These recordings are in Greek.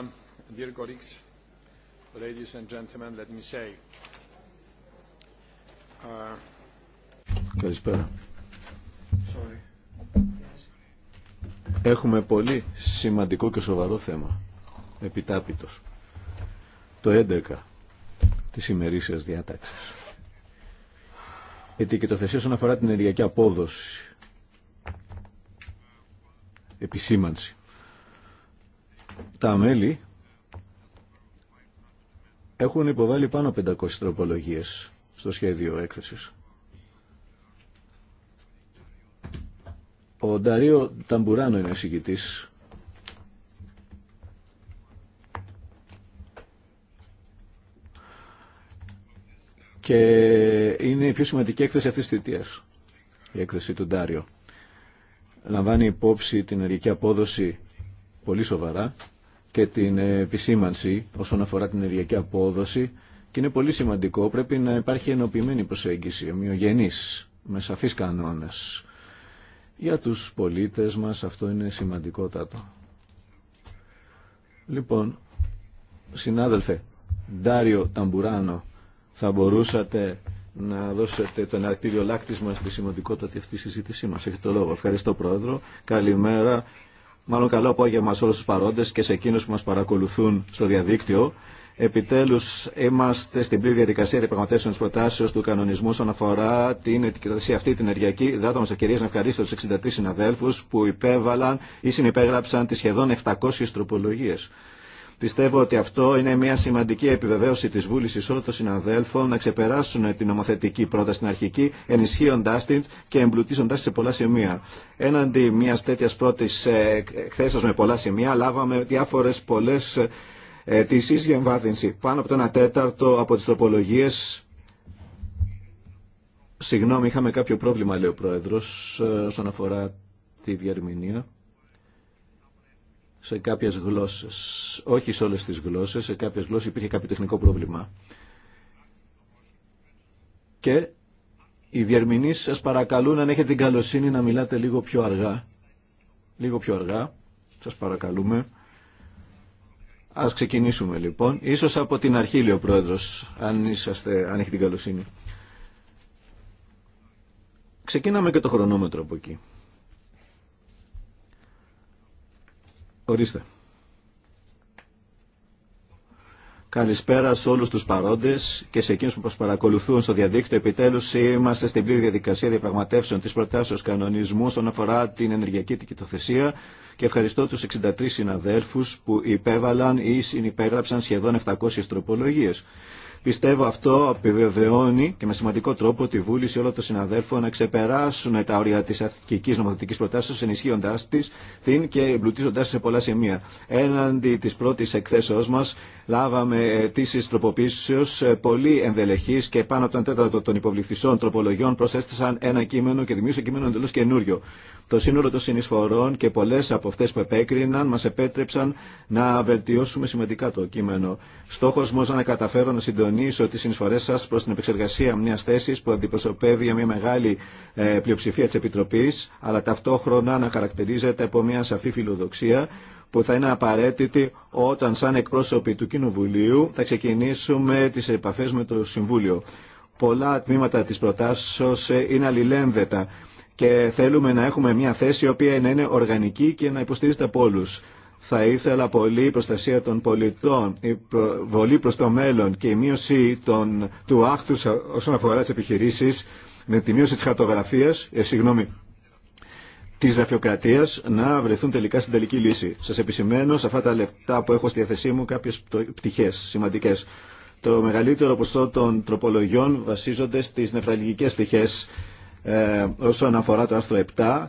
Um, dear colleagues, ladies and gentlemen, let me say. Uh, Καλησπέρα. Έχουμε πολύ σημαντικό και σοβαρό θέμα. Επιτάπητος. Το 11 της ημερήσιας διάταξης. Ετικετοθεσία όσον αφορά την ενεργειακή απόδοση. Επισήμανση τα μέλη έχουν υποβάλει πάνω 500 τροπολογίες στο σχέδιο έκθεσης. Ο Νταρίο Ταμπουράνο είναι εισηγητής. Και είναι η πιο σημαντική έκθεση αυτής της θητείας, η έκθεση του Ντάριο. Λαμβάνει υπόψη την ενεργική απόδοση πολύ σοβαρά και την επισήμανση όσον αφορά την ενεργειακή απόδοση και είναι πολύ σημαντικό. Πρέπει να υπάρχει ενοποιημένη προσέγγιση, ομοιογενής, με σαφείς κανόνες. Για τους πολίτες μας αυτό είναι σημαντικότατο. Λοιπόν, συνάδελφε, Ντάριο Ταμπουράνο, θα μπορούσατε να δώσετε το εναρκτήριο λάκτισμα στη σημαντικότητα αυτή συζήτησή μα. Έχετε το λόγο. Ευχαριστώ Πρόεδρο. Καλημέρα Μάλλον καλό απόγευμα σε όλους τους παρόντες και σε εκείνους που μας παρακολουθούν στο διαδίκτυο. Επιτέλους είμαστε στην πλήρη διαδικασία διαπραγματεύσεων της προτάσεως του κανονισμού όσον αφορά την ετικετασία αυτή την ενεργειακή. δράτα μας ευκαιρίας να ευχαριστώ τους 63 συναδέλφους που υπέβαλαν ή συνυπέγραψαν τις σχεδόν 700 τροπολογίες. Πιστεύω ότι αυτό είναι μια σημαντική επιβεβαίωση τη βούληση όλων των συναδέλφων να ξεπεράσουν την νομοθετική πρόταση στην αρχική, ενισχύοντά την και εμπλουτίζοντά σε πολλά σημεία. Έναντι μια τέτοια πρώτη ε, εκθέσεω με πολλά σημεία, λάβαμε διάφορε πολλέ ε, αιτήσει για εμβάθυνση. Πάνω από το 1 τέταρτο από τι τροπολογίε Συγγνώμη, είχαμε κάποιο πρόβλημα, λέει ο Πρόεδρο, ε, όσον αφορά τη διαρμηνία σε κάποιες γλώσσες, όχι σε όλε τις γλώσσες, σε κάποιες γλώσσε, υπήρχε κάποιο τεχνικό πρόβλημα. Και οι διερμηνείς σας παρακαλούν αν έχετε την καλοσύνη να μιλάτε λίγο πιο αργά. Λίγο πιο αργά, σας παρακαλούμε. Ας ξεκινήσουμε λοιπόν. Ίσως από την αρχή, λέει ο πρόεδρο. αν, είσαστε, αν έχει την καλοσύνη. Ξεκίναμε και το χρονόμετρο από εκεί. Ορίστε. Καλησπέρα σε όλους τους παρόντες και σε εκείνους που μας παρακολουθούν στο διαδίκτυο. Επιτέλους είμαστε στην πλήρη διαδικασία διαπραγματεύσεων της προτάσεως κανονισμού όσον αφορά την ενεργειακή τικητοθεσία και ευχαριστώ τους 63 συναδέλφου που υπέβαλαν ή συνυπέγραψαν σχεδόν 700 τροπολογίες. Πιστεύω αυτό επιβεβαιώνει και με σημαντικό τρόπο τη βούληση όλων των συναδέλφων να ξεπεράσουν τα όρια τη αθλητική νομοθετική προτάσεω, ενισχύοντά την και εμπλουτίζοντά σε πολλά σημεία. Έναντι τη πρώτη εκθέσεώ μα, λάβαμε αιτήσει τροποποίησεω πολύ ενδελεχή και πάνω από τον τέταρτο των υποβληθισών τροπολογιών προσέστησαν ένα κείμενο και δημιούργησε κείμενο εντελώ καινούριο. Το σύνολο των συνεισφορών και πολλέ από αυτέ που επέκριναν μα επέτρεψαν να βελτιώσουμε σημαντικά το κείμενο. Στόχο μα να καταφέρω να συντονίσω τονίσω τι συνεισφορέ σα προ την επεξεργασία μια θέση που αντιπροσωπεύει μια μεγάλη ε, πλειοψηφία τη Επιτροπής, αλλά ταυτόχρονα να χαρακτηρίζεται από μια σαφή φιλοδοξία που θα είναι απαραίτητη όταν σαν εκπρόσωποι του Κοινοβουλίου θα ξεκινήσουμε τι επαφέ με το Συμβούλιο. Πολλά τμήματα τη προτάσεω ε, είναι αλληλένδετα και θέλουμε να έχουμε μια θέση η οποία να είναι οργανική και να υποστηρίζεται από όλου. Θα ήθελα πολύ η προστασία των πολιτών, η βολή προς το μέλλον και η μείωση των, του άχτους όσον αφορά τις επιχειρήσεις με τη μείωση της χαρτογραφίας, ε, συγγνώμη, της γραφειοκρατίας να βρεθούν τελικά στην τελική λύση. Σας επισημαίνω σε αυτά τα λεπτά που έχω στη διαθεσή μου κάποιες πτυχές σημαντικές. Το μεγαλύτερο ποσό των τροπολογιών βασίζονται στις νευραλγικές πτυχές ε, όσον αφορά το άρθρο 7,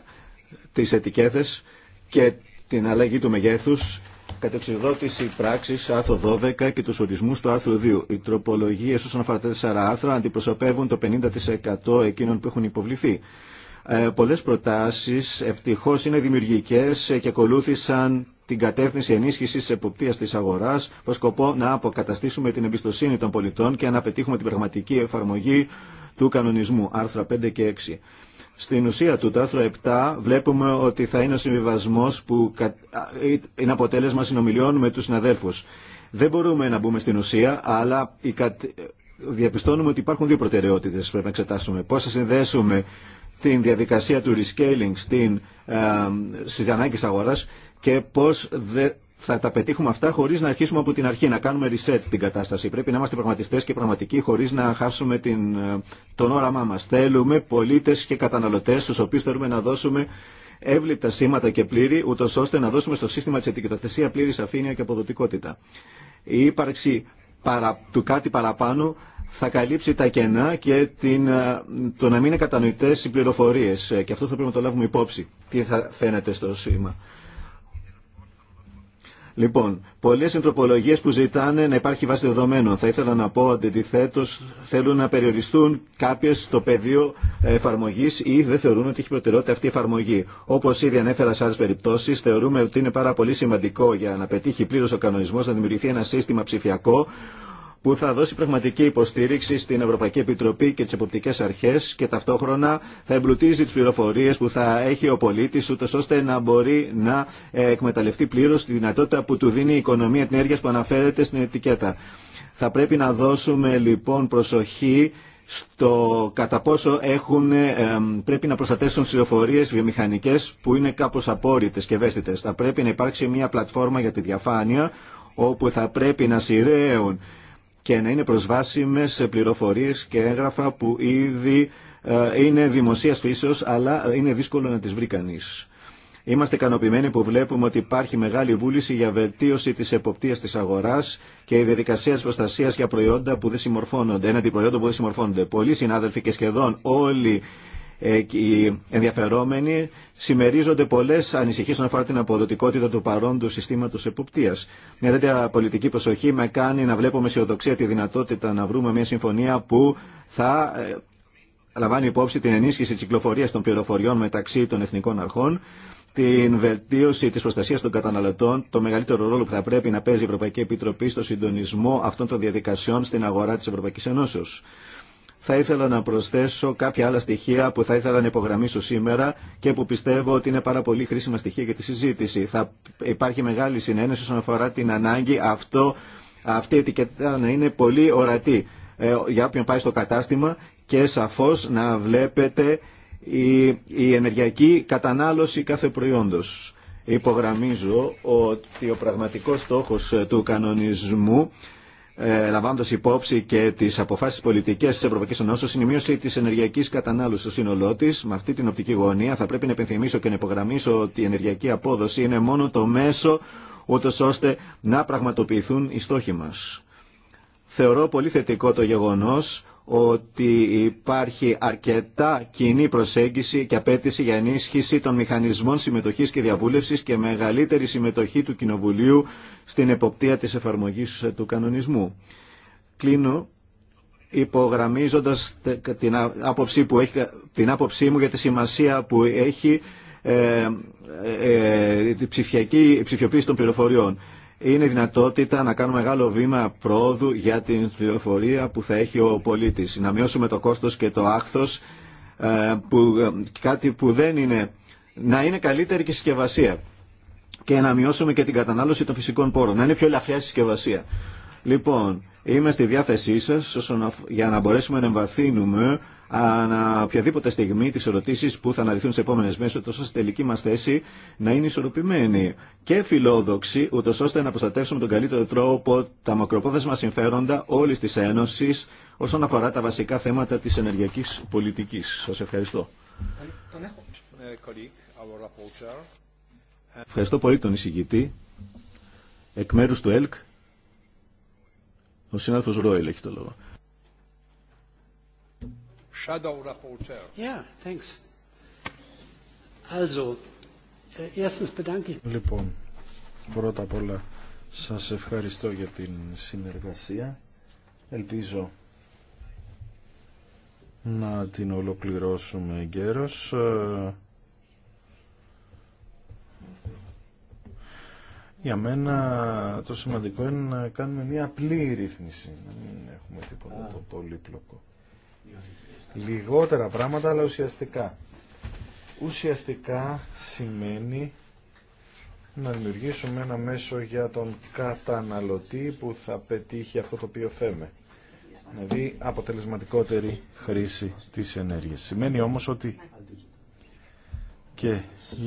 τις ετικέθες και την αλλαγή του μεγέθους, κατεξοδότηση πράξης άρθρο 12 και του ορισμούς του άρθρου 2. Οι τροπολογίες όσον αφορά τα 4 άρθρα αντιπροσωπεύουν το 50% εκείνων που έχουν υποβληθεί. Ε, πολλές προτάσεις ευτυχώς είναι δημιουργικές και ακολούθησαν την κατεύθυνση ενίσχυσης τη εποπτείας της αγοράς προς σκοπό να αποκαταστήσουμε την εμπιστοσύνη των πολιτών και να πετύχουμε την πραγματική εφαρμογή του κανονισμού, άρθρα 5 και 6. Στην ουσία του, το 7 βλέπουμε ότι θα είναι ο συμβιβασμό που είναι αποτέλεσμα συνομιλιών με του συναδέλφου. Δεν μπορούμε να μπούμε στην ουσία, αλλά διαπιστώνουμε ότι υπάρχουν δύο προτεραιότητε που πρέπει να εξετάσουμε. Πώ θα συνδέσουμε την διαδικασία του rescaling στην, ε, στις ανάγκες αγοράς και πώς θα τα πετύχουμε αυτά χωρί να αρχίσουμε από την αρχή, να κάνουμε reset την κατάσταση. Πρέπει να είμαστε πραγματιστέ και πραγματικοί χωρί να χάσουμε την, ε, τον όραμά μα. Θέλουμε πολίτε και καταναλωτέ, στου οποίου θέλουμε να δώσουμε εύληπτα σήματα και πλήρη, ούτω ώστε να δώσουμε στο σύστημα τη ετικετοθεσία πλήρη σαφήνεια και αποδοτικότητα. Η ύπαρξη παρα, του κάτι παραπάνω θα καλύψει τα κενά και την, ε, το να μην είναι κατανοητέ οι πληροφορίε. Ε, και αυτό θα πρέπει να το λάβουμε υπόψη. Τι θα φαίνεται στο σήμα. Λοιπόν, πολλέ ανθρωπολογίε που ζητάνε να υπάρχει βάση δεδομένων. Θα ήθελα να πω ότι αντιθέτω θέλουν να περιοριστούν κάποιε στο πεδίο εφαρμογή ή δεν θεωρούν ότι έχει προτεραιότητα αυτή η εφαρμογή. Όπω ήδη ανέφερα σε άλλε περιπτώσει, θεωρούμε ότι είναι πάρα πολύ σημαντικό για να πετύχει πλήρω ο κανονισμό να δημιουργηθεί ένα σύστημα ψηφιακό που θα δώσει πραγματική υποστήριξη στην Ευρωπαϊκή Επιτροπή και τι εποπτικέ αρχέ και ταυτόχρονα θα εμπλουτίζει τι πληροφορίε που θα έχει ο πολίτη, ούτω ώστε να μπορεί να ε, εκμεταλλευτεί πλήρω τη δυνατότητα που του δίνει η οικονομία ενέργεια που αναφέρεται στην ετικέτα. Θα πρέπει να δώσουμε λοιπόν προσοχή στο κατά πόσο έχουν, ε, πρέπει να προστατεύσουν πληροφορίε βιομηχανικέ που είναι κάπω απόρριτε και ευαίσθητε. Θα πρέπει να υπάρξει μια πλατφόρμα για τη διαφάνεια όπου θα πρέπει να σειραίουν και να είναι προσβάσιμες σε πληροφορίες και έγγραφα που ήδη ε, είναι δημοσίας φύσεως, αλλά είναι δύσκολο να τις βρει κανείς. Είμαστε ικανοποιημένοι που βλέπουμε ότι υπάρχει μεγάλη βούληση για βελτίωση τη εποπτεία τη αγορά και η διαδικασία τη προστασία για προϊόντα που δεν συμμορφώνονται, έναντι προϊόντων που δεν συμμορφώνονται. Πολλοί συνάδελφοι και σχεδόν όλοι ε, οι ενδιαφερόμενοι συμμερίζονται πολλέ ανησυχίε όσον αφορά την αποδοτικότητα του παρόντο συστήματο εποπτεία. Μια τέτοια πολιτική προσοχή με κάνει να βλέπω με αισιοδοξία τη δυνατότητα να βρούμε μια συμφωνία που θα ε, λαμβάνει υπόψη την ενίσχυση τη κυκλοφορία των πληροφοριών μεταξύ των εθνικών αρχών, την βελτίωση της προστασίας των καταναλωτών, το μεγαλύτερο ρόλο που θα πρέπει να παίζει η Ευρωπαϊκή Επιτροπή στο συντονισμό αυτών των διαδικασιών στην αγορά τη Ευρωπαϊκής Ενώσεως θα ήθελα να προσθέσω κάποια άλλα στοιχεία που θα ήθελα να υπογραμμίσω σήμερα και που πιστεύω ότι είναι πάρα πολύ χρήσιμα στοιχεία για τη συζήτηση. Θα υπάρχει μεγάλη συνένεση όσον αφορά την ανάγκη αυτό, αυτή η ετικέτα να είναι πολύ ορατή ε, για όποιον πάει στο κατάστημα και σαφώς να βλέπετε η, η ενεργειακή κατανάλωση κάθε προϊόντος. Υπογραμμίζω ότι ο πραγματικός στόχος ε, του κανονισμού ε, λαμβάνοντα υπόψη και τι αποφάσει πολιτικέ τη Ευρωπαϊκή Ενώσεω, η μείωση τη ενεργειακή κατανάλωση στο σύνολό τη. Με αυτή την οπτική γωνία, θα πρέπει να επενθυμίσω και να υπογραμμίσω ότι η ενεργειακή απόδοση είναι μόνο το μέσο ούτω ώστε να πραγματοποιηθούν οι στόχοι μα. Θεωρώ πολύ θετικό το γεγονό ότι υπάρχει αρκετά κοινή προσέγγιση και απέτηση για ενίσχυση των μηχανισμών συμμετοχής και διαβούλευσης και μεγαλύτερη συμμετοχή του Κοινοβουλίου στην εποπτεία της εφαρμογής του κανονισμού. Κλείνω υπογραμμίζοντας την άποψή, που έχει, την άποψή μου για τη σημασία που έχει ε, ε, ε η ψηφιακή, η ψηφιοποίηση των πληροφοριών είναι δυνατότητα να κάνουμε μεγάλο βήμα πρόοδου για την πληροφορία που θα έχει ο πολίτης. Να μειώσουμε το κόστος και το άχθος, ε, που, ε, κάτι που δεν είναι, να είναι καλύτερη και η συσκευασία και να μειώσουμε και την κατανάλωση των φυσικών πόρων, να είναι πιο ελαφριά η συσκευασία. Λοιπόν, είμαι στη διάθεσή σας για να μπορέσουμε να εμβαθύνουμε ανα οποιαδήποτε στιγμή τις ερωτήσεις που θα αναδειχθούν σε επόμενες μέρες τόσο ώστε η τελική μας θέση να είναι ισορροπημένη και φιλόδοξη, ούτω ώστε να προστατεύσουμε τον καλύτερο τρόπο τα μακροπρόθεσμα συμφέροντα όλης της Ένωσης όσον αφορά τα βασικά θέματα της ενεργειακής πολιτικής. Σας ευχαριστώ. Ευχαριστώ πολύ τον εισηγητή. Εκ μέρους του ΕΛΚ, ο συνάδελφος Ρόιλ έχει το λόγο. Shadow Rapporteur. Ja, thanks. Also, äh, erstens bedanke Λοιπόν, πρώτα απ' όλα σας ευχαριστώ για την συνεργασία. Ελπίζω να την ολοκληρώσουμε γέρος. Ε, για μένα το σημαντικό είναι να κάνουμε μια απλή ρύθμιση, να μην έχουμε τίποτα το πολύπλοκο. Λιγότερα πράγματα, αλλά ουσιαστικά. Ουσιαστικά σημαίνει να δημιουργήσουμε ένα μέσο για τον καταναλωτή που θα πετύχει αυτό το οποίο θέμε. Δηλαδή αποτελεσματικότερη χρήση της ενέργειας. Σημαίνει όμως ότι και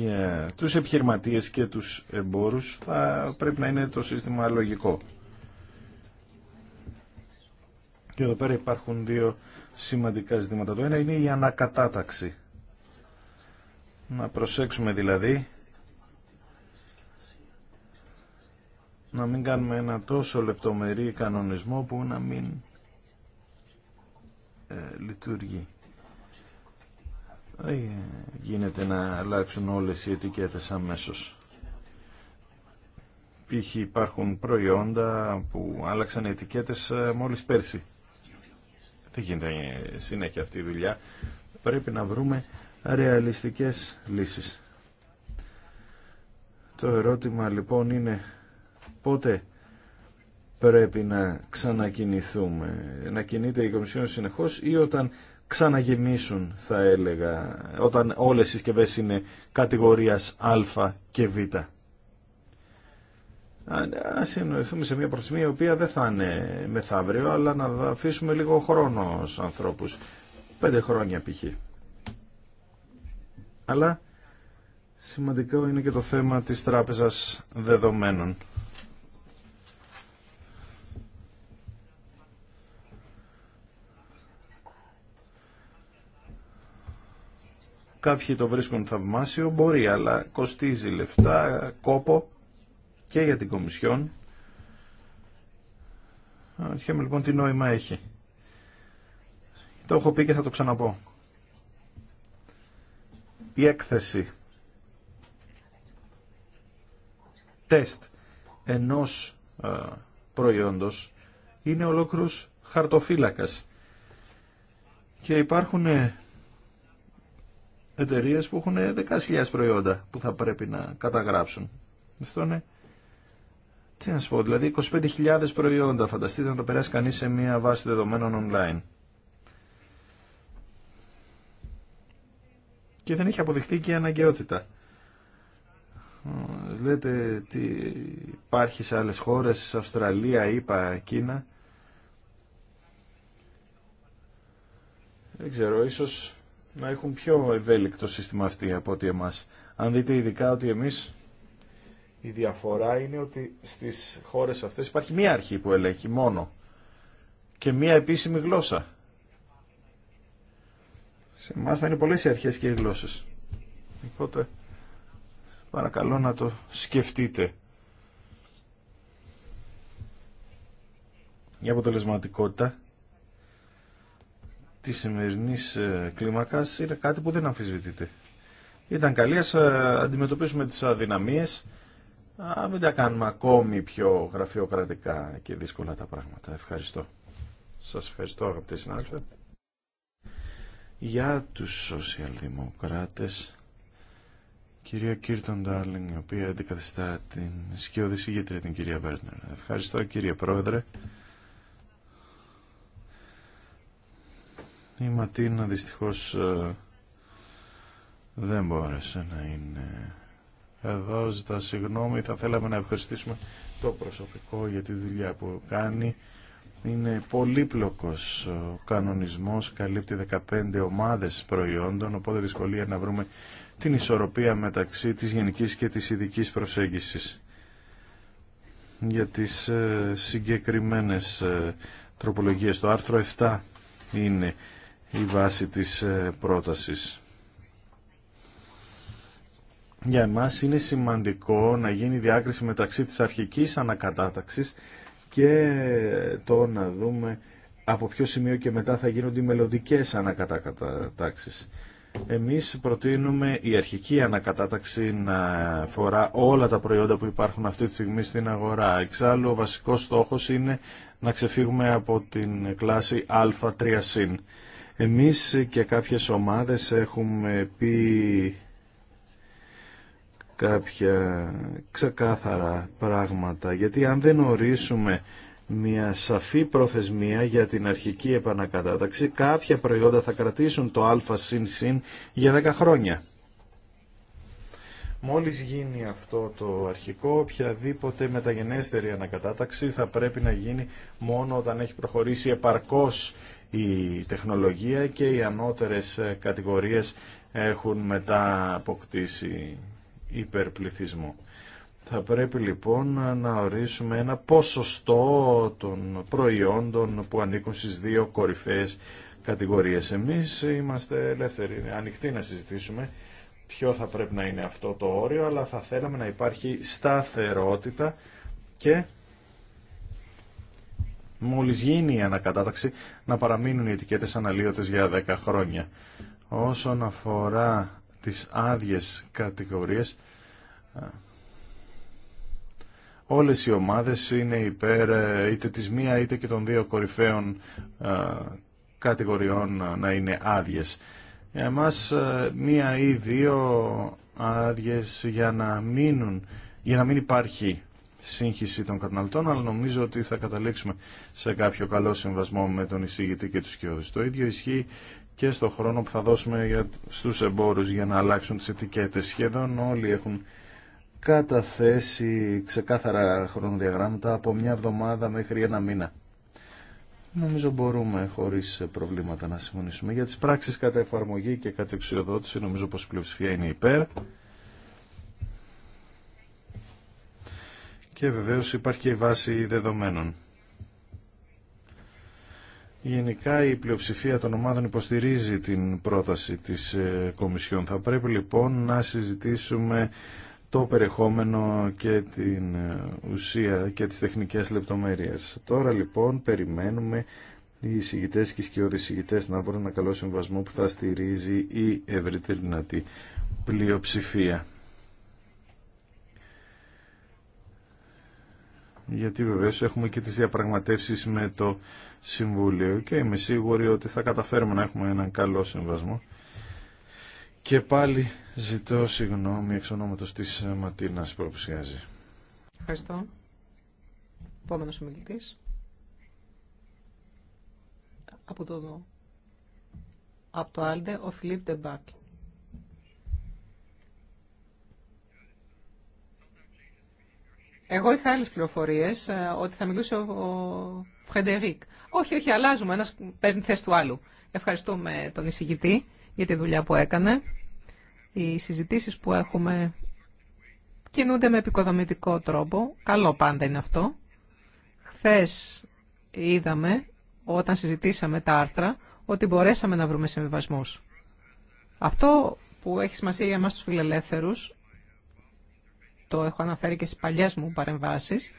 yeah. τους επιχειρηματίες και τους εμπόρους θα πρέπει να είναι το σύστημα λογικό. Και εδώ πέρα υπάρχουν δύο σημαντικά ζητήματα. Το ένα είναι η ανακατάταξη. Να προσέξουμε δηλαδή να μην κάνουμε ένα τόσο λεπτομερή κανονισμό που να μην ε, λειτουργεί. Δεν γίνεται να αλλάξουν όλες οι ετικέτες αμέσως. Π.χ. υπάρχουν προϊόντα που άλλαξαν ετικέτες ε, μόλις πέρσι. Δεν γίνεται ε, συνέχεια αυτή η δουλειά. Πρέπει να βρούμε ρεαλιστικές λύσεις. Το ερώτημα λοιπόν είναι πότε πρέπει να ξανακινηθούμε, να κινείται η Κομισιόν συνεχώς ή όταν ξαναγεμίσουν θα έλεγα, όταν όλες οι συσκευές είναι κατηγορίας Α και Β να συνοηθούμε σε μια προθεσμία η οποία δεν θα είναι μεθαύριο, αλλά να αφήσουμε λίγο χρόνο στους ανθρώπους. Πέντε χρόνια π.χ. Αλλά σημαντικό είναι και το θέμα της τράπεζας δεδομένων. Κάποιοι το βρίσκουν θαυμάσιο, μπορεί, αλλά κοστίζει λεφτά, κόπο και για την Κομισιόν. Αρχαίμε λοιπόν τι νόημα έχει. Το έχω πει και θα το ξαναπώ. Η έκθεση τεστ ενός ε, προϊόντος είναι ολόκληρος χαρτοφύλακας και υπάρχουν ε, εταιρείες που έχουν 10.000 προϊόντα που θα πρέπει να καταγράψουν. Αυτό τι να σου πω, δηλαδή 25.000 προϊόντα, φανταστείτε να το περάσει κανείς σε μια βάση δεδομένων online. Και δεν έχει αποδειχτεί και η αναγκαιότητα. Λέτε τι υπάρχει σε άλλες χώρες, Αυστραλία, ΗΠΑ, Κίνα. Δεν ξέρω, ίσως να έχουν πιο ευέλικτο σύστημα αυτοί από ότι εμάς. Αν δείτε ειδικά ότι εμείς η διαφορά είναι ότι στις χώρες αυτές υπάρχει μία αρχή που ελέγχει μόνο και μία επίσημη γλώσσα. Σε εμάς θα είναι πολλές οι αρχές και οι γλώσσες. Οπότε παρακαλώ να το σκεφτείτε. Η αποτελεσματικότητα της σημερινή ε, κλίμακας είναι κάτι που δεν αμφισβητείται. Ήταν καλή, ας ε, αντιμετωπίσουμε τις αδυναμίες Α, μην τα κάνουμε ακόμη πιο γραφειοκρατικά και δύσκολα τα πράγματα. Ευχαριστώ. Σας ευχαριστώ αγαπητοί συνάδελφοι. Για τους σοσιαλδημοκράτες, κυρία Κίρτον Ντάρλινγκ, η οποία αντικαθιστά την σκιώδη συγγετρία την κυρία Βέρνερ. Ευχαριστώ κύριε Πρόεδρε. Η Ματίνα δυστυχώς ε, δεν μπόρεσε να είναι εδώ ζητά συγγνώμη. Θα θέλαμε να ευχαριστήσουμε το προσωπικό για τη δουλειά που κάνει. Είναι πολύπλοκος ο κανονισμός, καλύπτει 15 ομάδες προϊόντων, οπότε δυσκολία να βρούμε την ισορροπία μεταξύ της γενικής και της ειδικής προσέγγισης. Για τις ε, συγκεκριμένες ε, τροπολογίες, το άρθρο 7 είναι η βάση της ε, πρότασης για εμάς είναι σημαντικό να γίνει διάκριση μεταξύ της αρχικής ανακατάταξης και το να δούμε από ποιο σημείο και μετά θα γίνονται οι μελλοντικές ανακατάταξεις. Εμείς προτείνουμε η αρχική ανακατάταξη να φορά όλα τα προϊόντα που υπάρχουν αυτή τη στιγμή στην αγορά. Εξάλλου ο βασικός στόχος είναι να ξεφύγουμε από την κλάση α3 συν. Εμείς και κάποιες ομάδες έχουμε πει κάποια ξεκάθαρα πράγματα, γιατί αν δεν ορίσουμε μια σαφή προθεσμία για την αρχική επανακατάταξη, κάποια προϊόντα θα κρατήσουν το α συν συν για 10 χρόνια. Μόλις γίνει αυτό το αρχικό, οποιαδήποτε μεταγενέστερη ανακατάταξη θα πρέπει να γίνει μόνο όταν έχει προχωρήσει επαρκώς η τεχνολογία και οι ανώτερες κατηγορίες έχουν μετά αποκτήσει υπερπληθυσμό. Θα πρέπει λοιπόν να ορίσουμε ένα ποσοστό των προϊόντων που ανήκουν στις δύο κορυφαίες κατηγορίες. Εμείς είμαστε ελεύθεροι, ανοιχτοί να συζητήσουμε ποιο θα πρέπει να είναι αυτό το όριο, αλλά θα θέλαμε να υπάρχει σταθερότητα και μόλις γίνει η ανακατάταξη να παραμείνουν οι ετικέτες αναλύωτες για 10 χρόνια. Όσον αφορά τις άδειες κατηγορίες όλες οι ομάδες είναι υπέρ ε, είτε της μία είτε και των δύο κορυφαίων ε, κατηγοριών ε, να είναι άδειες. Για εμάς μία ή δύο άδειες για να, μείνουν, για να μην υπάρχει σύγχυση των καταναλωτών, αλλά νομίζω ότι θα καταλήξουμε σε κάποιο καλό συμβασμό με τον εισηγητή και τους κοιόδους. Το ίδιο ισχύει και στο χρόνο που θα δώσουμε για, στους εμπόρους για να αλλάξουν τις ετικέτες. Σχεδόν όλοι έχουν καταθέσει ξεκάθαρα χρονοδιαγράμματα από μια εβδομάδα μέχρι ένα μήνα. Νομίζω μπορούμε χωρίς προβλήματα να συμφωνήσουμε. Για τις πράξεις κατά εφαρμογή και κατά εξοδότηση νομίζω πως η πλειοψηφία είναι υπέρ. Και βεβαίως υπάρχει και η βάση δεδομένων. Γενικά η πλειοψηφία των ομάδων υποστηρίζει την πρόταση της ε, Κομισιόν. Θα πρέπει λοιπόν να συζητήσουμε το περιεχόμενο και την ε, ουσία και τις τεχνικές λεπτομέρειες. Τώρα λοιπόν περιμένουμε οι εισηγητές και οι σκιώδεις εισηγητές να βρουν ένα καλό συμβασμό που θα στηρίζει η ευρύτερη δυνατή πλειοψηφία. Γιατί βεβαίως έχουμε και τις διαπραγματεύσεις με το Συμβούλιο και είμαι σίγουρη ότι θα καταφέρουμε να έχουμε έναν καλό συμβασμό. Και πάλι ζητώ συγγνώμη εξ ονόματος της Ματίνας που προψιάζει. Ευχαριστώ. Επόμενος ομιλητής. Από το, από το Άλντε, ο Φιλίπ Ντεμπάκ. Εγώ είχα άλλες πληροφορίες ε, ότι θα μιλούσε ο Φρεντερίκ. Όχι, όχι, αλλάζουμε. Ένα παίρνει θέση του άλλου. Ευχαριστούμε τον εισηγητή για τη δουλειά που έκανε. Οι συζητήσεις που έχουμε κινούνται με επικοδομητικό τρόπο. Καλό πάντα είναι αυτό. Χθες είδαμε, όταν συζητήσαμε τα άρθρα, ότι μπορέσαμε να βρούμε συμβιβασμού. Αυτό που έχει σημασία για εμάς τους φιλελεύθερους, το έχω αναφέρει και στις παλιές μου παρεμβάσεις,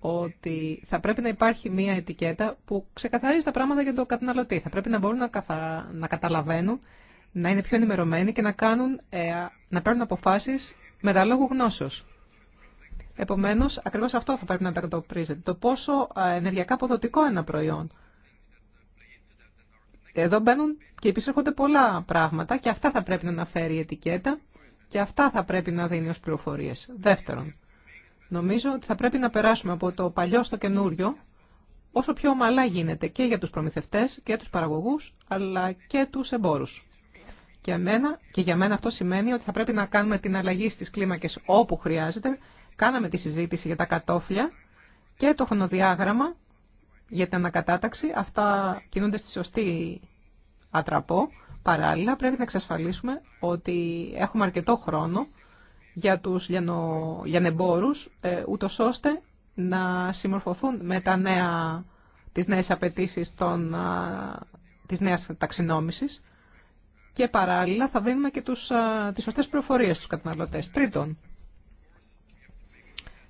ότι θα πρέπει να υπάρχει μία ετικέτα που ξεκαθαρίζει τα πράγματα για τον καταναλωτή. Θα πρέπει να μπορούν να, καθα... να καταλαβαίνουν, να είναι πιο ενημερωμένοι και να, κάνουν, ε, να παίρνουν αποφάσεις με τα λόγου γνώσεως. Επομένως, ακριβώς αυτό θα πρέπει να αντακτοπρίζεται. Το πόσο ε, ενεργειακά αποδοτικό είναι ένα προϊόν. Εδώ μπαίνουν και επισέρχονται πολλά πράγματα και αυτά θα πρέπει να αναφέρει η ετικέτα και αυτά θα πρέπει να δίνει ως πληροφορίες. Δεύτερον, Νομίζω ότι θα πρέπει να περάσουμε από το παλιό στο καινούριο, όσο πιο ομαλά γίνεται και για τους προμηθευτές και τους παραγωγούς, αλλά και τους εμπόρους. Και, και για μένα αυτό σημαίνει ότι θα πρέπει να κάνουμε την αλλαγή στις κλίμακες όπου χρειάζεται. Κάναμε τη συζήτηση για τα κατόφλια και το χρονοδιάγραμμα για την ανακατάταξη. Αυτά κινούνται στη σωστή ατραπό. Παράλληλα, πρέπει να εξασφαλίσουμε ότι έχουμε αρκετό χρόνο για τους λιανο, λιανεμπόρους, ε, ούτως ώστε να συμμορφωθούν με τα νέα, τις νέες απαιτήσει των, α, της νέας ταξινόμησης και παράλληλα θα δίνουμε και τους, α, τις σωστές προφορίες στους καταναλωτές. Τρίτον,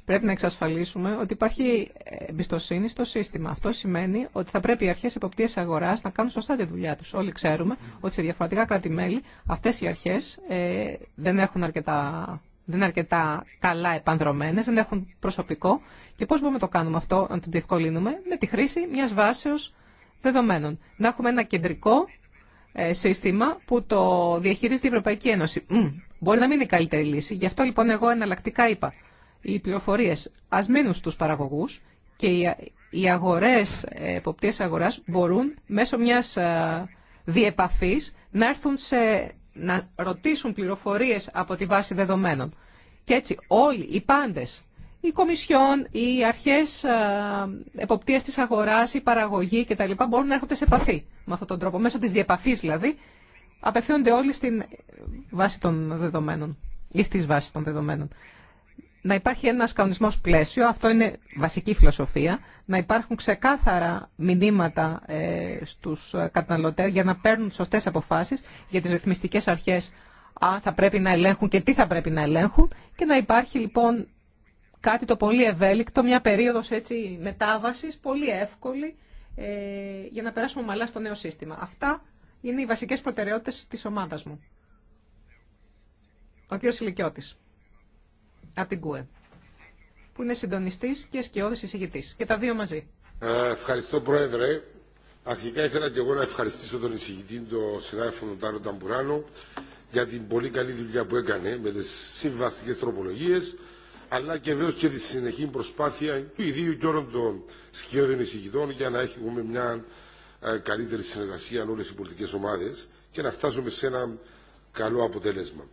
πρέπει να εξασφαλίσουμε ότι υπάρχει εμπιστοσύνη στο σύστημα. Αυτό σημαίνει ότι θα πρέπει οι αρχές εποπτείας αγοράς να κάνουν σωστά τη δουλειά τους. Όλοι ξέρουμε ότι σε διαφορετικά κράτη-μέλη αυτές οι αρχές ε, δεν έχουν αρκετά δεν είναι αρκετά καλά επανδρομένες, δεν έχουν προσωπικό και πώς μπορούμε να το κάνουμε αυτό, να το διευκολύνουμε, με τη χρήση μιας βάσεως δεδομένων. Να έχουμε ένα κεντρικό ε, σύστημα που το διαχειρίζει η Ευρωπαϊκή Ένωση. μπορεί να μην είναι η καλύτερη λύση. Γι' αυτό λοιπόν εγώ εναλλακτικά είπα. Οι πληροφορίε α μείνουν στου παραγωγού και οι αγορέ, ε, εποπτείε αγορά μπορούν μέσω μια ε, διεπαφή να έρθουν σε να ρωτήσουν πληροφορίες από τη βάση δεδομένων. Και έτσι όλοι οι πάντες, οι κομισιόν, οι αρχές ε, εποπτείας της αγοράς, η παραγωγή κτλ. μπορούν να έρχονται σε επαφή με αυτόν τον τρόπο. Μέσω της διεπαφής δηλαδή απευθύνονται όλοι στην βάση των δεδομένων ή στις βάσεις των δεδομένων να υπάρχει ένας κανονισμός πλαίσιο, αυτό είναι βασική φιλοσοφία, να υπάρχουν ξεκάθαρα μηνύματα ε, στους ε, καταναλωτές για να παίρνουν σωστές αποφάσεις για τις ρυθμιστικές αρχές αν θα πρέπει να ελέγχουν και τι θα πρέπει να ελέγχουν και να υπάρχει λοιπόν κάτι το πολύ ευέλικτο, μια περίοδος έτσι μετάβασης, πολύ εύκολη ε, για να περάσουμε ομαλά στο νέο σύστημα. Αυτά είναι οι βασικές προτεραιότητες της ομάδας μου. Ο κ. Ηλικιώτης από την ΚΟΕ, που είναι συντονιστή και σκιώδη εισηγητή. Και τα δύο μαζί. Ε, ευχαριστώ Πρόεδρε. Αρχικά ήθελα και εγώ να ευχαριστήσω τον εισηγητή, τον συνάδελφο Νοτάρο Ταμπουράνο, για την πολύ καλή δουλειά που έκανε με τι συμβαστικέ τροπολογίε, αλλά και βέβαια και τη συνεχή προσπάθεια του ιδίου και όλων των σκιώδων εισηγητών για να έχουμε μια ε, καλύτερη συνεργασία όλε οι πολιτικέ ομάδε και να φτάσουμε σε ένα καλό αποτέλεσμα.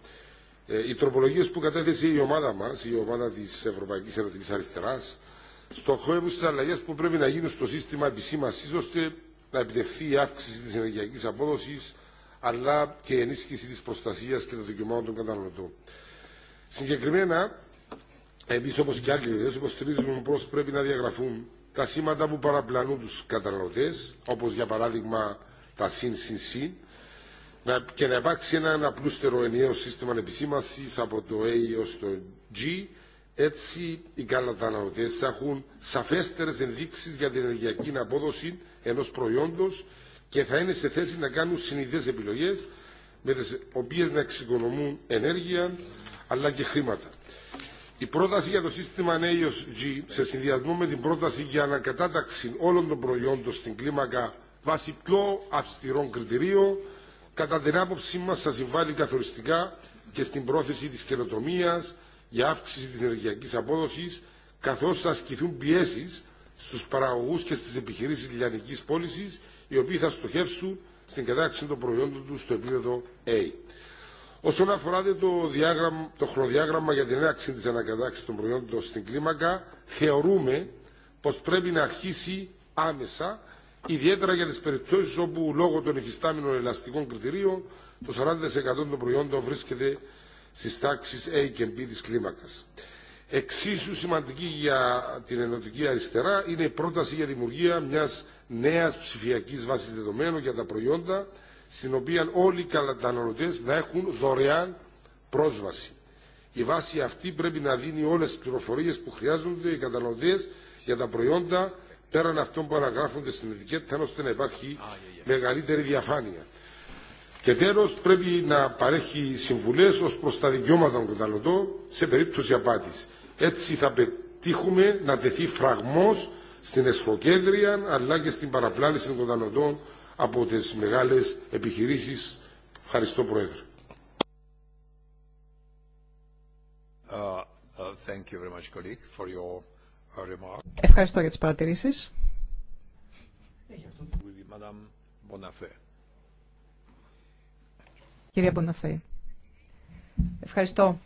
Ε, οι τροπολογίε που κατέθεσε η ομάδα μα, η ομάδα τη Ευρωπαϊκή Ενωτική Αριστερά, στοχεύουν στι αλλαγέ που πρέπει να γίνουν στο σύστημα επισήμανση ώστε να επιτευχθεί η αύξηση τη ενεργειακή απόδοση αλλά και η ενίσχυση τη προστασία και των δικαιωμάτων των καταναλωτών. Συγκεκριμένα, εμεί όπω και άλλοι ιδέε υποστηρίζουμε πω πρέπει να διαγραφούν τα σήματα που παραπλανούν του καταναλωτέ, όπω για παράδειγμα τα συν συν συν, και να υπάρξει ένα απλούστερο ενιαίο σύστημα ανεπισήμασης από το A ως το G έτσι οι θα έχουν σαφέστερε ενδείξει για την ενεργειακή απόδοση ενό προϊόντο και θα είναι σε θέση να κάνουν συνειδητέ επιλογέ, με τις οποίες να εξοικονομούν ενέργεια αλλά και χρήματα. Η πρόταση για το σύστημα G σε συνδυασμό με την πρόταση για ανακατάταξη όλων των προϊόντων στην κλίμακα βάσει πιο αυστηρών κριτηρίων κατά την άποψή μας θα συμβάλλει καθοριστικά και στην πρόθεση της καινοτομία για αύξηση της ενεργειακής απόδοσης, καθώς θα ασκηθούν πιέσεις στους παραγωγούς και στις επιχειρήσεις λιανικής πώλησης, οι οποίοι θα στοχεύσουν στην κατάξυση των προϊόντων τους στο επίπεδο A. Όσον αφορά το, το χρονοδιάγραμμα για την έναξη της ανακατάξη των προϊόντων στην κλίμακα, θεωρούμε πως πρέπει να αρχίσει άμεσα ιδιαίτερα για τις περιπτώσεις όπου λόγω των υφιστάμενων ελαστικών κριτηρίων το 40% των προϊόντων βρίσκεται στις τάξεις A και B της κλίμακας. Εξίσου σημαντική για την ενωτική αριστερά είναι η πρόταση για δημιουργία μιας νέας ψηφιακής βάσης δεδομένων για τα προϊόντα στην οποία όλοι οι καταναλωτές να έχουν δωρεάν πρόσβαση. Η βάση αυτή πρέπει να δίνει όλες τις πληροφορίες που χρειάζονται οι καταναλωτές για τα προϊόντα πέραν αυτών που αναγράφονται στην ετικέτα, ώστε να υπάρχει μεγαλύτερη διαφάνεια. Και τέλο, πρέπει να παρέχει συμβουλέ ω προ τα δικαιώματα των καταναλωτών σε περίπτωση απάτη. Έτσι θα πετύχουμε να τεθεί φραγμό στην εσφοκέντρια αλλά και στην παραπλάνηση των καταναλωτών από τι μεγάλε επιχειρήσει. Ευχαριστώ, Πρόεδρε. Uh, uh, thank you very much, colleague, for your... Ευχαριστώ για τις παρατηρήσεις. Κυρία Μποναφέ, ευχαριστώ.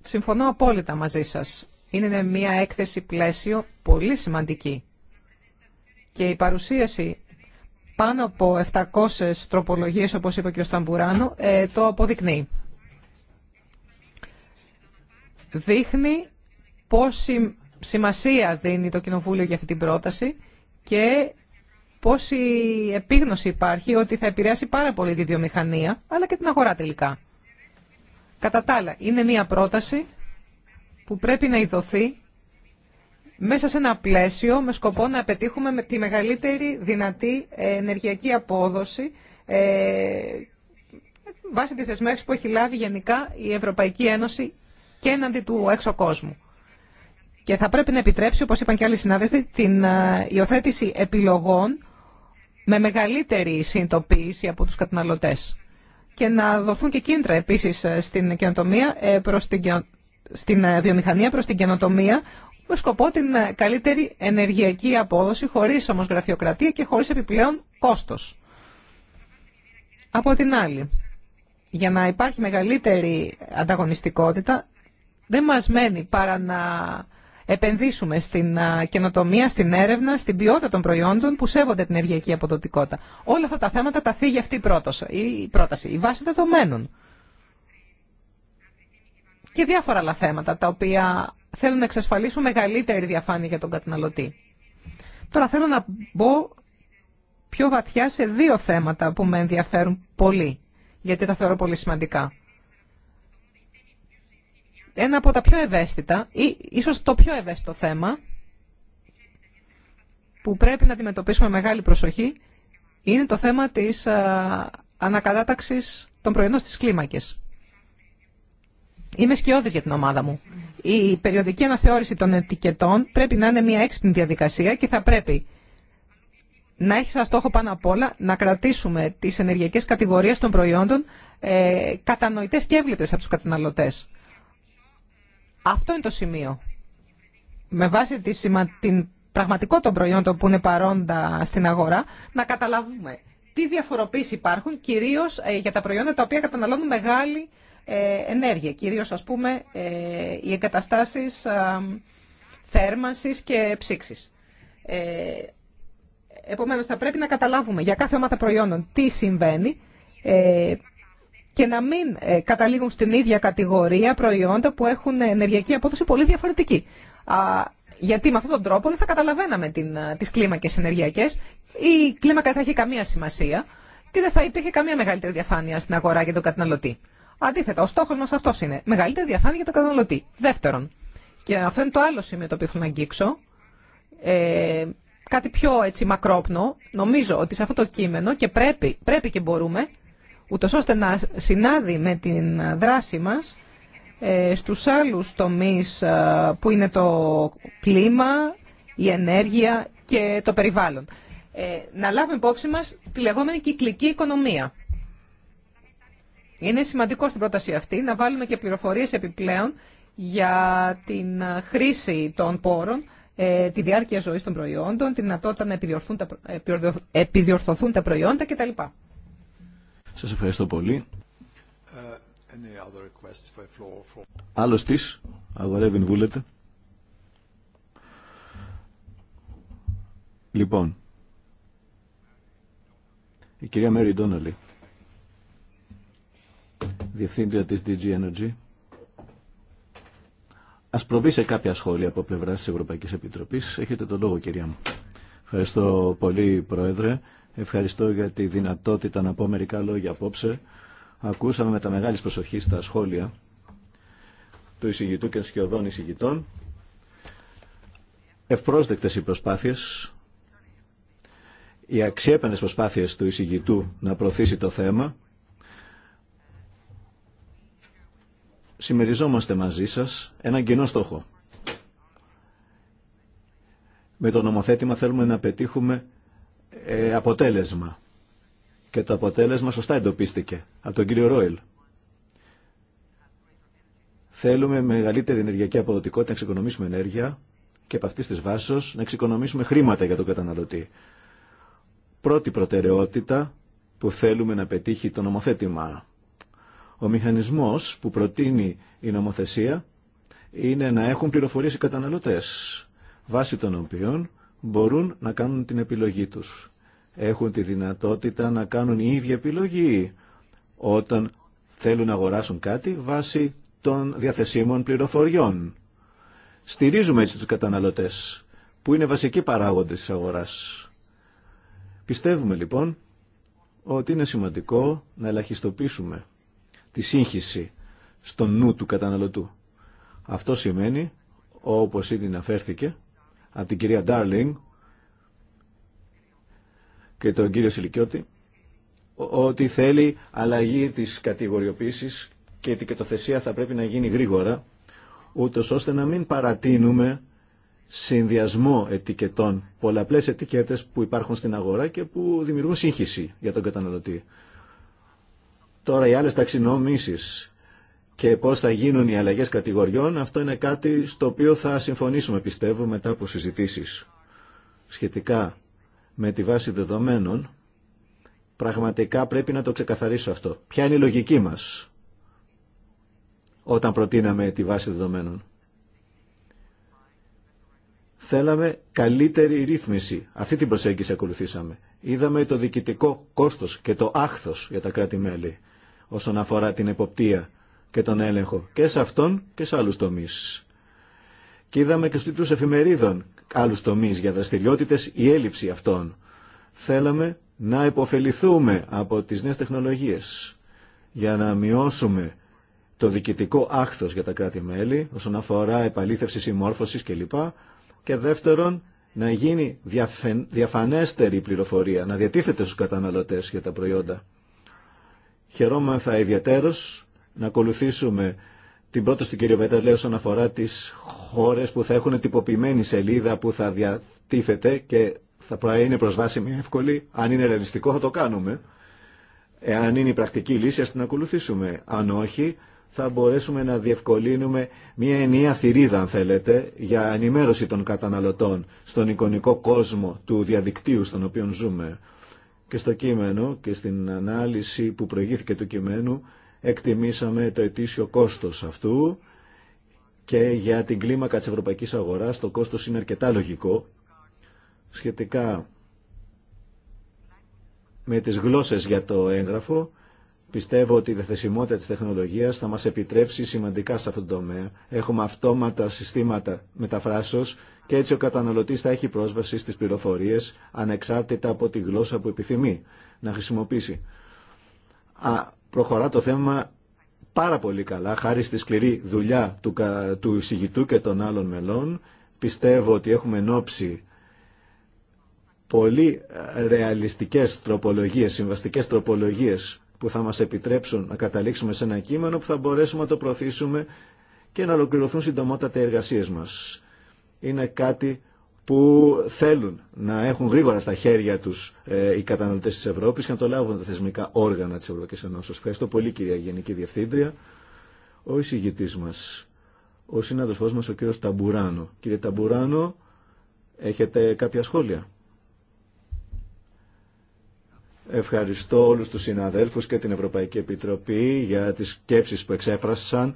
Συμφωνώ απόλυτα μαζί σας. Είναι μια έκθεση πλαίσιο πολύ σημαντική. Και η παρουσίαση πάνω από 700 τροπολογίες, όπως είπε ο ο Σταμπουράνο, ε, το αποδεικνύει. Δείχνει πόση σημασία δίνει το Κοινοβούλιο για αυτή την πρόταση και πόση επίγνωση υπάρχει ότι θα επηρεάσει πάρα πολύ τη βιομηχανία, αλλά και την αγορά τελικά. Κατά τα άλλα, είναι μια πρόταση που πρέπει να ειδωθεί μέσα σε ένα πλαίσιο με σκοπό να πετύχουμε τη μεγαλύτερη δυνατή ενεργειακή απόδοση ε, βάσει της δεσμεύσης που έχει λάβει γενικά η Ευρωπαϊκή Ένωση και έναντι του έξω κόσμου και θα πρέπει να επιτρέψει, όπως είπαν και άλλοι συνάδελφοι, την ε, υιοθέτηση επιλογών με μεγαλύτερη συνειδητοποίηση από τους καταναλωτές και να δοθούν και κίντρα επίσης ε, στην, καινοτομία, ε, προς την, στην βιομηχανία προς την καινοτομία με σκοπό την καλύτερη ενεργειακή απόδοση χωρίς όμως γραφειοκρατία και χωρίς επιπλέον κόστος. Από την άλλη, για να υπάρχει μεγαλύτερη ανταγωνιστικότητα δεν μας μένει παρά να επενδύσουμε στην καινοτομία, στην έρευνα, στην ποιότητα των προϊόντων που σέβονται την ενεργειακή αποδοτικότητα. Όλα αυτά τα θέματα τα θίγει αυτή η πρόταση, η, πρόταση, η βάση δεδομένων. Και διάφορα άλλα θέματα τα οποία θέλουν να εξασφαλίσουν μεγαλύτερη διαφάνεια για τον καταναλωτή. Τώρα θέλω να μπω πιο βαθιά σε δύο θέματα που με ενδιαφέρουν πολύ, γιατί τα θεωρώ πολύ σημαντικά ένα από τα πιο ευαίσθητα ή ίσως το πιο ευαίσθητο θέμα που πρέπει να αντιμετωπίσουμε μεγάλη προσοχή είναι το θέμα της ανακατάταξης των προϊόντων στις κλίμακες. Είμαι σκιώδης για την ομάδα μου. Η περιοδική αναθεώρηση των ετικετών πρέπει να είναι μια έξυπνη διαδικασία και θα πρέπει να έχει σαν στόχο πάνω απ' όλα να κρατήσουμε τις ενεργειακές κατηγορίες των προϊόντων ε, κατανοητές και έβλεπτες από τους καταναλωτές. Αυτό είναι το σημείο. Με βάση τη σημα... την πραγματικό των προϊόντων που είναι παρόντα στην αγορά, να καταλάβουμε τι διαφοροποίηση υπάρχουν, κυρίως ε, για τα προϊόντα τα οποία καταναλώνουν μεγάλη ε, ενέργεια. Κυρίως, ας πούμε, ε, οι εγκαταστάσεις θέρμανσης και ψήξης. Επομένως, θα πρέπει να καταλάβουμε για κάθε ομάδα προϊόντων τι συμβαίνει, και να μην ε, καταλήγουν στην ίδια κατηγορία προϊόντα που έχουν ενεργειακή απόδοση πολύ διαφορετική. Γιατί με αυτόν τον τρόπο δεν θα καταλαβαίναμε την, ε, τις κλίμακες ενεργειακές, η κλίμακα θα έχει καμία σημασία και δεν θα υπήρχε καμία μεγαλύτερη διαφάνεια στην αγορά για τον καταναλωτή. Αντίθετα, ο στόχο μα αυτό είναι. Μεγαλύτερη διαφάνεια για τον καταναλωτή. Δεύτερον, και αυτό είναι το άλλο σημείο το οποίο θέλω να αγγίξω, ε, κάτι πιο έτσι μακρόπνο, νομίζω ότι σε αυτό το κείμενο και πρέπει, πρέπει και μπορούμε ούτως ώστε να συνάδει με την δράση μας ε, στους άλλους τομείς ε, που είναι το κλίμα, η ενέργεια και το περιβάλλον. Ε, να λάβουμε υπόψη μας τη λεγόμενη κυκλική οικονομία. Είναι σημαντικό στην πρόταση αυτή να βάλουμε και πληροφορίες επιπλέον για την χρήση των πόρων, τη διάρκεια ζωής των προϊόντων, τη δυνατότητα να επιδιορθωθούν τα προϊόντα κτλ. Σας ευχαριστώ πολύ. Άλλο uh, Άλλος της, αγορεύει βούλετε. Λοιπόν, η κυρία Μέρι Ντόναλη, διευθύντρια της DG Energy, ας προβεί σε κάποια σχόλια από πλευρά της Ευρωπαϊκής Επιτροπής. Έχετε τον λόγο, κυρία μου. Ευχαριστώ πολύ, Πρόεδρε. Ευχαριστώ για τη δυνατότητα να πω μερικά λόγια απόψε. Ακούσαμε με τα μεγάλης προσοχή τα σχόλια του εισηγητού και των σκιωδών εισηγητών. Ευπρόσδεκτες οι προσπάθειες, οι αξιέπαινες προσπάθειες του εισηγητού να προωθήσει το θέμα. Συμμεριζόμαστε μαζί σας έναν κοινό στόχο. Με το νομοθέτημα θέλουμε να πετύχουμε ε, αποτέλεσμα. Και το αποτέλεσμα σωστά εντοπίστηκε από τον κύριο Ρόιλ. Θέλουμε μεγαλύτερη ενεργειακή αποδοτικότητα, να εξοικονομήσουμε ενέργεια και από αυτή τη βάση να εξοικονομήσουμε χρήματα για τον καταναλωτή. Πρώτη προτεραιότητα που θέλουμε να πετύχει το νομοθέτημα. Ο μηχανισμός που προτείνει η νομοθεσία είναι να έχουν πληροφορίες οι καταναλωτές, βάσει των οποίων μπορούν να κάνουν την επιλογή τους. Έχουν τη δυνατότητα να κάνουν η ίδια επιλογή όταν θέλουν να αγοράσουν κάτι βάσει των διαθεσίμων πληροφοριών. Στηρίζουμε έτσι τους καταναλωτές, που είναι βασικοί παράγοντες της αγοράς. Πιστεύουμε λοιπόν ότι είναι σημαντικό να ελαχιστοποιήσουμε τη σύγχυση στο νου του καταναλωτού. Αυτό σημαίνει, όπως ήδη αναφέρθηκε, από την κυρία Ντάρλινγκ και τον κύριο Σιλικιώτη ότι θέλει αλλαγή της κατηγοριοποίησης και η ετικετοθεσία θα πρέπει να γίνει γρήγορα ούτως ώστε να μην παρατείνουμε συνδυασμό ετικετών, πολλαπλές ετικέτες που υπάρχουν στην αγορά και που δημιουργούν σύγχυση για τον καταναλωτή. Τώρα οι άλλες ταξινόμησεις και πώς θα γίνουν οι αλλαγές κατηγοριών, αυτό είναι κάτι στο οποίο θα συμφωνήσουμε, πιστεύω, μετά από συζητήσεις σχετικά με τη βάση δεδομένων. Πραγματικά πρέπει να το ξεκαθαρίσω αυτό. Ποια είναι η λογική μας όταν προτείναμε τη βάση δεδομένων. Θέλαμε καλύτερη ρύθμιση. Αυτή την προσέγγιση ακολουθήσαμε. Είδαμε το διοικητικό κόστος και το άχθος για τα κράτη-μέλη όσον αφορά την εποπτεία και τον έλεγχο και σε αυτόν και σε άλλους τομείς. Και είδαμε και στους τίτλους εφημερίδων άλλους τομείς για δραστηριότητε η έλλειψη αυτών. Θέλαμε να υποφεληθούμε από τις νέες τεχνολογίες για να μειώσουμε το διοικητικό άχθος για τα κράτη-μέλη όσον αφορά επαλήθευση συμμόρφωσης κλπ. Και δεύτερον, να γίνει διαφανέστερη η πληροφορία, να διατίθεται στους καταναλωτές για τα προϊόντα. Χαιρόμαθα ιδιαίτερος να ακολουθήσουμε την πρόταση του κ. Πέταλε όσον αφορά τι χώρε που θα έχουν τυποποιημένη σελίδα που θα διατίθεται και θα είναι προσβάσιμη εύκολη. Αν είναι ρεαλιστικό θα το κάνουμε. Εάν είναι η πρακτική λύση α την ακολουθήσουμε. Αν όχι θα μπορέσουμε να διευκολύνουμε μια ενιαία θηρίδα αν θέλετε για ενημέρωση των καταναλωτών στον εικονικό κόσμο του διαδικτύου στον οποίο ζούμε. Και στο κείμενο και στην ανάλυση που προηγήθηκε του κειμένου εκτιμήσαμε το ετήσιο κόστος αυτού και για την κλίμακα της ευρωπαϊκής αγοράς το κόστος είναι αρκετά λογικό σχετικά με τις γλώσσες για το έγγραφο Πιστεύω ότι η δεθεσιμότητα της τεχνολογίας θα μας επιτρέψει σημαντικά σε αυτό τον τομέα. Έχουμε αυτόματα συστήματα μεταφράσεως και έτσι ο καταναλωτής θα έχει πρόσβαση στις πληροφορίες ανεξάρτητα από τη γλώσσα που επιθυμεί να χρησιμοποιήσει. Α, προχωρά το θέμα πάρα πολύ καλά, χάρη στη σκληρή δουλειά του, του εισηγητού και των άλλων μελών. Πιστεύω ότι έχουμε ενόψει πολύ ρεαλιστικές τροπολογίες, συμβαστικές τροπολογίες που θα μας επιτρέψουν να καταλήξουμε σε ένα κείμενο που θα μπορέσουμε να το προωθήσουμε και να ολοκληρωθούν συντομότατα οι εργασίες μας. Είναι κάτι που θέλουν να έχουν γρήγορα στα χέρια τους ε, οι καταναλωτές τη Ευρώπη και να το λάβουν τα θεσμικά όργανα τη Ευρωπαϊκή Ένωση. Ευχαριστώ πολύ κυρία Γενική Διευθύντρια. Ο εισηγητή μας, ο συνάδελφός μας, ο κύριος Ταμπουράνο. Κύριε Ταμπουράνο, έχετε κάποια σχόλια. Ευχαριστώ όλους τους συναδέλφους και την Ευρωπαϊκή Επιτροπή για τις σκέψεις που εξέφρασαν.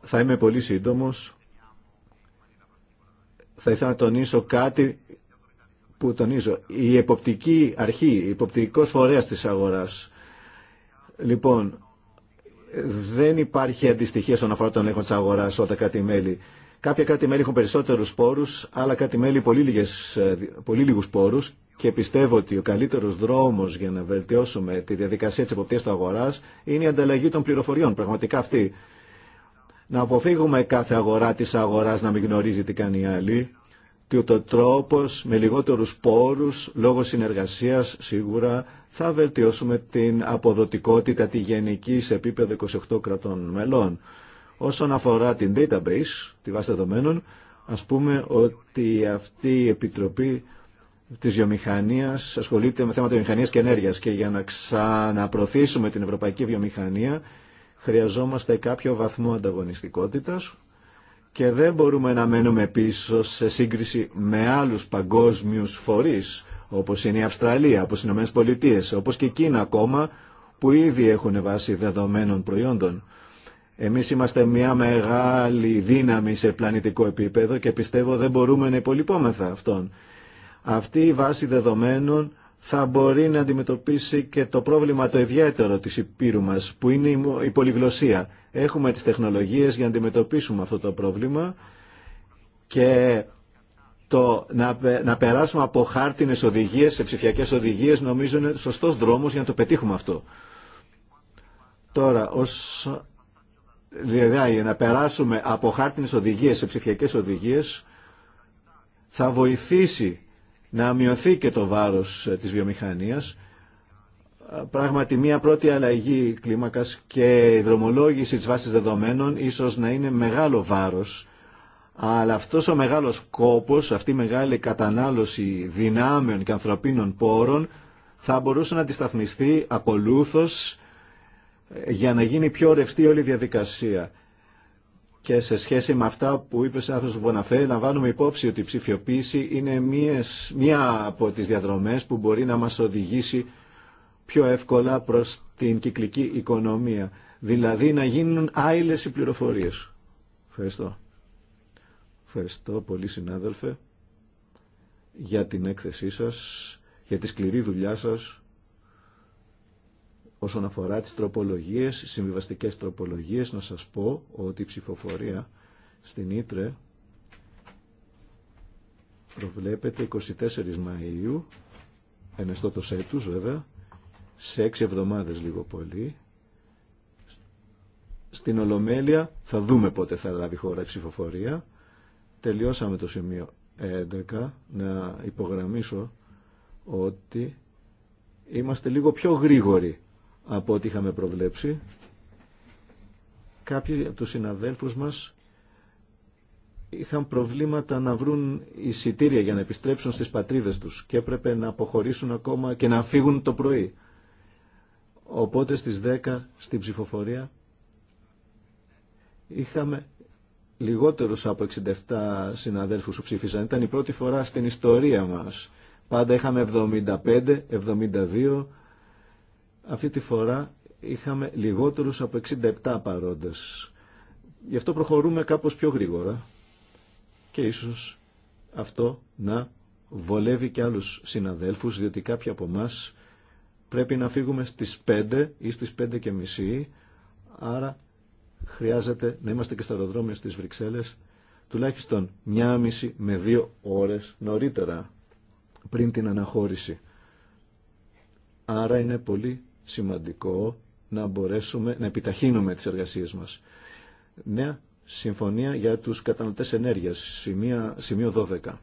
Θα είμαι πολύ σύντομος θα ήθελα να τονίσω κάτι που τονίζω. Η εποπτική αρχή, η εποπτικός φορέας της αγοράς. Λοιπόν, δεν υπάρχει αντιστοιχία στον αφορά των έλεγχο της αγοράς όταν κάτι μελη Κάποια κάτι έχουν περισσότερους πόρους, άλλα κάτι πολύ, λίγες, ε, πολύ λίγους πόρους και πιστεύω ότι ο καλύτερος δρόμος για να βελτιώσουμε τη διαδικασία της εποπτείας του αγοράς είναι η ανταλλαγή των πληροφοριών, πραγματικά αυτή να αποφύγουμε κάθε αγορά της αγοράς να μην γνωρίζει τι κάνει η άλλη και ο τρόπος με λιγότερους πόρους λόγω συνεργασίας σίγουρα θα βελτιώσουμε την αποδοτικότητα τη γενική σε επίπεδο 28 κρατών μελών. Όσον αφορά την database, τη βάση δεδομένων, ας πούμε ότι αυτή η Επιτροπή της Βιομηχανίας ασχολείται με θέματα βιομηχανίας και ενέργειας και για να ξαναπροθίσουμε την ευρωπαϊκή βιομηχανία χρειαζόμαστε κάποιο βαθμό ανταγωνιστικότητας και δεν μπορούμε να μένουμε πίσω σε σύγκριση με άλλους παγκόσμιους φορείς όπως είναι η Αυστραλία, όπως οι Ηνωμένες Πολιτείες, όπως και η Κίνα ακόμα που ήδη έχουν βάση δεδομένων προϊόντων. Εμείς είμαστε μια μεγάλη δύναμη σε πλανητικό επίπεδο και πιστεύω δεν μπορούμε να υπολοιπόμεθα αυτόν. Αυτή η βάση δεδομένων θα μπορεί να αντιμετωπίσει και το πρόβλημα το ιδιαίτερο της υπήρου μας, που είναι η πολυγλωσία. Έχουμε τις τεχνολογίες για να αντιμετωπίσουμε αυτό το πρόβλημα και το να, να περάσουμε από χάρτινες οδηγίες σε ψηφιακές οδηγίες νομίζω είναι σωστός δρόμος για να το πετύχουμε αυτό. Τώρα, ως... Δηλαδή, να περάσουμε από χάρτινες οδηγίες σε ψηφιακές οδηγίες θα βοηθήσει να μειωθεί και το βάρος ε, της βιομηχανίας. Πράγματι, μια πρώτη αλλαγή κλίμακας και η δρομολόγηση της βάσης δεδομένων ίσως να είναι μεγάλο βάρος, αλλά αυτός ο μεγάλος κόπος, αυτή η μεγάλη κατανάλωση δυνάμεων και ανθρωπίνων πόρων θα μπορούσε να αντισταθμιστεί ακολούθως ε, για να γίνει πιο ρευστή όλη η διαδικασία και σε σχέση με αυτά που είπε ο συνάδελφος Βοναφέ, να βάλουμε υπόψη ότι η ψηφιοποίηση είναι μίες, μία από τις διαδρομές που μπορεί να μας οδηγήσει πιο εύκολα προς την κυκλική οικονομία. Δηλαδή να γίνουν άειλες οι πληροφορίες. Ευχαριστώ. Ευχαριστώ πολύ συνάδελφε για την έκθεσή σας, για τη σκληρή δουλειά σας Όσον αφορά τις τροπολογίες, συμβιβαστικές τροπολογίες, να σας πω ότι η ψηφοφορία στην Ήτρε προβλέπεται 24 Μαΐου, ενεστώτος έτους βέβαια, σε έξι εβδομάδες λίγο πολύ. Στην Ολομέλεια θα δούμε πότε θα λάβει χώρα η ψηφοφορία. Τελειώσαμε το σημείο 11. Να υπογραμμίσω ότι είμαστε λίγο πιο γρήγοροι από ό,τι είχαμε προβλέψει. Κάποιοι από τους συναδέλφους μας είχαν προβλήματα να βρουν εισιτήρια για να επιστρέψουν στις πατρίδες τους και έπρεπε να αποχωρήσουν ακόμα και να φύγουν το πρωί. Οπότε στις 10 στην ψηφοφορία είχαμε λιγότερους από 67 συναδέλφους που ψήφισαν. Ήταν η πρώτη φορά στην ιστορία μας. Πάντα είχαμε 75, 72, αυτή τη φορά είχαμε λιγότερους από 67 παρόντες. Γι' αυτό προχωρούμε κάπως πιο γρήγορα και ίσως αυτό να βολεύει και άλλους συναδέλφους, διότι κάποιοι από εμά πρέπει να φύγουμε στις 5 ή στις 5 και μισή, άρα χρειάζεται να είμαστε και στα αεροδρόμια στις Βρυξέλλες τουλάχιστον μία μισή με δύο ώρες νωρίτερα πριν την αναχώρηση. Άρα είναι πολύ σημαντικό να μπορέσουμε να επιταχύνουμε τις εργασίες μας. Νέα συμφωνία για τους καταναλωτές ενέργειας, σημείο 12.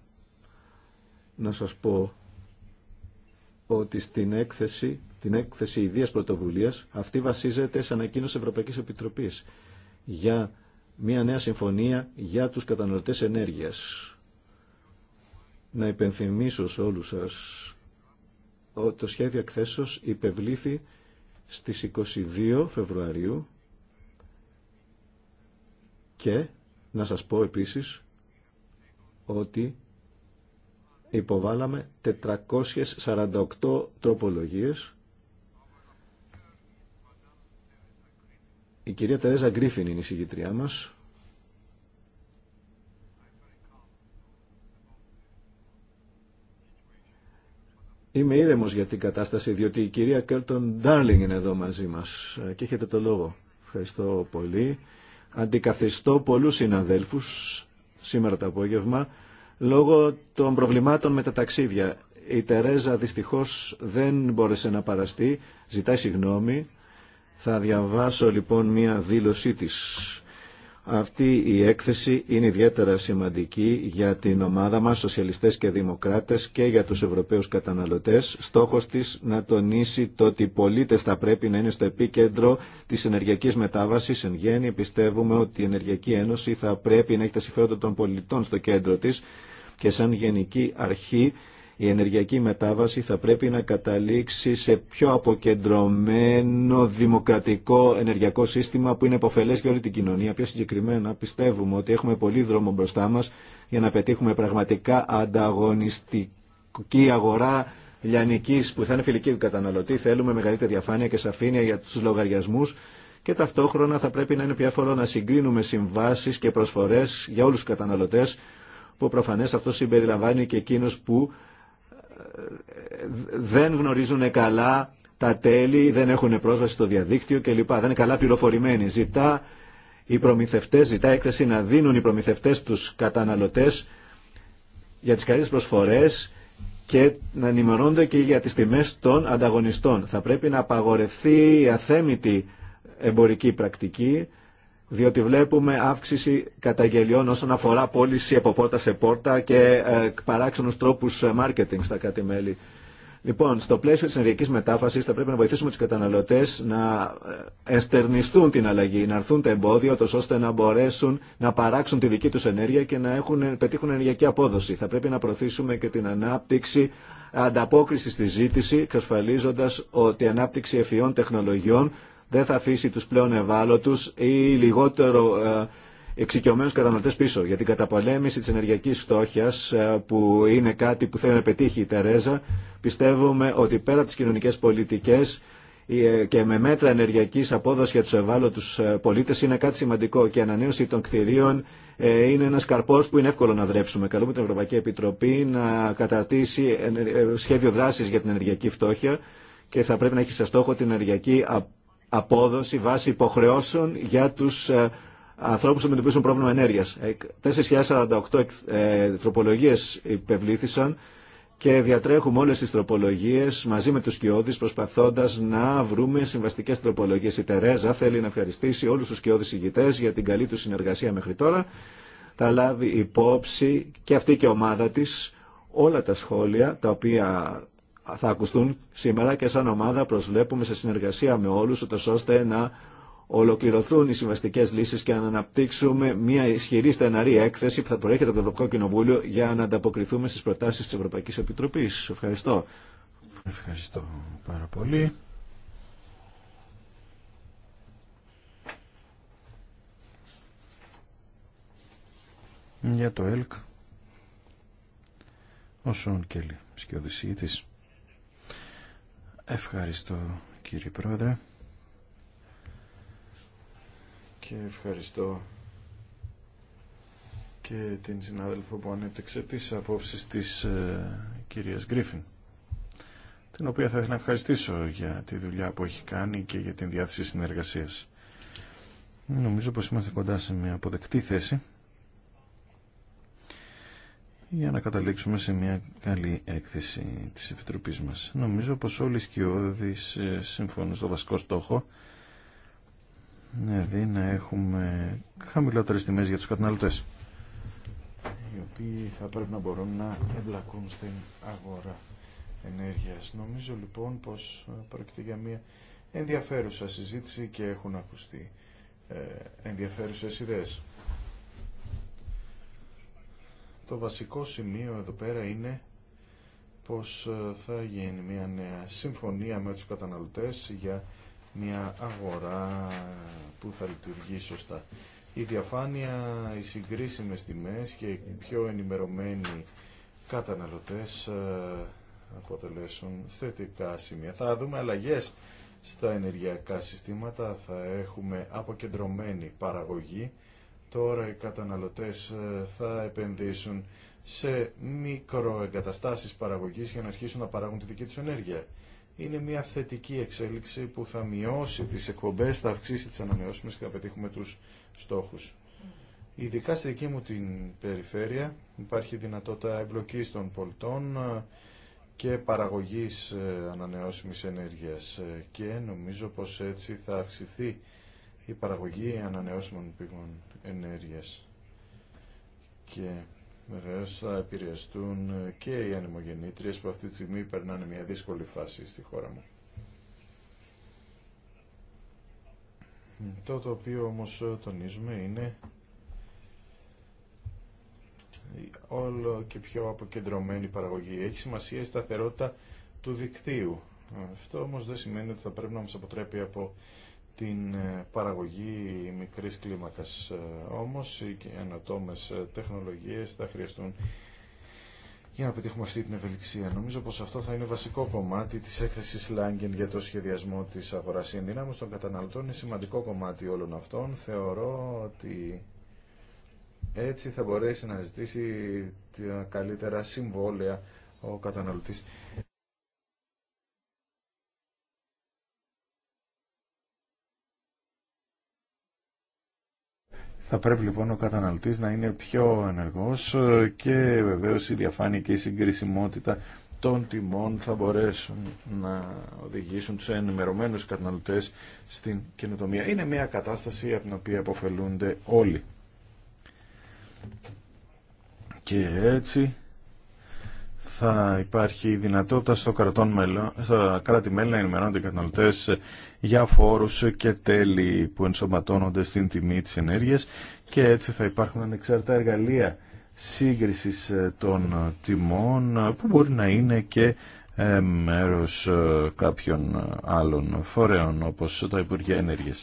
Να σας πω ότι στην έκθεση, την έκθεση ιδίας πρωτοβουλίας αυτή βασίζεται σε ανακοίνωση Ευρωπαϊκής Επιτροπής για μια νέα συμφωνία για τους καταναλωτές ενέργειας. Να υπενθυμίσω σε όλους σας το σχέδιο εκθέσεως υπευλήθη στις 22 Φεβρουαρίου και να σας πω επίσης ότι υποβάλαμε 448 τροπολογίες. Η κυρία Τερέζα Γκρίφιν είναι η συγγητριά μας. Είμαι ήρεμο για την κατάσταση, διότι η κυρία Κέρτον Ντάρλινγκ είναι εδώ μαζί μα και έχετε το λόγο. Ευχαριστώ πολύ. Αντικαθιστώ πολλού συναδέλφου σήμερα το απόγευμα λόγω των προβλημάτων με τα ταξίδια. Η Τερέζα δυστυχώς δεν μπόρεσε να παραστεί, ζητάει συγγνώμη. Θα διαβάσω λοιπόν μία δήλωσή της. Αυτή η έκθεση είναι ιδιαίτερα σημαντική για την ομάδα μας, σοσιαλιστές και δημοκράτες και για τους Ευρωπαίους καταναλωτές. Στόχος της να τονίσει το ότι οι πολίτες θα πρέπει να είναι στο επίκεντρο της ενεργειακής μετάβασης. Εν γέννη πιστεύουμε ότι η Ενεργειακή Ένωση θα πρέπει να έχει τα συμφέροντα των πολιτών στο κέντρο της και σαν γενική αρχή η ενεργειακή μετάβαση θα πρέπει να καταλήξει σε πιο αποκεντρωμένο δημοκρατικό ενεργειακό σύστημα που είναι υποφελές για όλη την κοινωνία. Πιο συγκεκριμένα πιστεύουμε ότι έχουμε πολύ δρόμο μπροστά μα για να πετύχουμε πραγματικά ανταγωνιστική αγορά λιανικής που θα είναι φιλική του καταναλωτή. Θέλουμε μεγαλύτερη διαφάνεια και σαφήνεια για του λογαριασμού και ταυτόχρονα θα πρέπει να είναι πιο εύκολο να συγκρίνουμε συμβάσει και προσφορέ για όλου του καταναλωτέ που προφανέ αυτό συμπεριλαμβάνει και εκείνους που δεν γνωρίζουν καλά τα τέλη, δεν έχουν πρόσβαση στο διαδίκτυο κλπ. Δεν είναι καλά πληροφορημένοι. Ζητά οι προμηθευτές, ζητά έκθεση να δίνουν οι προμηθευτές τους καταναλωτές για τις καλές προσφορές και να ενημερώνονται και για τις τιμές των ανταγωνιστών. Θα πρέπει να απαγορευτεί η αθέμητη εμπορική πρακτική, διότι βλέπουμε αύξηση καταγγελιών όσον αφορά πώληση από πόρτα σε πόρτα και ε, παράξενους τρόπους ε, marketing στα κάτι μέλη. Λοιπόν, στο πλαίσιο τη ενεργειακή μετάφαση θα πρέπει να βοηθήσουμε του καταναλωτέ να ε, εστερνιστούν την αλλαγή, να έρθουν τα εμπόδια, ώστε να μπορέσουν να παράξουν τη δική του ενέργεια και να έχουν, πετύχουν ενεργειακή απόδοση. Θα πρέπει να προωθήσουμε και την ανάπτυξη ανταπόκριση στη ζήτηση, εξασφαλίζοντα ότι η ανάπτυξη ευφυών τεχνολογιών δεν θα αφήσει του πλέον ευάλωτου ή λιγότερο ε, εξοικειωμένου καταναλωτέ πίσω. Για την καταπολέμηση τη ενεργειακή φτώχεια, ε, που είναι κάτι που θέλει να πετύχει η Τερέζα, πιστεύουμε ότι πέρα από τι κοινωνικέ πολιτικέ ε, και με μέτρα ενεργειακή απόδοση για του ευάλωτου ε, πολίτε είναι κάτι σημαντικό. Και η ανανέωση των κτηρίων είναι ένα καρπό που είναι εύκολο να δρέψουμε. Καλούμε την Ευρωπαϊκή Επιτροπή να καταρτήσει σχέδιο δράση για την ενεργειακή φτώχεια και θα πρέπει να έχει σε στόχο την ενεργειακή απόδοση βάσει υποχρεώσεων για τους ανθρώπους που αντιμετωπίζουν πρόβλημα ενέργειας. 4.048 ε, ε, τροπολογίες υπευλήθησαν και διατρέχουμε όλες τις τροπολογίες μαζί με τους σκιώδεις προσπαθώντας να βρούμε συμβαστικές τροπολογίες. Η Τερέζα θέλει να ευχαριστήσει όλους τους σκιώδεις ηγητές για την καλή του συνεργασία μέχρι τώρα. Θα λάβει υπόψη και αυτή και η ομάδα της όλα τα σχόλια τα οποία θα ακουστούν σήμερα και σαν ομάδα προσβλέπουμε σε συνεργασία με όλους ώστε να ολοκληρωθούν οι συμβαστικέ λύσει και να αναπτύξουμε μια ισχυρή στεναρή έκθεση που θα προέρχεται από το Ευρωπαϊκό Κοινοβούλιο για να ανταποκριθούμε στι προτάσει τη Ευρωπαϊκή Επιτροπή. Ευχαριστώ. Ευχαριστώ πάρα πολύ. Για το ΕΛΚ. Ο Σον Κέλλη, Ευχαριστώ κύριε Πρόεδρε και ευχαριστώ και την συνάδελφο που ανέπτυξε τις απόψεις της ε, κυρίας Γκρίφιν την οποία θα ήθελα να ευχαριστήσω για τη δουλειά που έχει κάνει και για την διάθεση συνεργασίας. Νομίζω πως είμαστε κοντά σε μια αποδεκτή θέση για να καταλήξουμε σε μια καλή έκθεση της Επιτροπής μας. Νομίζω πως όλοι οι σκιώδεις ε, συμφωνούν στο βασικό στόχο δηλαδή να έχουμε χαμηλότερες τιμές για τους καταναλωτές οι οποίοι θα πρέπει να μπορούν να εμπλακούν στην αγορά ενέργειας. Νομίζω λοιπόν πως πρόκειται για μια ενδιαφέρουσα συζήτηση και έχουν ακουστεί ε, ενδιαφέρουσες ιδέες. Το βασικό σημείο εδώ πέρα είναι πως ε, θα γίνει μια νέα συμφωνία με τους καταναλωτές για μια αγορά που θα λειτουργεί σωστά. Η διαφάνεια, οι συγκρίσιμες τιμές και οι πιο ενημερωμένοι καταναλωτές ε, αποτελέσουν θετικά σημεία. Θα δούμε αλλαγές στα ενεργειακά συστήματα, θα έχουμε αποκεντρωμένη παραγωγή. Τώρα οι καταναλωτές ε, θα επενδύσουν σε μικροεγκαταστάσεις παραγωγής για να αρχίσουν να παράγουν τη δική τους ενέργεια είναι μια θετική εξέλιξη που θα μειώσει τις εκπομπές, θα αυξήσει τις ανανεώσιμες και θα πετύχουμε τους στόχους. Ειδικά στη δική μου την περιφέρεια υπάρχει δυνατότητα εμπλοκής των πολιτών και παραγωγής ε, ανανεώσιμης ενέργειας ε, και νομίζω πως έτσι θα αυξηθεί η παραγωγή ανανεώσιμων πηγών ενέργειας. Και Βεβαίω θα επηρεαστούν και οι ανεμογεννήτριε που αυτή τη στιγμή περνάνε μια δύσκολη φάση στη χώρα μου. Το το οποίο όμως τονίζουμε είναι όλο και πιο αποκεντρωμένη παραγωγή. Έχει σημασία η σταθερότητα του δικτύου. Αυτό όμως δεν σημαίνει ότι θα πρέπει να μας αποτρέπει από την ε, παραγωγή μικρής κλίμακας. Ε, όμως οι ε, ανατόμες τεχνολογίες θα χρειαστούν για να πετύχουμε αυτή την ευελιξία. Νομίζω πως αυτό θα είναι βασικό κομμάτι της έκθεσης Λάγκεν για το σχεδιασμό της αγοράς. Η ενδυνάμωση των καταναλωτών είναι σημαντικό κομμάτι όλων αυτών. Θεωρώ ότι έτσι θα μπορέσει να ζητήσει τα καλύτερα συμβόλαια ο καταναλωτής Θα πρέπει λοιπόν ο καταναλωτής να είναι πιο ενεργός και βεβαίως η διαφάνεια και η συγκρισιμότητα των τιμών θα μπορέσουν να οδηγήσουν τους ενημερωμένους καταναλωτές στην καινοτομία. Είναι μια κατάσταση από την οποία αποφελούνται όλοι. Και έτσι θα υπάρχει δυνατότητα στο κρατών μέλο, στα κράτη-μέλη να ενημερώνονται οι καταναλωτέ για φόρους και τέλη που ενσωματώνονται στην τιμή τη ενέργεια και έτσι θα υπάρχουν ανεξάρτητα εργαλεία σύγκρισης ε, των τιμών ε, που μπορεί να είναι και ε, μέρος κάποιων άλλων φορέων όπως τα Υπουργεία ενέργεια.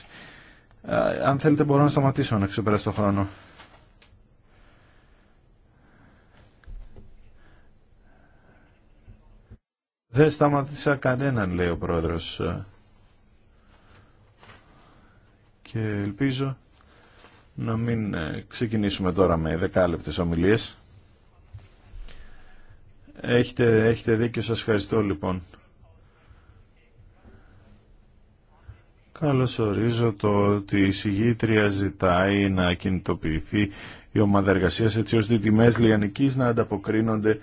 Αν θέλετε μπορώ να σταματήσω να ξεπεράσω το χρόνο. Δεν σταματήσα κανέναν, λέει ο πρόεδρος. Και ελπίζω να μην ε, ξεκινήσουμε τώρα με δεκάλεπτες ομιλίες. Έχετε, έχετε δίκιο, σας ευχαριστώ λοιπόν. Καλώς ορίζω το ότι η συγγήτρια ζητάει να κινητοποιηθεί η ομάδα εργασίας έτσι ώστε οι τιμές λιανικής να ανταποκρίνονται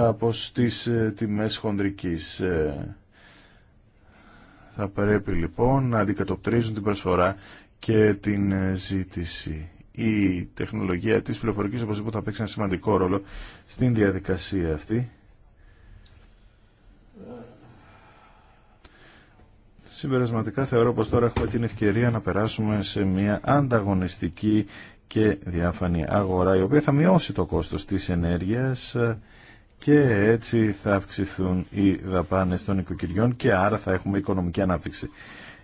κάπως στις ε, τιμές χονδρικής. Ε, θα πρέπει λοιπόν να αντικατοπτρίζουν την προσφορά και την ε, ζήτηση. Η τεχνολογία της πληροφορικής είπα, θα παίξει ένα σημαντικό ρόλο στην διαδικασία αυτή. Συμπερασματικά θεωρώ πως τώρα έχουμε την ευκαιρία να περάσουμε σε μια ανταγωνιστική και διάφανη αγορά η οποία θα μειώσει το κόστος της ενέργειας και έτσι θα αυξηθούν οι δαπάνες των οικοκυριών και άρα θα έχουμε οικονομική ανάπτυξη.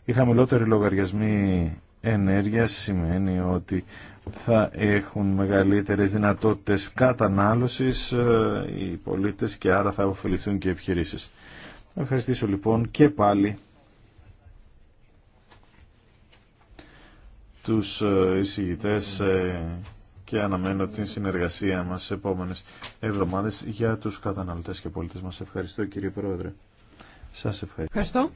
Οι χαμηλότεροι λογαριασμοί ενέργειας σημαίνει ότι θα έχουν μεγαλύτερες δυνατότητες κατανάλωσης ε, οι πολίτες και άρα θα ωφεληθούν και οι επιχειρήσεις. ευχαριστήσω λοιπόν και πάλι τους ε, εισηγητές ε, και αναμένω την συνεργασία μας σε επόμενες εβδομάδες για τους καταναλωτές και πολίτες μας. Ευχαριστώ κύριε Πρόεδρε. Σας ευχαριστώ. ευχαριστώ.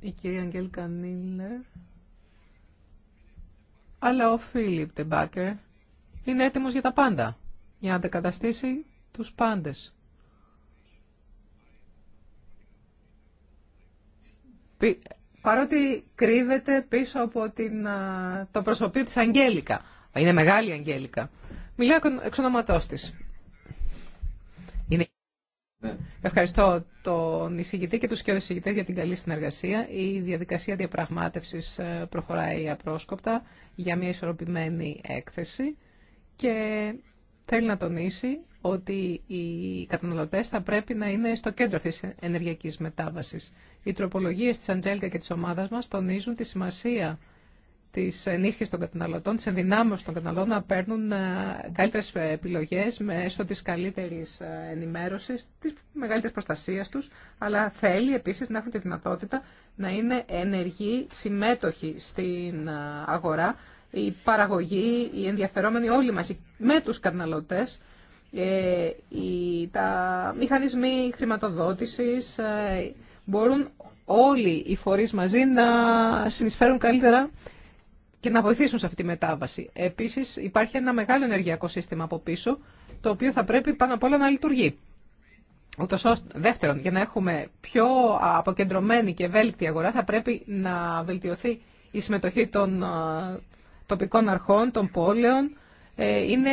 Η κυρία Αγγέλ Μίλλερ. Αλλά ο Φίλιπ Τεμπάκερ είναι έτοιμος για τα πάντα, για να αντεκαταστήσει τους πάντες παρότι κρύβεται πίσω από την, το προσωπείο της Αγγέλικα. Είναι μεγάλη η Αγγέλικα. Μιλάω εξ ονοματός της. Είναι... Ναι. Ευχαριστώ τον εισηγητή και τους και εισηγητές για την καλή συνεργασία. Η διαδικασία διαπραγμάτευσης ε, προχωράει απρόσκοπτα για μια ισορροπημένη έκθεση και θέλει να τονίσει ότι οι καταναλωτέ θα πρέπει να είναι στο κέντρο τη ενεργειακή μετάβαση. Οι τροπολογίε τη Αντζέλικα και τη ομάδα μα τονίζουν τη σημασία τη ενίσχυση των καταναλωτών, τη ενδυνάμωση των καταναλωτών να παίρνουν ε, καλύτερε επιλογές μέσω τη καλύτερη ε, ενημέρωση, τη μεγαλύτερη προστασία του, αλλά θέλει επίση να έχουν τη δυνατότητα να είναι ενεργοί συμμέτοχοι στην ε, αγορά, η παραγωγή, οι ενδιαφερόμενοι όλοι μαζί με τους καταναλωτές, ε, τα μηχανισμοί χρηματοδότησης, ε, μπορούν όλοι οι φορείς μαζί να συνεισφέρουν καλύτερα και να βοηθήσουν σε αυτή τη μετάβαση. Επίσης υπάρχει ένα μεγάλο ενεργειακό σύστημα από πίσω, το οποίο θα πρέπει πάνω απ' όλα να λειτουργεί. Ούτως δεύτερον, για να έχουμε πιο αποκεντρωμένη και ευέλικτη αγορά, θα πρέπει να βελτιωθεί η συμμετοχή των ε, τοπικών αρχών, των πόλεων. Είναι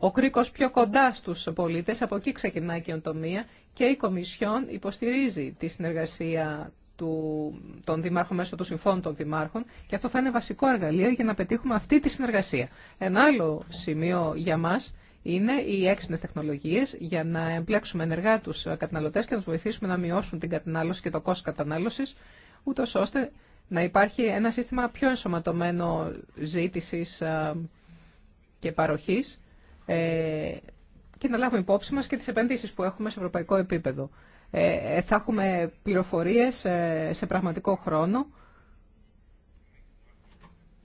ο κρίκο πιο κοντά στου πολίτε από εκεί ξεκινάει η οντομία και η Κομισιόν υποστηρίζει τη συνεργασία του, των δημάρχων μέσω του συμφώνου των δημάρχων και αυτό θα είναι βασικό εργαλείο για να πετύχουμε αυτή τη συνεργασία. Ένα άλλο σημείο για μα είναι οι έξυπνε τεχνολογίε για να εμπλέξουμε ενεργά του καταναλωτέ και να του βοηθήσουμε να μειώσουν την κατανάλωση και το κόστο κατανάλωση, ούτω ώστε να υπάρχει ένα σύστημα πιο ενσωματωμένο ζήτηση και παροχής ε, και να λάβουμε υπόψη μας και τις επενδύσεις που έχουμε σε ευρωπαϊκό επίπεδο. Ε, ε, θα έχουμε πληροφορίες σε πραγματικό χρόνο.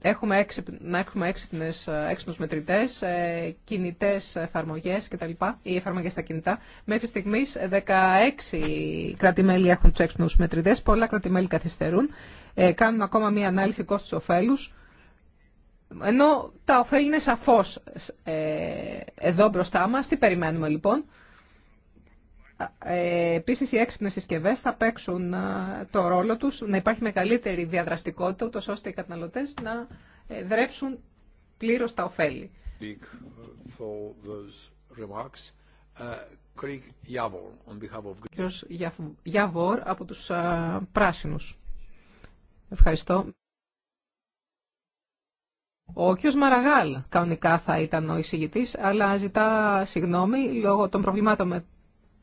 Έχουμε, να έχουμε έξυπνες, έξυπνους μετρητές, κινητές εφαρμογές κτλ. ή εφαρμογές στα κινητά. Μέχρι στιγμής 16 κρατημέλη έχουν τους έξυπνους μετρητές, πολλά κρατημέλη καθυστερούν. κάνουν ακόμα μία ανάλυση κόστους-οφέλους ενώ τα ωφέλη είναι σαφώς ε, εδώ μπροστά μας. Τι περιμένουμε λοιπόν. Ε, επίσης οι έξυπνες συσκευέ θα παίξουν το ρόλο τους να υπάρχει μεγαλύτερη διαδραστικότητα ούτως ώστε οι καταναλωτές να ε, δρέψουν πλήρως τα ωφέλη. Ε, Κύριος Γιαβόρ από τους Πράσινους. Ευχαριστώ. Ο κ. Μαραγάλ κανονικά θα ήταν ο εισηγητής, αλλά ζητά συγγνώμη λόγω των προβλημάτων με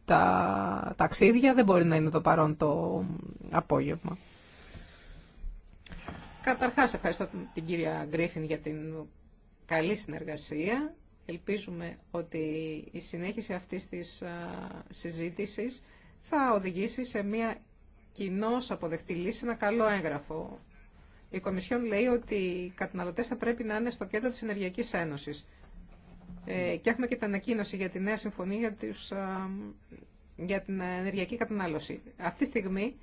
τα ταξίδια. Δεν μπορεί να είναι εδώ παρόν το απόγευμα. Καταρχάς ευχαριστώ την κυρία Γκρίφιν για την καλή συνεργασία. Ελπίζουμε ότι η συνέχιση αυτής της συζήτησης θα οδηγήσει σε μια κοινώς αποδεκτή λύση, ένα καλό έγγραφο η Κομισιόν λέει ότι οι καταναλωτές θα πρέπει να είναι στο κέντρο της Ενεργειακής Ένωσης. Ε, και έχουμε και την ανακοίνωση για τη νέα συμφωνία για, για την ενεργειακή κατανάλωση. Αυτή τη στιγμή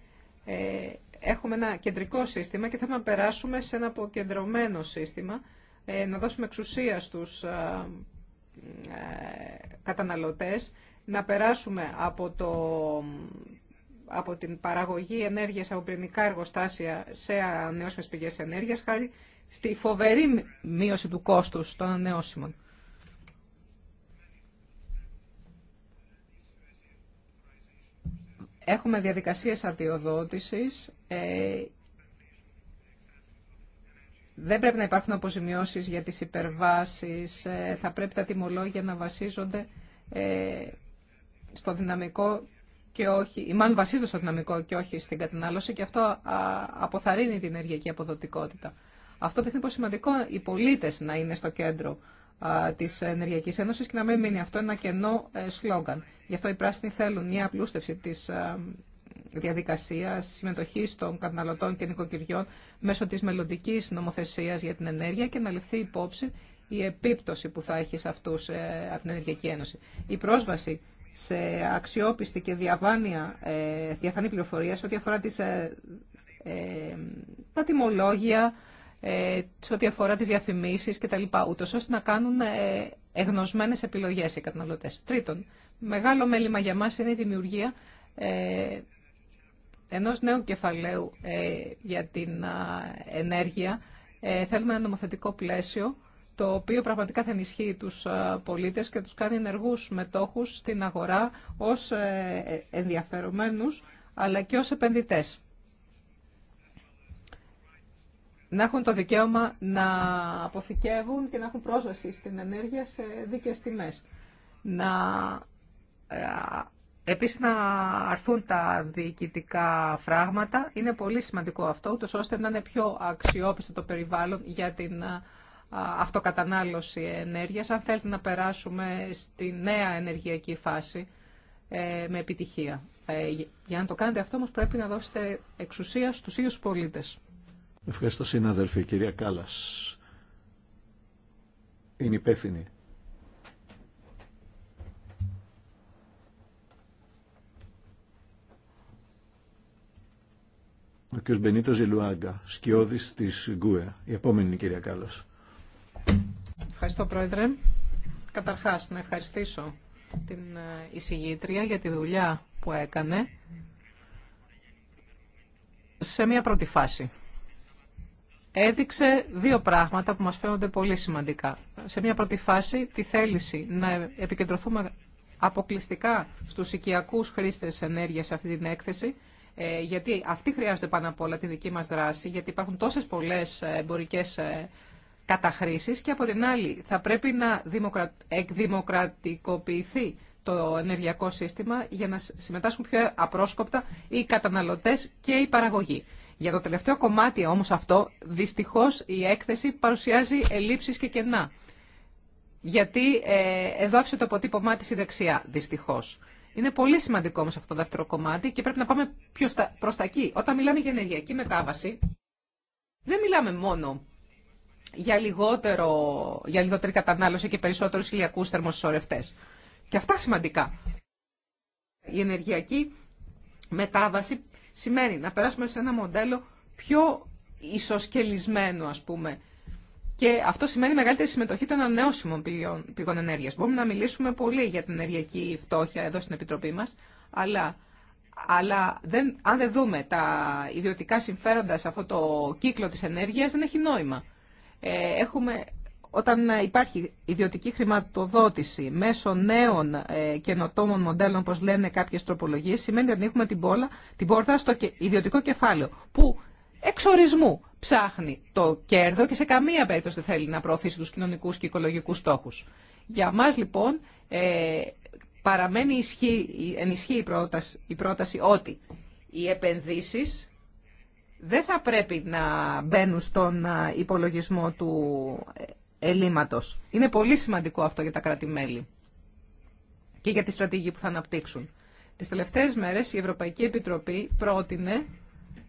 ε, έχουμε ένα κεντρικό σύστημα και θέλουμε να περάσουμε σε ένα αποκεντρωμένο σύστημα, ε, να δώσουμε εξουσία στους ε, καταναλωτές, να περάσουμε από το από την παραγωγή ενέργειας από πυρηνικά εργοστάσια σε ανανεώσιμε πηγέ ενέργεια, χάρη στη φοβερή μείωση του κόστου των ανανεώσιμων. Έχουμε διαδικασίες αδειοδότησης. Ε, δεν πρέπει να υπάρχουν αποζημιώσεις για τις υπερβάσεις. Ε, θα πρέπει τα τιμολόγια να βασίζονται ε, στο δυναμικό και όχι, ή μάλλον βασίζονται στο δυναμικό και όχι στην κατανάλωση και αυτό αποθαρρύνει την ενεργειακή αποδοτικότητα. Αυτό δείχνει πω σημαντικό οι πολίτε να είναι στο κέντρο τη Ενεργειακή Ένωση και να μην μείνει αυτό ένα κενό ε, σλόγγαν. Γι' αυτό οι πράσινοι θέλουν μια απλούστευση τη διαδικασία συμμετοχή των καταναλωτών και νοικοκυριών μέσω τη μελλοντική νομοθεσία για την ενέργεια και να ληφθεί υπόψη η επίπτωση που θα έχει σε αυτού ε, από την Ενεργειακή Ένωση. Η πρόσβαση σε αξιόπιστη και διαφάνεια, ε, διαφανή πληροφορία σε ό,τι αφορά τις, ε, ε τα τιμολόγια, ε, σε ό,τι αφορά τις διαφημίσεις κτλ. Ούτως ώστε να κάνουν ε, εγνωσμένες επιλογές οι καταναλωτές. Τρίτον, μεγάλο μέλημα για μας είναι η δημιουργία ενός νέου κεφαλαίου για την ενέργεια. θέλουμε ένα νομοθετικό πλαίσιο το οποίο πραγματικά θα ενισχύει τους ε, πολίτες και τους κάνει ενεργούς μετόχους στην αγορά ως ε, ενδιαφερομένους αλλά και ως επενδυτές. Να έχουν το δικαίωμα να αποθηκεύουν και να έχουν πρόσβαση στην ενέργεια σε δίκαιες τιμές. Να, ε, επίσης να αρθούν τα διοικητικά φράγματα. Είναι πολύ σημαντικό αυτό, ούτως ώστε να είναι πιο αξιόπιστο το περιβάλλον για την αυτοκατανάλωση ενέργειας, αν θέλετε να περάσουμε στη νέα ενεργειακή φάση ε, με επιτυχία. Ε, για να το κάνετε αυτό όμως πρέπει να δώσετε εξουσία στους ίδιους πολίτες. Ευχαριστώ συναδελφοί. Κυρία Κάλλας είναι υπεύθυνη. Ο κ. Μπενίτο Ζιλουάγκα, σκιώδη τη Γκουε. Η επόμενη είναι η κυρία Κάλλας. Ευχαριστώ, Πρόεδρε. Καταρχάς, να ευχαριστήσω την ε, εισηγήτρια για τη δουλειά που έκανε σε μια πρώτη φάση. Έδειξε δύο πράγματα που μας φαίνονται πολύ σημαντικά. Σε μια πρώτη φάση, τη θέληση να επικεντρωθούμε αποκλειστικά στους οικιακού χρήστες ενέργειας σε αυτή την έκθεση, ε, γιατί αυτοί χρειάζονται πάνω απ' όλα τη δική μας δράση, γιατί υπάρχουν τόσες πολλές ε, εμπορικές καταχρήσεις και από την άλλη θα πρέπει να εκδημοκρατικοποιηθεί το ενεργειακό σύστημα για να συμμετάσχουν πιο απρόσκοπτα οι καταναλωτές και η παραγωγή. Για το τελευταίο κομμάτι όμως αυτό, δυστυχώς η έκθεση παρουσιάζει ελλείψεις και κενά. Γιατί ε, εδώ άφησε το αποτύπωμά της η δεξιά, δυστυχώς. Είναι πολύ σημαντικό όμως αυτό το δεύτερο κομμάτι και πρέπει να πάμε πιο τα εκεί. Όταν μιλάμε για ενεργειακή μετάβαση, δεν μιλάμε μόνο για, λιγότερο, για λιγότερη κατανάλωση και περισσότερου ηλιακού θερμοσυσσωρευτέ. Και αυτά σημαντικά. Η ενεργειακή μετάβαση σημαίνει να περάσουμε σε ένα μοντέλο πιο ισοσκελισμένο, ας πούμε. Και αυτό σημαίνει μεγαλύτερη συμμετοχή των ανανεώσιμων πηγών, πηγών ενέργειας. Μπορούμε να μιλήσουμε πολύ για την ενεργειακή φτώχεια εδώ στην Επιτροπή μας, αλλά, αλλά δεν, αν δεν δούμε τα ιδιωτικά συμφέροντα σε αυτό το κύκλο της ενέργειας, δεν έχει νόημα. Ε, έχουμε, όταν υπάρχει ιδιωτική χρηματοδότηση μέσω νέων ε, καινοτόμων μοντέλων, όπως λένε κάποιες τροπολογίες, σημαίνει ότι ανοίγουμε την, πόλα, την πόρτα στο ιδιωτικό κεφάλαιο, που εξορισμού ψάχνει το κέρδο και σε καμία περίπτωση δεν θέλει να προωθήσει τους κοινωνικούς και οικολογικούς στόχους. Για μας λοιπόν ε, παραμένει ενισχύει η πρόταση, η πρόταση ότι οι επενδύσεις δεν θα πρέπει να μπαίνουν στον υπολογισμό του ελλείμματος. Είναι πολύ σημαντικό αυτό για τα κράτη-μέλη και για τη στρατηγική που θα αναπτύξουν. Τις τελευταίες μέρες η Ευρωπαϊκή Επιτροπή πρότεινε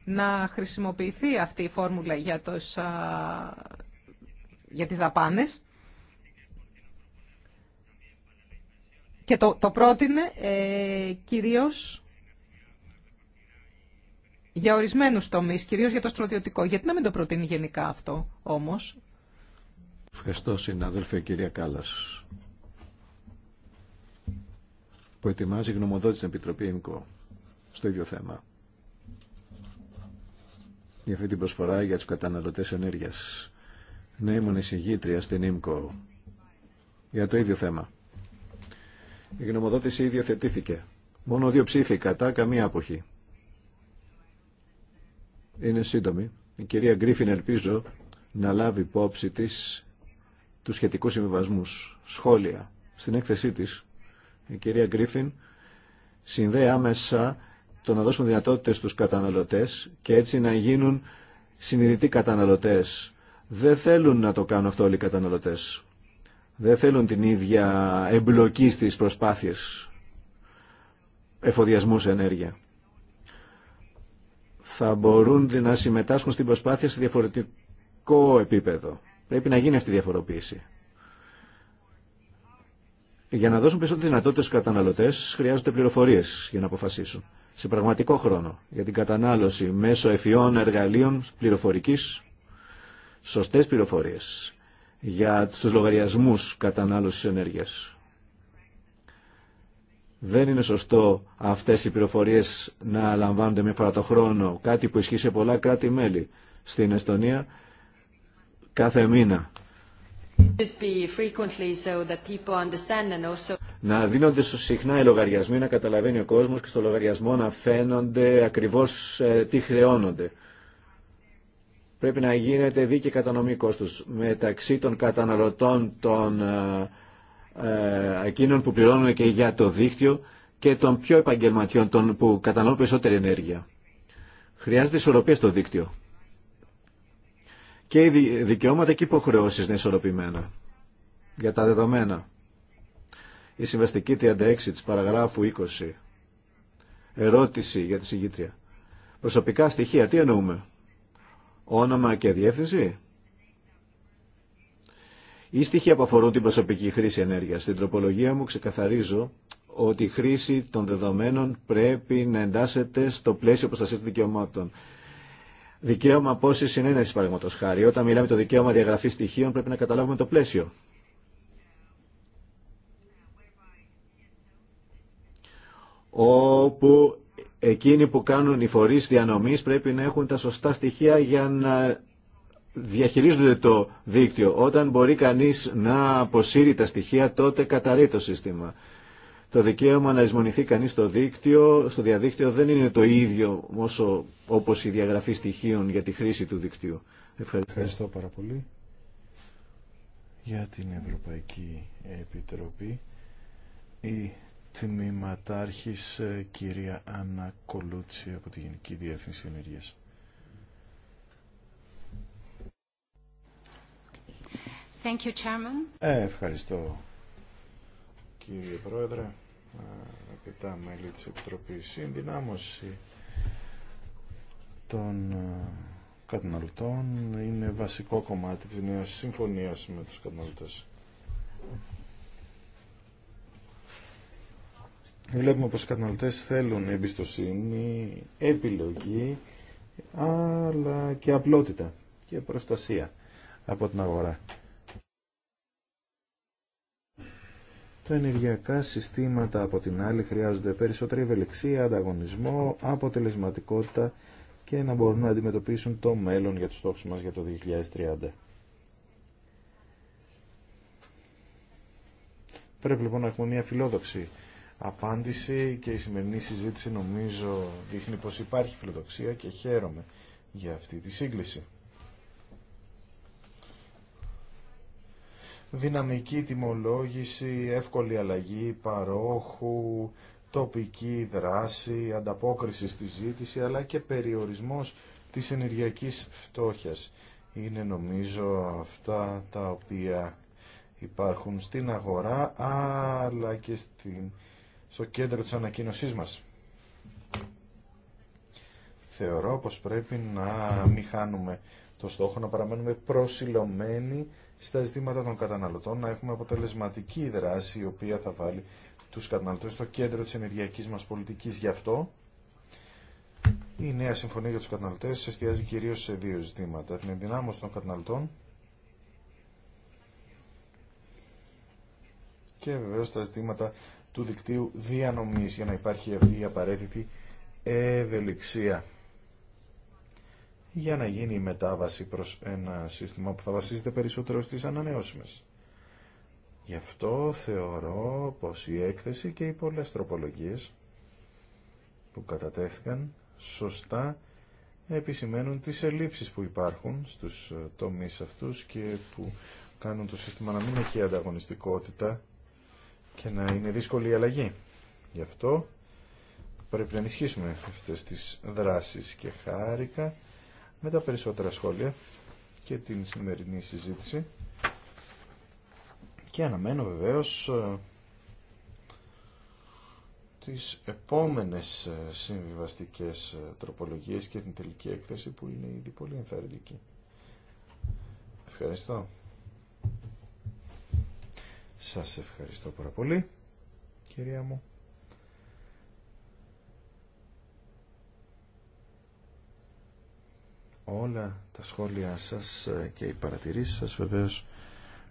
να χρησιμοποιηθεί αυτή η φόρμουλα για, τους, για τις δαπάνες και το, το πρότεινε ε, κυρίως για ορισμένους τομείς, κυρίως για το στρατιωτικό. Γιατί να μην το προτείνει γενικά αυτό όμως. Ευχαριστώ συνάδελφε κυρία Κάλλας που ετοιμάζει γνωμοδότηση στην Επιτροπή ΕΜΚΟ στο ίδιο θέμα για αυτή την προσφορά για τους καταναλωτές ενέργειας. Ναι, ήμουν εισηγήτρια στην ΕΜΚΟ για το ίδιο θέμα. Η γνωμοδότηση ήδη θετήθηκε. Μόνο δύο ψήφοι κατά, καμία αποχή είναι σύντομη. Η κυρία Γκρίφιν ελπίζω να λάβει υπόψη της τους σχετικούς συμβιβασμού σχόλια. Στην έκθεσή της, η κυρία Γκρίφιν συνδέει άμεσα το να δώσουν δυνατότητε στους καταναλωτές και έτσι να γίνουν συνειδητοί καταναλωτές. Δεν θέλουν να το κάνουν αυτό όλοι οι καταναλωτές. Δεν θέλουν την ίδια εμπλοκή στις προσπάθειε εφοδιασμού ενέργεια θα μπορούν να συμμετάσχουν στην προσπάθεια σε διαφορετικό επίπεδο. Πρέπει να γίνει αυτή η διαφοροποίηση. Για να δώσουν περισσότερε δυνατότητε στου καταναλωτέ, χρειάζονται πληροφορίε για να αποφασίσουν. Σε πραγματικό χρόνο, για την κατανάλωση μέσω εφιών εργαλείων πληροφορική, σωστέ πληροφορίε για του λογαριασμού κατανάλωση ενέργεια. Δεν είναι σωστό αυτές οι πληροφορίες να λαμβάνονται μία φορά το χρόνο, κάτι που ισχύει σε πολλά κράτη-μέλη. Στην Εστονία κάθε μήνα. Να δίνονται συχνά οι λογαριασμοί, να καταλαβαίνει ο κόσμος και στο λογαριασμό να φαίνονται ακριβώς ε, τι χρεώνονται. Πρέπει να γίνεται δίκαιη κατανομή κόστους μεταξύ των καταναλωτών των ε, ε, εκείνων που πληρώνουν και για το δίκτυο και των πιο επαγγελματιών, των που καταναλώνουν περισσότερη ενέργεια. Χρειάζεται ισορροπία στο δίκτυο. Και οι δικαιώματα και οι υποχρεώσεις είναι ισορροπημένα. Για τα δεδομένα. Η συμβαστική 36 της παραγράφου 20. Ερώτηση για τη συγκήτρια. Προσωπικά στοιχεία, τι εννοούμε. Όνομα και διεύθυνση ή στοιχεία που αφορούν την προσωπική χρήση ενέργειας. Στην τροπολογία μου ξεκαθαρίζω ότι η χρήση των δεδομένων πρέπει να εντάσσεται στο πλαίσιο προστασία των δικαιωμάτων. Δικαίωμα πόση συνένεση, παραδείγματο χάρη. Όταν μιλάμε το δικαίωμα διαγραφή στοιχείων, πρέπει να καταλάβουμε το πλαίσιο. όπου εκείνοι που κάνουν χρηση εντάσετε στο στην φορείς διανομής πρέπει να εντασσεται στο πλαισιο προστασια των δικαιωματων δικαιωμα ποση συνενεση παραδειγματο χαρη οταν μιλαμε το δικαιωμα διαγραφη στοιχειων πρεπει να καταλαβουμε το πλαισιο οπου εκεινοι που κανουν οι φορει διανομη πρεπει να εχουν τα σωστά στοιχεία για να διαχειρίζονται το δίκτυο. Όταν μπορεί κανείς να αποσύρει τα στοιχεία, τότε καταρρεί το σύστημα. Το δικαίωμα να εισμονηθεί κανείς στο δίκτυο, στο διαδίκτυο δεν είναι το ίδιο όσο, όπως η διαγραφή στοιχείων για τη χρήση του δικτύου. Ευχαριστώ. πάρα πολύ για την Ευρωπαϊκή Επιτροπή. Η τμήματάρχης ε, κυρία Αννα Κολούτση από τη Γενική Διεύθυνση Ενεργείας. Ε, ευχαριστώ κύριε Πρόεδρε, Επιτά μέλη της Επιτροπής ενδυνάμωση των ε, καταναλωτών είναι βασικό κομμάτι της νέας συμφωνίας με τους καταναλωτές. Βλέπουμε πως οι καταναλωτές θέλουν εμπιστοσύνη, επιλογή, αλλά και απλότητα και προστασία από την αγορά. Τα ενεργειακά συστήματα από την άλλη χρειάζονται περισσότερη ευελιξία, ανταγωνισμό, αποτελεσματικότητα και να μπορούν να αντιμετωπίσουν το μέλλον για τους στόχους μας για το 2030. Πρέπει λοιπόν να έχουμε μια φιλόδοξη απάντηση και η σημερινή συζήτηση νομίζω δείχνει πως υπάρχει φιλοδοξία και χαίρομαι για αυτή τη σύγκληση. δυναμική τιμολόγηση, εύκολη αλλαγή παρόχου, τοπική δράση, ανταπόκριση στη ζήτηση, αλλά και περιορισμός της ενεργειακής φτώχειας. Είναι νομίζω αυτά τα οποία υπάρχουν στην αγορά, αλλά και στην, στο κέντρο της ανακοίνωσής μας. Θεωρώ πως πρέπει να μην χάνουμε το στόχο, να παραμένουμε προσιλωμένοι στα ζητήματα των καταναλωτών, να έχουμε αποτελεσματική δράση η οποία θα βάλει τους καταναλωτές στο κέντρο της ενεργειακής μας πολιτικής. Γι' αυτό η νέα συμφωνία για τους καταναλωτές εστιάζει κυρίως σε δύο ζητήματα. Την ενδυνάμωση των καταναλωτών και βεβαίως τα ζητήματα του δικτύου διανομής για να υπάρχει αυτή η απαραίτητη ευελιξία για να γίνει η μετάβαση προς ένα σύστημα που θα βασίζεται περισσότερο στις ανανεώσιμες. Γι' αυτό θεωρώ πως η έκθεση και οι πολλές τροπολογίες που κατατέθηκαν σωστά επισημαίνουν τις ελλείψεις που υπάρχουν στους ε, τομείς αυτούς και που κάνουν το σύστημα να μην έχει ανταγωνιστικότητα και να είναι δύσκολη η αλλαγή. Γι' αυτό πρέπει να ενισχύσουμε αυτές τις δράσεις και χάρηκα με τα περισσότερα σχόλια και την σημερινή συζήτηση και αναμένω βεβαίως ε, τις επόμενες ε, συμβιβαστικές ε, τροπολογίες και την τελική έκθεση που είναι ήδη πολύ ενθαρρυντική. Ευχαριστώ. Σας ευχαριστώ πάρα πολύ, κυρία μου. όλα τα σχόλια σας ε, και οι παρατηρήσεις σας βεβαίως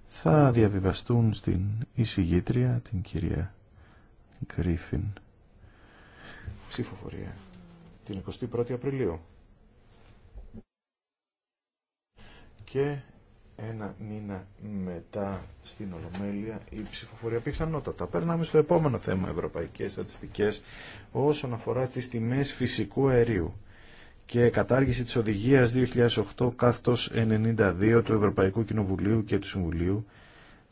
θα διαβιβαστούν στην εισηγήτρια, την κυρία Γκρίφιν. Ψηφοφορία την 21η Απριλίου. Και ένα μήνα μετά στην Ολομέλεια η ψηφοφορία πιθανότατα. Περνάμε στο επόμενο θέμα, ευρωπαϊκές στατιστικές, όσον αφορά τις τιμές φυσικού αερίου και κατάργηση της οδηγίας 2008 κάθετος 92 του Ευρωπαϊκού Κοινοβουλίου και του Συμβουλίου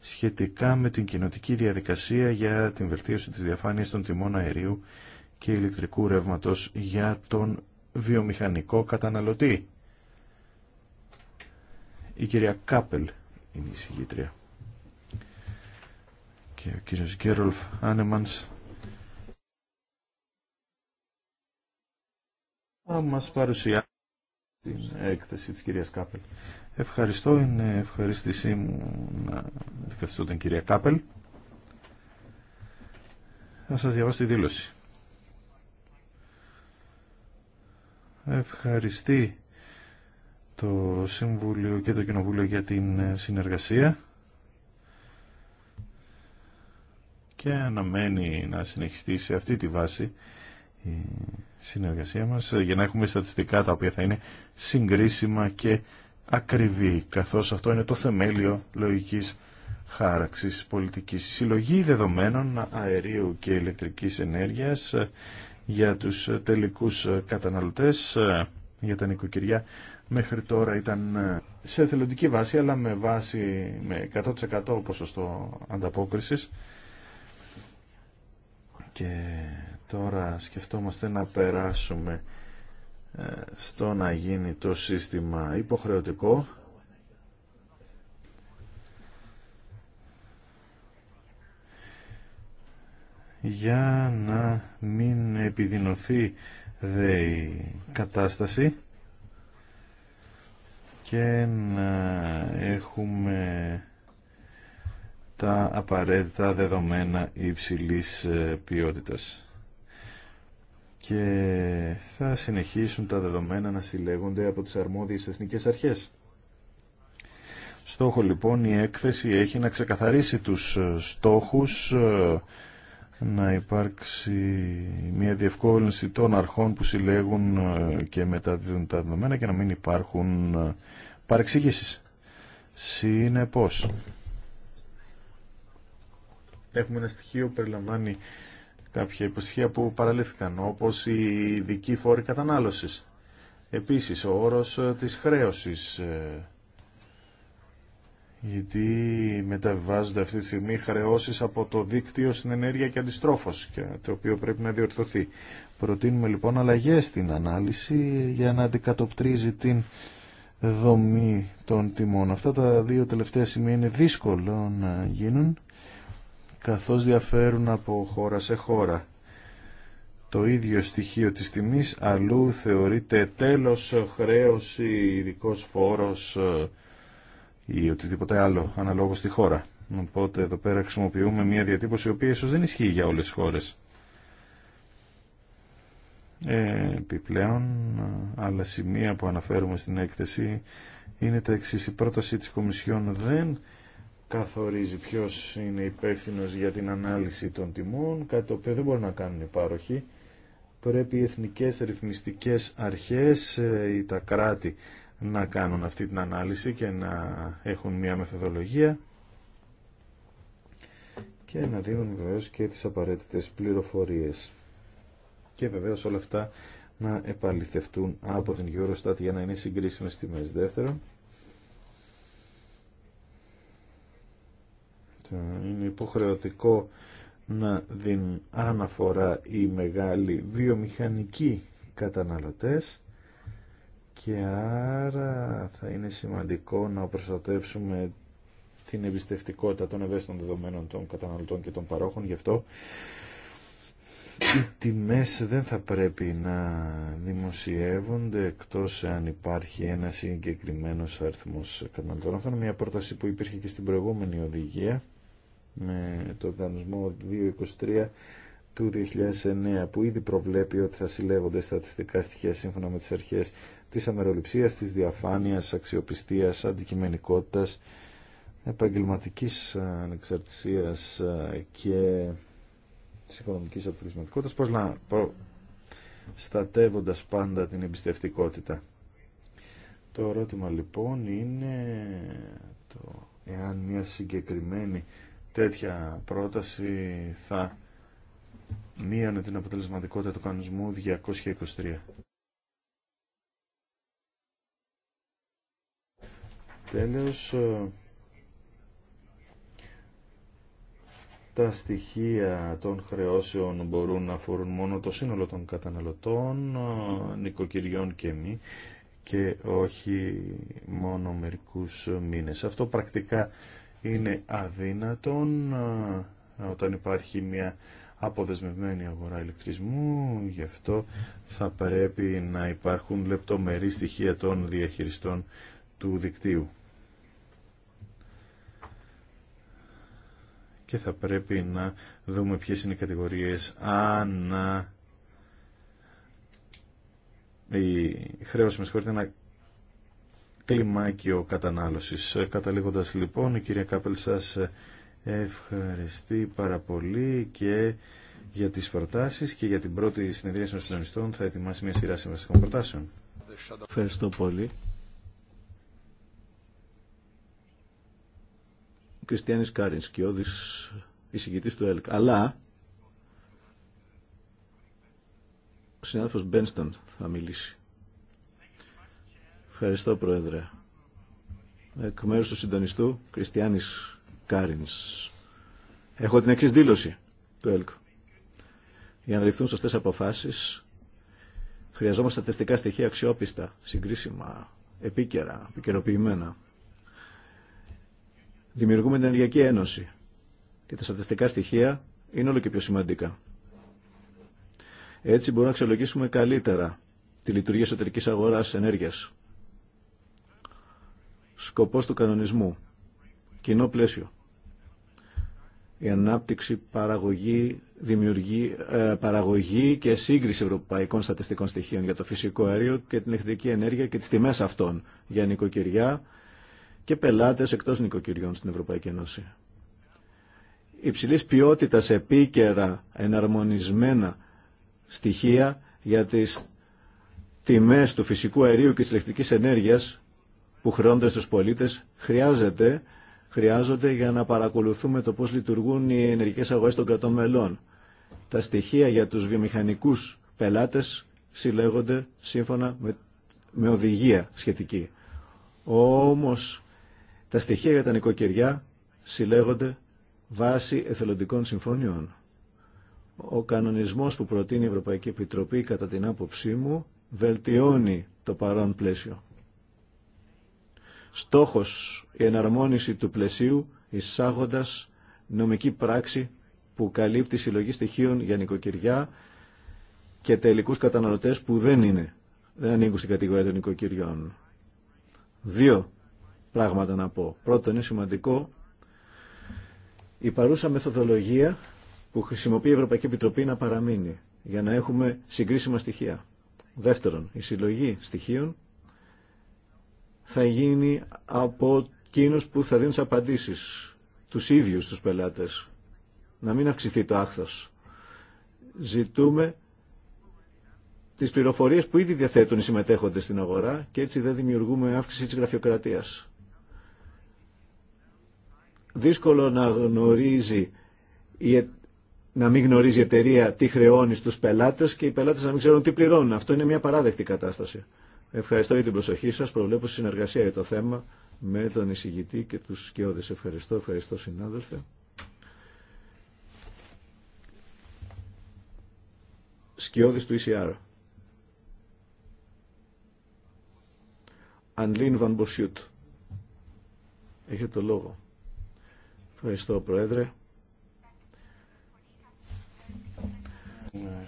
σχετικά με την κοινοτική διαδικασία για την βελτίωση της διαφάνειας των τιμών αερίου και ηλεκτρικού ρεύματος για τον βιομηχανικό καταναλωτή. Η κυρία Κάπελ είναι η συγγήτρια. Και ο κύριος Γκέρολφ Άνεμανς θα μας παρουσιάσει την έκθεση της κυρίας Κάπελ. Ευχαριστώ, είναι ευχαρίστησή μου να ευχαριστώ την κυρία Κάπελ. Θα σας διαβάσω τη δήλωση. Ευχαριστεί το Συμβούλιο και το Κοινοβούλιο για την συνεργασία και αναμένει να συνεχιστεί σε αυτή τη βάση συνεργασία μας ε, για να έχουμε στατιστικά τα οποία θα είναι συγκρίσιμα και ακριβή, καθώς αυτό είναι το θεμέλιο λογικής χάραξης πολιτικής. συλλογή δεδομένων αερίου και ηλεκτρικής ενέργειας ε, για τους τελικούς ε, καταναλωτές, για τα νοικοκυριά, μέχρι τώρα ήταν σε θελοντική βάση, αλλά με βάση με 100% ποσοστό ανταπόκρισης και τώρα σκεφτόμαστε να περάσουμε ε, στο να γίνει το σύστημα υποχρεωτικό για να μην επιδεινωθεί δε η κατάσταση και να έχουμε τα απαραίτητα δεδομένα υψηλής ε, ποιότητας και θα συνεχίσουν τα δεδομένα να συλλέγονται από τις αρμόδιες εθνικές αρχές. Στόχο λοιπόν η έκθεση έχει να ξεκαθαρίσει τους ε, στόχους, ε, να υπάρξει μια διευκόλυνση των αρχών που συλλέγουν ε, και μεταδίδουν τα δεδομένα και να μην υπάρχουν παρεξήγησεις. Συνεπώς, έχουμε ένα στοιχείο που περιλαμβάνει κάποια υποστοιχεία που παραλήφθηκαν, όπως η ειδικοί φόρη κατανάλωσης. Επίσης, ο όρος ε, της χρέωσης, ε, γιατί μεταβιβάζονται αυτή τη στιγμή χρεώσεις από το δίκτυο στην ενέργεια και αντιστρόφως, το οποίο πρέπει να διορθωθεί. Προτείνουμε λοιπόν αλλαγές στην ανάλυση για να αντικατοπτρίζει την δομή των τιμών. Αυτά τα δύο τελευταία σημεία είναι δύσκολο να γίνουν καθώς διαφέρουν από χώρα σε χώρα. Το ίδιο στοιχείο της τιμής αλλού θεωρείται τέλος χρέος ή ειδικό φόρος ε, ή οτιδήποτε άλλο αναλόγως στη χώρα. Οπότε εδώ πέρα χρησιμοποιούμε μια διατύπωση η οποία ίσως δεν ισχύει για όλες τις χώρες. Ε, επιπλέον, άλλα σημεία που αναφέρουμε στην έκθεση είναι τα εξής. Η πρόταση της Κομισιόν δεν καθορίζει ποιος είναι υπεύθυνο για την ανάλυση των τιμών, κάτι το οποίο δεν μπορεί να κάνουν οι πάροχοι. Πρέπει οι εθνικές ρυθμιστικές αρχές ε, ή τα κράτη να κάνουν αυτή την ανάλυση και να έχουν μια μεθοδολογία και να δίνουν βεβαίω και τις απαραίτητες πληροφορίες. Και βεβαίως όλα αυτά να επαληθευτούν από την Eurostat για να είναι συγκρίσιμες τιμές. Δεύτερον, είναι υποχρεωτικό να δίνουν αναφορά οι μεγάλοι βιομηχανικοί καταναλωτές και άρα θα είναι σημαντικό να προστατεύσουμε την εμπιστευτικότητα των ευαίσθητων δεδομένων των καταναλωτών και των παρόχων. Γι' αυτό οι τιμές δεν θα πρέπει να δημοσιεύονται εκτός αν υπάρχει ένα συγκεκριμένος αριθμός καταναλωτών. Αυτό είναι μια πρόταση που υπήρχε και στην προηγούμενη οδηγία με το οργανισμό 223 του 2009 που ήδη προβλέπει ότι θα συλλέγονται στατιστικά στοιχεία σύμφωνα με τις αρχές της αμεροληψίας, της διαφάνειας, αξιοπιστίας, αντικειμενικότητας, επαγγελματικής ανεξαρτησίας και της οικονομικής αποτελεσματικότητας, πώς να στατεύοντας πάντα την εμπιστευτικότητα. Το ερώτημα λοιπόν είναι το εάν μια συγκεκριμένη τέτοια πρόταση θα μείωνε την αποτελεσματικότητα του κανονισμού 223. Τέλος, ε, τα στοιχεία των χρεώσεων μπορούν να αφορούν μόνο το σύνολο των καταναλωτών, ε, νοικοκυριών και μη και όχι μόνο μερικούς μήνες. Αυτό πρακτικά είναι αδύνατον ε, όταν υπάρχει μια αποδεσμευμένη αγορά ηλεκτρισμού, γι' αυτό θα πρέπει να υπάρχουν λεπτομερή στοιχεία των διαχειριστών του δικτύου. Και θα πρέπει να δούμε ποιες είναι οι κατηγορίες αν η χρέωση με να κλιμάκιο κατανάλωσης. Ε, καταλήγοντας λοιπόν, η κυρία Κάπελ σας ευχαριστεί πάρα πολύ και για τις προτάσεις και για την πρώτη συνεδρία των συντονιστών θα ετοιμάσει μια σειρά συμβαστικών προτάσεων. Ευχαριστώ πολύ. Κριστιανής Κάρινς, ο εισηγητής του ΕΛΚ. Αλλά ο συνάδελφος Μπένστον θα μιλήσει. Ευχαριστώ, Πρόεδρε. Εκ μέρους του συντονιστού, Κριστιάνης Κάρινς. Έχω την εξής δήλωση του ΕΛΚ. Για να ληφθούν σωστές αποφάσεις, χρειαζόμαστε στατιστικά στοιχεία αξιόπιστα, συγκρίσιμα, επίκαιρα, επικαιροποιημένα. Δημιουργούμε την Ενεργειακή Ένωση και τα στατιστικά στοιχεία είναι όλο και πιο σημαντικά. Έτσι μπορούμε να αξιολογήσουμε καλύτερα τη λειτουργία εσωτερική αγορά ενέργεια σκοπός του κανονισμού. Κοινό πλαίσιο. Η ανάπτυξη, παραγωγή, δημιουργή, ε, παραγωγή και σύγκριση ευρωπαϊκών στατιστικών στοιχείων για το φυσικό αέριο και την ηλεκτρική ενέργεια και τις τιμές αυτών για νοικοκυριά και πελάτες εκτός νοικοκυριών στην Ευρωπαϊκή Ένωση. Υψηλής ποιότητας επίκαιρα εναρμονισμένα στοιχεία για τις τιμές του φυσικού αερίου και της ηλεκτρικής ενέργειας που χρεώνται στους πολίτες χρειάζεται, χρειάζονται για να παρακολουθούμε το πώς λειτουργούν οι ενεργικές αγορές των κρατών μελών. Τα στοιχεία για τους βιομηχανικούς πελάτες συλλέγονται σύμφωνα με, με οδηγία σχετική. Όμως τα στοιχεία για τα νοικοκυριά συλλέγονται βάσει εθελοντικών συμφωνιών. Ο κανονισμός που προτείνει η Ευρωπαϊκή Επιτροπή κατά την άποψή μου βελτιώνει το παρόν πλαίσιο. Στόχος η εναρμόνιση του πλαισίου εισάγοντας νομική πράξη που καλύπτει συλλογή στοιχείων για νοικοκυριά και τελικούς καταναλωτές που δεν είναι, δεν ανήκουν στην κατηγορία των νοικοκυριών. Δύο πράγματα να πω. Πρώτον, είναι σημαντικό η παρούσα μεθοδολογία που χρησιμοποιεί η Ευρωπαϊκή Επιτροπή να παραμείνει για να έχουμε συγκρίσιμα στοιχεία. Δεύτερον, η συλλογή στοιχείων θα γίνει από εκείνους που θα δίνουν τις απαντήσεις, τους ίδιους τους πελάτες. Να μην αυξηθεί το άχθος. Ζητούμε τις πληροφορίες που ήδη διαθέτουν οι συμμετέχοντες στην αγορά και έτσι δεν δημιουργούμε αύξηση της γραφειοκρατίας. Δύσκολο να γνωρίζει να μην γνωρίζει η εταιρεία τι χρεώνει στους πελάτες και οι πελάτες να μην ξέρουν τι πληρώνουν. Αυτό είναι μια παράδεκτη κατάσταση. Ευχαριστώ για την προσοχή σας. Προβλέπω συνεργασία για το θέμα με τον εισηγητή και τους σκιώδες. Ευχαριστώ, ευχαριστώ συνάδελφε. Σκιώδης του ECR. Ανλίν Βανποσιούτ. Έχετε το λόγο. Ευχαριστώ, Πρόεδρε.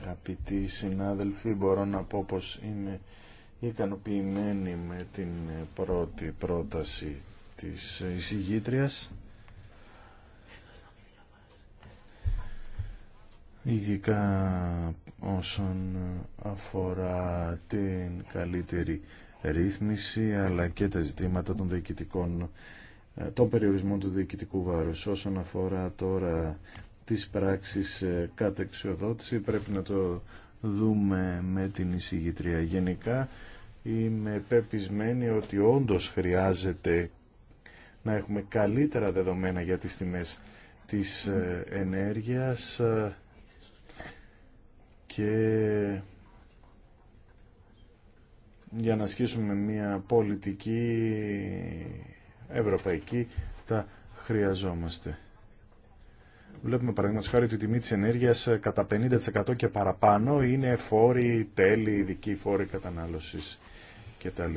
Αγαπητοί συνάδελφοι, μπορώ να πω πως είμαι ικανοποιημένοι με την πρώτη πρόταση της εισηγήτριας. ειδικά όσον αφορά την καλύτερη ρύθμιση αλλά και τα ζητήματα των διοικητικών το περιορισμών του διοικητικού βάρους όσον αφορά τώρα τις πράξεις ε, κατεξιοδότηση πρέπει να το δούμε με την εισηγητρία γενικά Είμαι πεπισμένη ότι όντως χρειάζεται να έχουμε καλύτερα δεδομένα για τις τιμές της ε, ενέργειας ε, και για να ασκήσουμε μια πολιτική ευρωπαϊκή τα χρειαζόμαστε. Βλέπουμε παραδείγματο χάρη ότι η τιμή τη ενέργεια ε, κατά 50% και παραπάνω είναι φόροι, τέλη, ειδικοί φόροι κατανάλωση κτλ.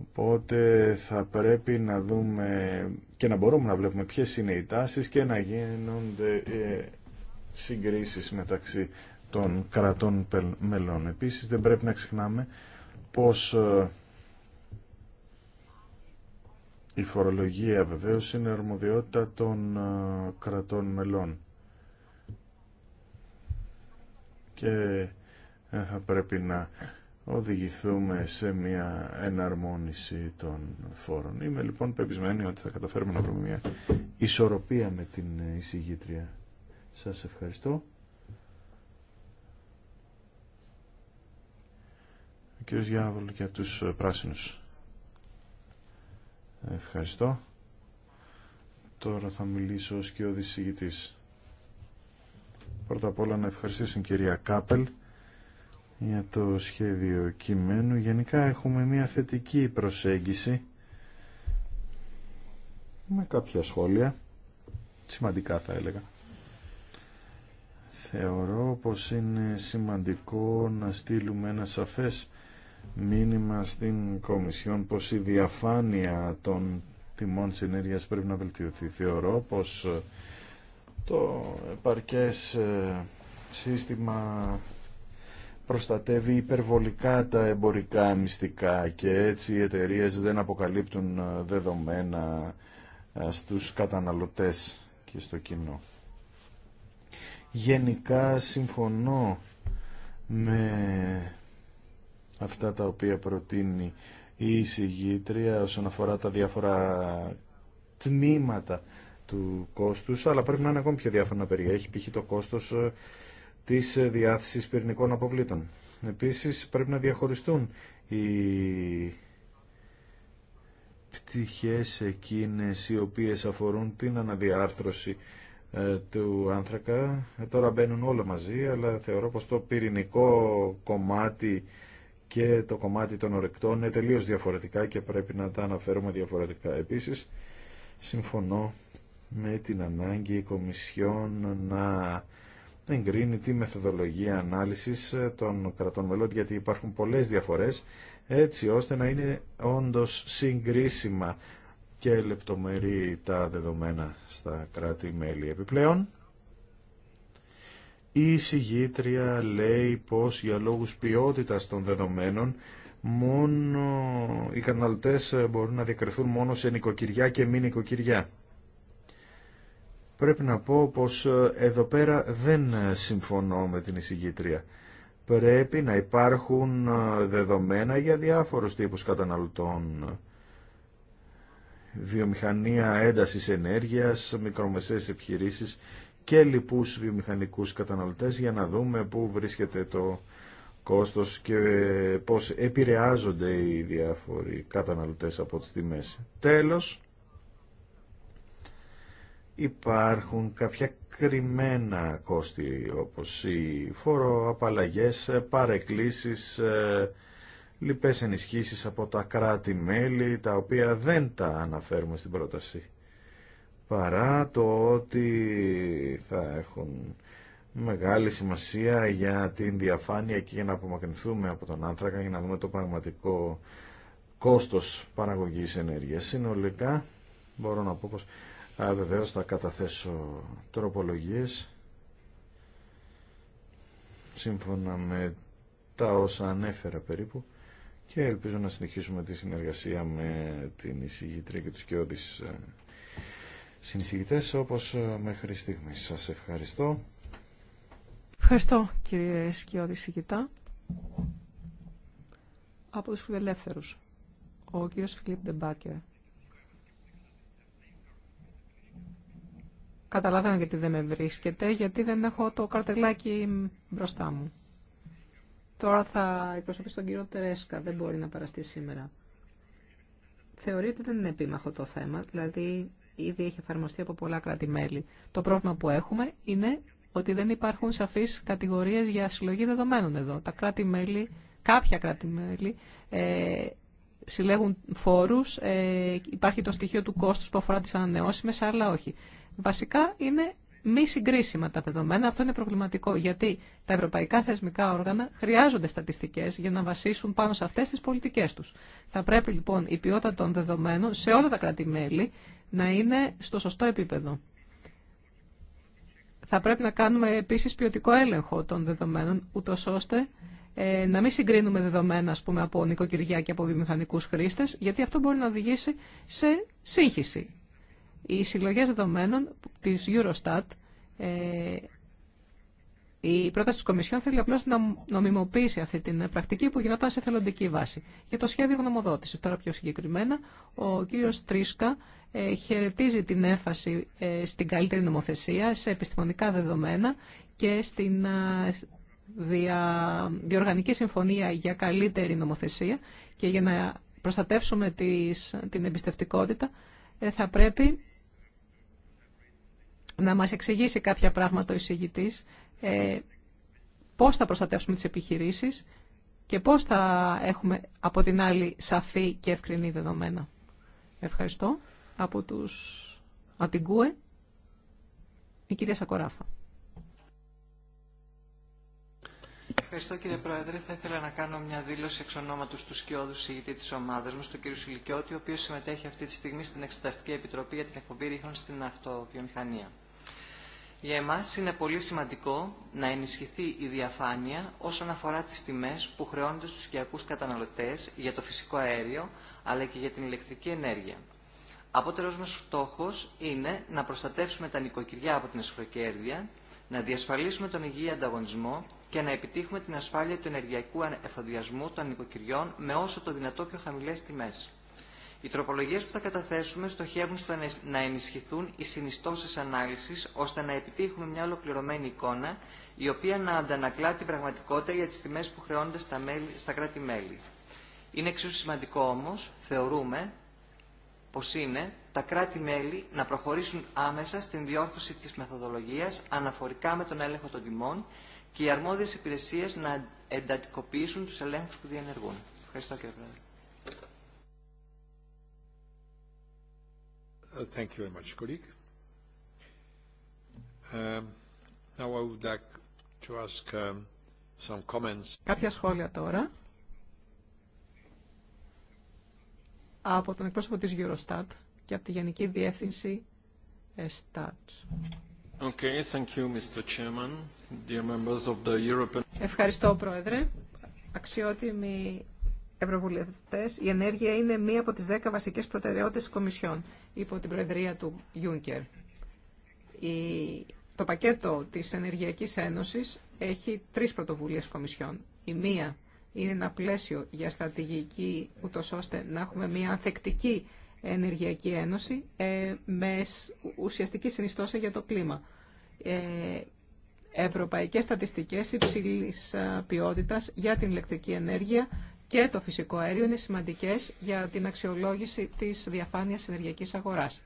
Οπότε θα πρέπει να δούμε και να μπορούμε να βλέπουμε ποιε είναι οι τάσει και να γίνονται ε, συγκρίσεις μεταξύ των κρατών μελών. Επίσης δεν πρέπει να ξεχνάμε πως ε, η φορολογία βεβαίως είναι αρμοδιότητα των ε, κρατών μελών. Και ε, θα πρέπει να οδηγηθούμε σε μια εναρμόνιση των φόρων. Είμαι λοιπόν πεπισμένοι ότι θα καταφέρουμε να βρούμε μια ισορροπία με την εισηγήτρια. Σας ευχαριστώ. Ο κύριος Γιάβολ για τους πράσινους. Ευχαριστώ. Τώρα θα μιλήσω ως και ο Πρώτα απ' όλα να ευχαριστήσω την κυρία Κάπελ για το σχέδιο κειμένου. Γενικά έχουμε μια θετική προσέγγιση με κάποια σχόλια, σημαντικά θα έλεγα. Θεωρώ πως είναι σημαντικό να στείλουμε ένα σαφές μήνυμα στην Κομισιόν πως η διαφάνεια των τιμών της πρέπει να βελτιωθεί. Θεωρώ πως ε, το επαρκές ε, σύστημα προστατεύει υπερβολικά τα εμπορικά μυστικά και έτσι οι εταιρείε δεν αποκαλύπτουν ε, δεδομένα στους καταναλωτές και στο κοινό. Γενικά συμφωνώ με αυτά τα οποία προτείνει η εισηγήτρια όσον αφορά τα διάφορα τμήματα του κόστους, αλλά πρέπει να είναι ακόμη πιο διάφορα να περιέχει, π.χ. το κόστος ε, της ε, διάθεσης πυρηνικών αποβλήτων. Επίσης πρέπει να διαχωριστούν οι πτυχές εκείνες οι οποίες αφορούν την αναδιάρθρωση ε, του άνθρακα. τώρα μπαίνουν όλα μαζί, αλλά θεωρώ πως το πυρηνικό κομμάτι και το κομμάτι των ορεκτών είναι τελείως διαφορετικά και πρέπει να τα αναφέρουμε διαφορετικά. Επίσης, συμφωνώ με την ανάγκη η Κομισιόν να εγκρίνει τη μεθοδολογία ανάλυσης των κρατών μελών, γιατί υπάρχουν πολλές διαφορές, έτσι ώστε να είναι όντως συγκρίσιμα και λεπτομερή τα δεδομένα στα κράτη-μέλη. Επιπλέον, η εισηγήτρια λέει πως για λόγους ποιότητας των δεδομένων μόνο οι καταναλωτές μπορούν να διακριθούν μόνο σε νοικοκυριά και μη νοικοκυριά. Πρέπει να πω πως εδώ πέρα δεν συμφωνώ με την εισηγήτρια. Πρέπει να υπάρχουν δεδομένα για διάφορους τύπους καταναλωτών. Βιομηχανία έντασης ενέργειας, μικρομεσαίες επιχειρήσεις και λοιπούς βιομηχανικούς καταναλωτές για να δούμε πού βρίσκεται το κόστος και πώς επηρεάζονται οι διάφοροι καταναλωτές από τις τιμές. Τέλος, υπάρχουν κάποια κρυμμένα κόστη όπως οι φοροαπαλλαγές, παρεκκλήσεις, λοιπές ενισχύσεις από τα κράτη-μέλη τα οποία δεν τα αναφέρουμε στην πρόταση παρά το ότι θα έχουν μεγάλη σημασία για την διαφάνεια και για να απομακρυνθούμε από τον άνθρακα για να δούμε το πραγματικό κόστος παραγωγής ενέργειας. Συνολικά μπορώ να πω πως α, βεβαίως θα καταθέσω τροπολογίες σύμφωνα με τα όσα ανέφερα περίπου και ελπίζω να συνεχίσουμε τη συνεργασία με την εισηγήτρια και τους κοιόδης ε, συνεισηγητές όπως ε, μέχρι στιγμή. Σας ευχαριστώ. Ευχαριστώ κύριε Σκιώδη Σιγητά. Από τους φιλελεύθερους, ο κύριος Φιλίπ Ντεμπάκερ. Καταλαβαίνω γιατί δεν με βρίσκεται, γιατί δεν έχω το καρτελάκι μπροστά μου. Τώρα θα εκπροσωπήσω τον κύριο Τερέσκα, δεν μπορεί να παραστεί σήμερα. Θεωρεί ότι δεν είναι επίμαχο το θέμα, δηλαδή ήδη έχει εφαρμοστεί από πολλά κράτη-μέλη. Το πρόβλημα που έχουμε είναι ότι δεν υπάρχουν σαφείς κατηγορίες για συλλογή δεδομένων εδώ. Τα κράτη-μέλη, κάποια κράτη-μέλη, ε, συλλέγουν φόρους, ε, υπάρχει το στοιχείο του κόστους που αφορά τι ανανεώσιμε, αλλά όχι. Βασικά είναι μη συγκρίσιμα τα δεδομένα. Αυτό είναι προβληματικό, γιατί τα ευρωπαϊκά θεσμικά όργανα χρειάζονται στατιστικέ για να βασίσουν πάνω σε αυτέ τι πολιτικέ του. Θα πρέπει λοιπόν η ποιότητα των δεδομένων σε όλα τα κράτη-μέλη να είναι στο σωστό επίπεδο. Θα πρέπει να κάνουμε επίση ποιοτικό έλεγχο των δεδομένων, ούτω ώστε ε, να μην συγκρίνουμε δεδομένα ας πούμε, από νοικοκυριά και από βιομηχανικού χρήστε, γιατί αυτό μπορεί να οδηγήσει σε σύγχυση οι συλλογές δεδομένων της Eurostat, ε, η πρόταση της Κομισιόν θέλει απλώς να νομιμοποιήσει αυτή την πρακτική που γινόταν σε θελοντική βάση. Για το σχέδιο γνωμοδότησης, τώρα πιο συγκεκριμένα, ο κύριος Τρίσκα ε, χαιρετίζει την έφαση ε, στην καλύτερη νομοθεσία, σε επιστημονικά δεδομένα και στην ε, δια, διοργανική συμφωνία για καλύτερη νομοθεσία και για να προστατεύσουμε τις, την εμπιστευτικότητα ε, θα πρέπει να μας εξηγήσει κάποια πράγματα ο εισηγητής, ε, πώς θα προστατεύσουμε τις επιχειρήσεις και πώς θα έχουμε από την άλλη σαφή και ευκρινή δεδομένα. Ευχαριστώ. Από, τους... από την ΚΟΕ, η κυρία Σακοράφα. Ευχαριστώ κύριε Πρόεδρε. Θα ήθελα να κάνω μια δήλωση εξ ονόματο του Σκιώδου Συγητή τη ομάδα μου, του κύριου Σιλικιώτη, ο οποίο συμμετέχει αυτή τη στιγμή στην Εξεταστική Επιτροπή για την Εκπομπή Ρήχων στην Αυτοβιομηχανία. Για εμάς είναι πολύ σημαντικό να ενισχυθεί η διαφάνεια όσον αφορά τις τιμές που χρεώνονται στους οικιακούς καταναλωτές για το φυσικό αέριο αλλά και για την ηλεκτρική ενέργεια. Απότερος μας στόχος είναι να προστατεύσουμε τα νοικοκυριά από την εσχροκέρδεια, να διασφαλίσουμε τον υγιή ανταγωνισμό και να επιτύχουμε την ασφάλεια του ενεργειακού εφοδιασμού των νοικοκυριών με όσο το δυνατό πιο χαμηλές τιμές. Οι τροπολογίε που θα καταθέσουμε στοχεύουν στο να ενισχυθούν οι συνιστώσει ανάλυση ώστε να επιτύχουμε μια ολοκληρωμένη εικόνα η οποία να αντανακλά την πραγματικότητα για τι τιμέ που χρεώνται στα, στα κράτη-μέλη. Είναι εξίσου σημαντικό όμω, θεωρούμε, πω είναι τα κράτη-μέλη να προχωρήσουν άμεσα στην διόρθωση τη μεθοδολογία αναφορικά με τον έλεγχο των τιμών και οι αρμόδιε υπηρεσίε να εντατικοποιήσουν του ελέγχου που διενεργούν. Ευχαριστώ κύριε Πρόεδρε. Thank you very much, colleague. Now I would like to ask some comments. Κάποια σχόλια τώρα από τον εκπρόσωπο της Eurostat και από τη Γενική Διεύθυνση Stat. Okay, thank you, Mr. Chairman, dear members of the European... Ευχαριστώ, Πρόεδρε. Αξιότιμοι Ευρωβουλευτέ, η ενέργεια είναι μία από τι δέκα βασικέ προτεραιότητε τη Κομισιόν υπό την Προεδρία του Γιούνκερ. Το πακέτο τη Ενεργειακή Ένωση έχει τρει πρωτοβουλίε Κομισιόν. Η μία είναι ένα πλαίσιο για στρατηγική, ούτω ώστε να έχουμε μία ανθεκτική Ενεργειακή Ένωση ε, με ουσιαστική συνιστόση για το κλίμα. Ε, ευρωπαϊκές στατιστικές υψηλής ποιότητας για την ηλεκτρική ενέργεια και το φυσικό αέριο είναι σημαντικές για την αξιολόγηση της διαφάνειας ενεργειακής αγοράς.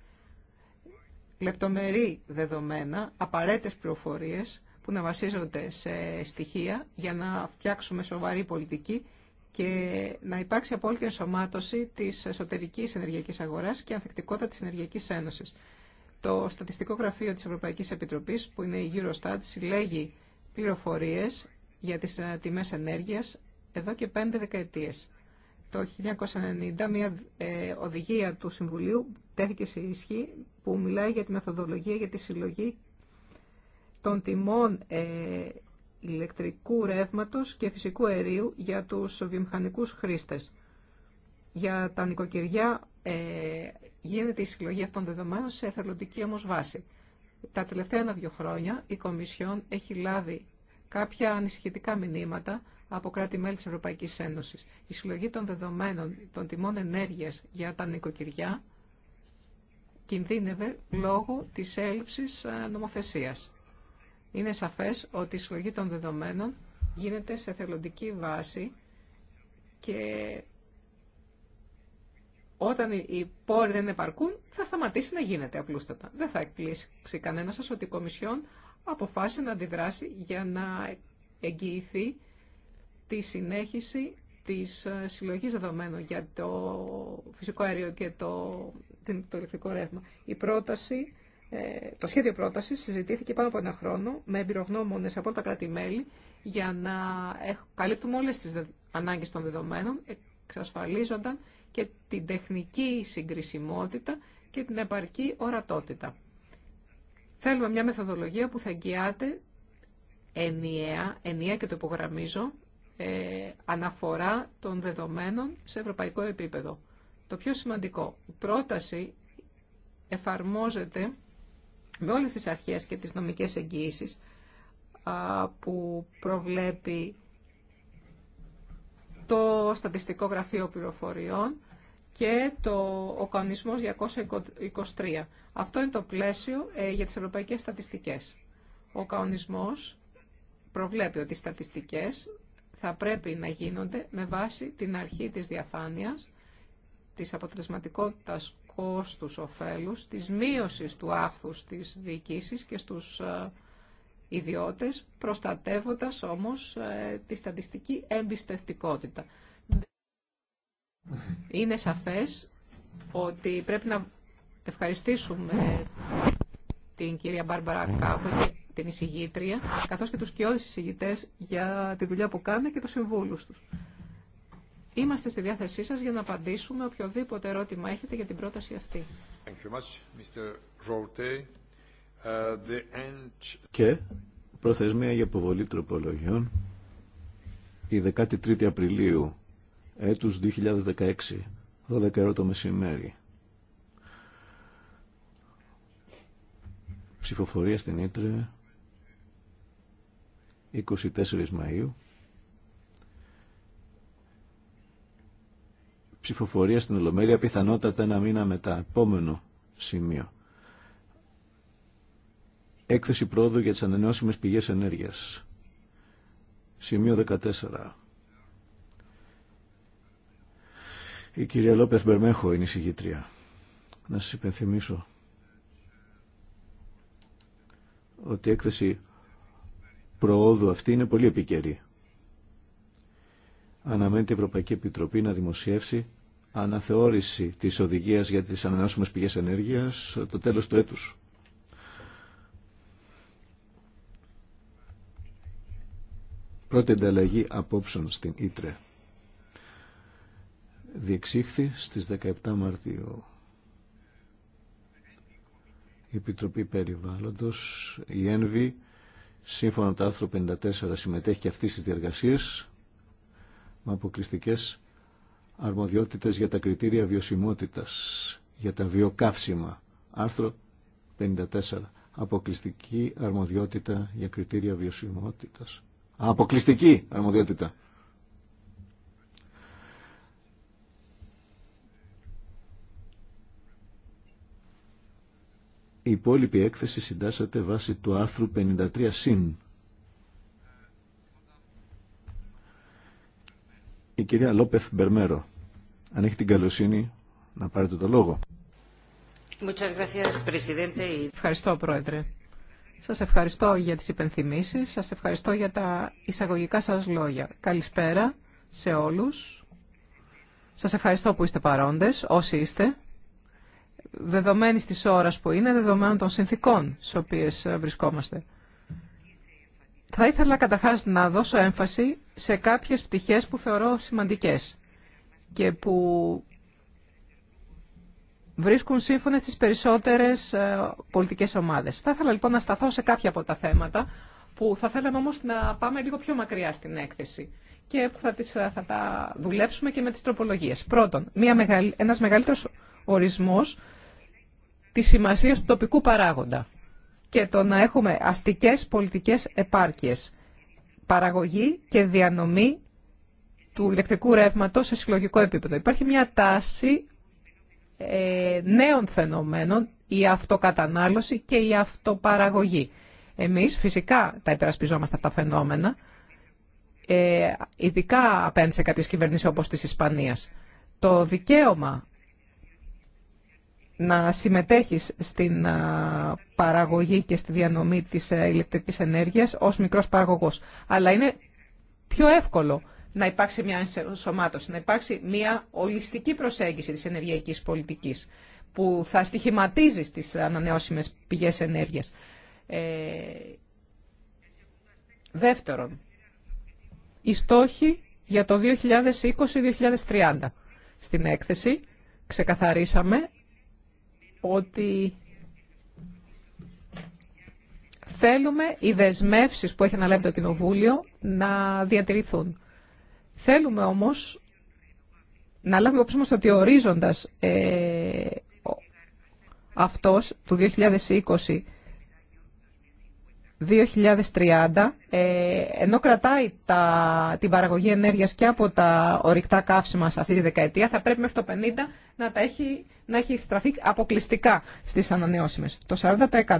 Λεπτομερή δεδομένα, απαραίτητες πληροφορίες που να βασίζονται σε στοιχεία για να φτιάξουμε σοβαρή πολιτική και να υπάρξει απόλυτη ενσωμάτωση της εσωτερικής ενεργειακής αγοράς και ανθεκτικότητα της Ενεργειακής Ένωσης. Το Στατιστικό Γραφείο της Ευρωπαϊκής Επιτροπής, που είναι η Eurostat, συλλέγει πληροφορίες για τις ε, τιμές ενέργειας εδώ και πέντε δεκαετίες. Το 1990 μια ε, οδηγία του Συμβουλίου τέθηκε σε ισχύ που μιλάει για τη μεθοδολογία για τη συλλογή των τιμών ε, ηλεκτρικού ρεύματος και φυσικού αερίου για τους βιομηχανικούς χρήστες. Για τα νοικοκυριά ε, γίνεται η συλλογή αυτών των δεδομένων σε εθελοντική όμως βάση. Τα τελευταία ένα-δύο χρόνια η Κομισιόν έχει λάβει κάποια ανησυχητικά μηνύματα από κράτη-μέλη της Ευρωπαϊκής Ένωσης. Η συλλογή των δεδομένων των τιμών ενέργειας για τα νοικοκυριά κινδύνευε λόγω της έλλειψης ε, νομοθεσίας. Είναι σαφές ότι η συλλογή των δεδομένων γίνεται σε θελοντική βάση και όταν οι πόροι δεν επαρκούν, θα σταματήσει να γίνεται απλούστατα. Δεν θα εκπλήσει κανένα σας ότι η Κομισιόν αποφάσισε να αντιδράσει για να εγγυηθεί τη συνέχιση της ε, συλλογής δεδομένων για το φυσικό αέριο και το, το ηλεκτρικό ρεύμα. Η πρόταση, ε, το σχέδιο πρότασης συζητήθηκε πάνω από ένα χρόνο με εμπειρογνώμονες από τα κράτη-μέλη για να καλύπτουμε όλες τις ανάγκες των δεδομένων, εξασφαλίζονταν και την τεχνική συγκρισιμότητα και την επαρκή ορατότητα. Θέλουμε μια μεθοδολογία που θα εγγυάται ενιαία, ενιαία και το υπογραμμίζω, ε, αναφορά των δεδομένων σε ευρωπαϊκό επίπεδο. Το πιο σημαντικό, η πρόταση εφαρμόζεται με όλες τις αρχές και τις νομικές εγγύησεις που προβλέπει το Στατιστικό Γραφείο Πληροφοριών και το, ο 223. Αυτό είναι το πλαίσιο ε, για τις ευρωπαϊκές στατιστικές. Ο κανονισμός προβλέπει ότι οι στατιστικές θα πρέπει να γίνονται με βάση την αρχή της διαφάνειας, της αποτελεσματικότητας κόστους κόστους-οφέλους, της μείωσης του άχθους της διοικήσης και στους ε, ιδιώτες, προστατεύοντας όμως ε, τη στατιστική εμπιστευτικότητα. Είναι σαφές ότι πρέπει να ευχαριστήσουμε την κυρία Μπάρμπαρα κάπου την εισηγήτρια, καθώς και τους κοιόδης εισηγητές για τη δουλειά που κάνουν και τους συμβούλους τους. Είμαστε στη διάθεσή σας για να απαντήσουμε οποιοδήποτε ερώτημα έχετε για την πρόταση αυτή. Uh, και προθεσμία για αποβολή τροπολογιών η 13η Απριλίου έτους 2016, 12 ώρα το μεσημέρι. Ψηφοφορία στην Ήτρε 24 Μαΐου ψηφοφορία στην Ολομέλεια πιθανότατα ένα μήνα μετά. Επόμενο σημείο. Έκθεση πρόοδου για τις ανανεώσιμες πηγές ενέργειας. Σημείο 14. Η κυρία Λόπεθ Μπερμέχο είναι η συγγήτρια. Να σας υπενθυμίσω ότι η έκθεση προόδου αυτή είναι πολύ επικαιρή. Αναμένεται η Ευρωπαϊκή Επιτροπή να δημοσιεύσει αναθεώρηση της οδηγίας για τις ανανεώσιμες πηγές ενέργειας το τέλος του έτους. Πρώτη ανταλλαγή απόψεων στην Ήτρε. Διεξήχθη στις 17 Μαρτίου. Η Επιτροπή Περιβάλλοντος, η ΕΝΒΗ, σύμφωνα με το άρθρο 54 συμμετέχει και αυτή στις διεργασίες με αποκλειστικέ αρμοδιότητες για τα κριτήρια βιωσιμότητας, για τα βιοκαύσιμα. Άρθρο 54. Αποκλειστική αρμοδιότητα για κριτήρια βιωσιμότητας. Αποκλειστική αρμοδιότητα. Η υπόλοιπη έκθεση συντάσσεται βάσει του άρθρου 53 συν. Η κυρία Λόπεθ Μπερμέρο, αν έχει την καλοσύνη να πάρετε το λόγο. Ευχαριστώ, Πρόεδρε. Σας ευχαριστώ για τις υπενθυμίσεις, σας ευχαριστώ για τα εισαγωγικά σας λόγια. Καλησπέρα σε όλους. Σας ευχαριστώ που είστε παρόντες, όσοι είστε δεδομένης της ώρας που είναι, δεδομένων των συνθήκων στι οποίε ε, βρισκόμαστε. Θα ήθελα καταρχά να δώσω έμφαση σε κάποιες πτυχές που θεωρώ σημαντικές και που βρίσκουν σύμφωνα στις περισσότερες ε, πολιτικές ομάδες. Θα ήθελα λοιπόν να σταθώ σε κάποια από τα θέματα που θα θέλαμε όμως να πάμε λίγο πιο μακριά στην έκθεση και που θα, ε, τα δουλέψουμε και με τις τροπολογίες. Πρώτον, μια μεγαλ, ένας μεγαλύτερος ορισμός Τη σημασία του τοπικού παράγοντα και το να έχουμε αστικές πολιτικές επάρκειες, παραγωγή και διανομή του ηλεκτρικού ρεύματος σε συλλογικό επίπεδο. Υπάρχει μια τάση ε, νέων φαινομένων, η αυτοκατανάλωση και η αυτοπαραγωγή. Εμείς φυσικά τα υπερασπιζόμαστε αυτά τα φαινόμενα, ε, ειδικά απέναντι σε κάποιες κυβερνήσεις όπως της Ισπανίας. Το δικαίωμα να συμμετέχεις στην παραγωγή και στη διανομή της ε, ηλεκτρικής ενέργειας ως μικρός παραγωγός. Αλλά είναι πιο εύκολο να υπάρξει μια ενσωμάτωση, να υπάρξει μια ολιστική προσέγγιση της ενεργειακής πολιτικής που θα στοιχηματίζει στις ανανεώσιμες πηγές ενέργειας. Ε, δεύτερον, οι στόχοι για το 2020-2030. Στην έκθεση ξεκαθαρίσαμε ότι θέλουμε οι δεσμεύσεις που έχει αναλάβει το Κοινοβούλιο να διατηρηθούν. Θέλουμε όμως να λάβουμε υπόψη μας ότι ο ορίζοντας ε, αυτός του 2020 2030, ε, ενώ κρατάει τα, την παραγωγή ενέργειας και από τα ορυκτά καύσιμα σε αυτή τη δεκαετία, θα πρέπει μέχρι το 50 να, τα έχει, να έχει στραφεί αποκλειστικά στις ανανεώσιμες. Το 40%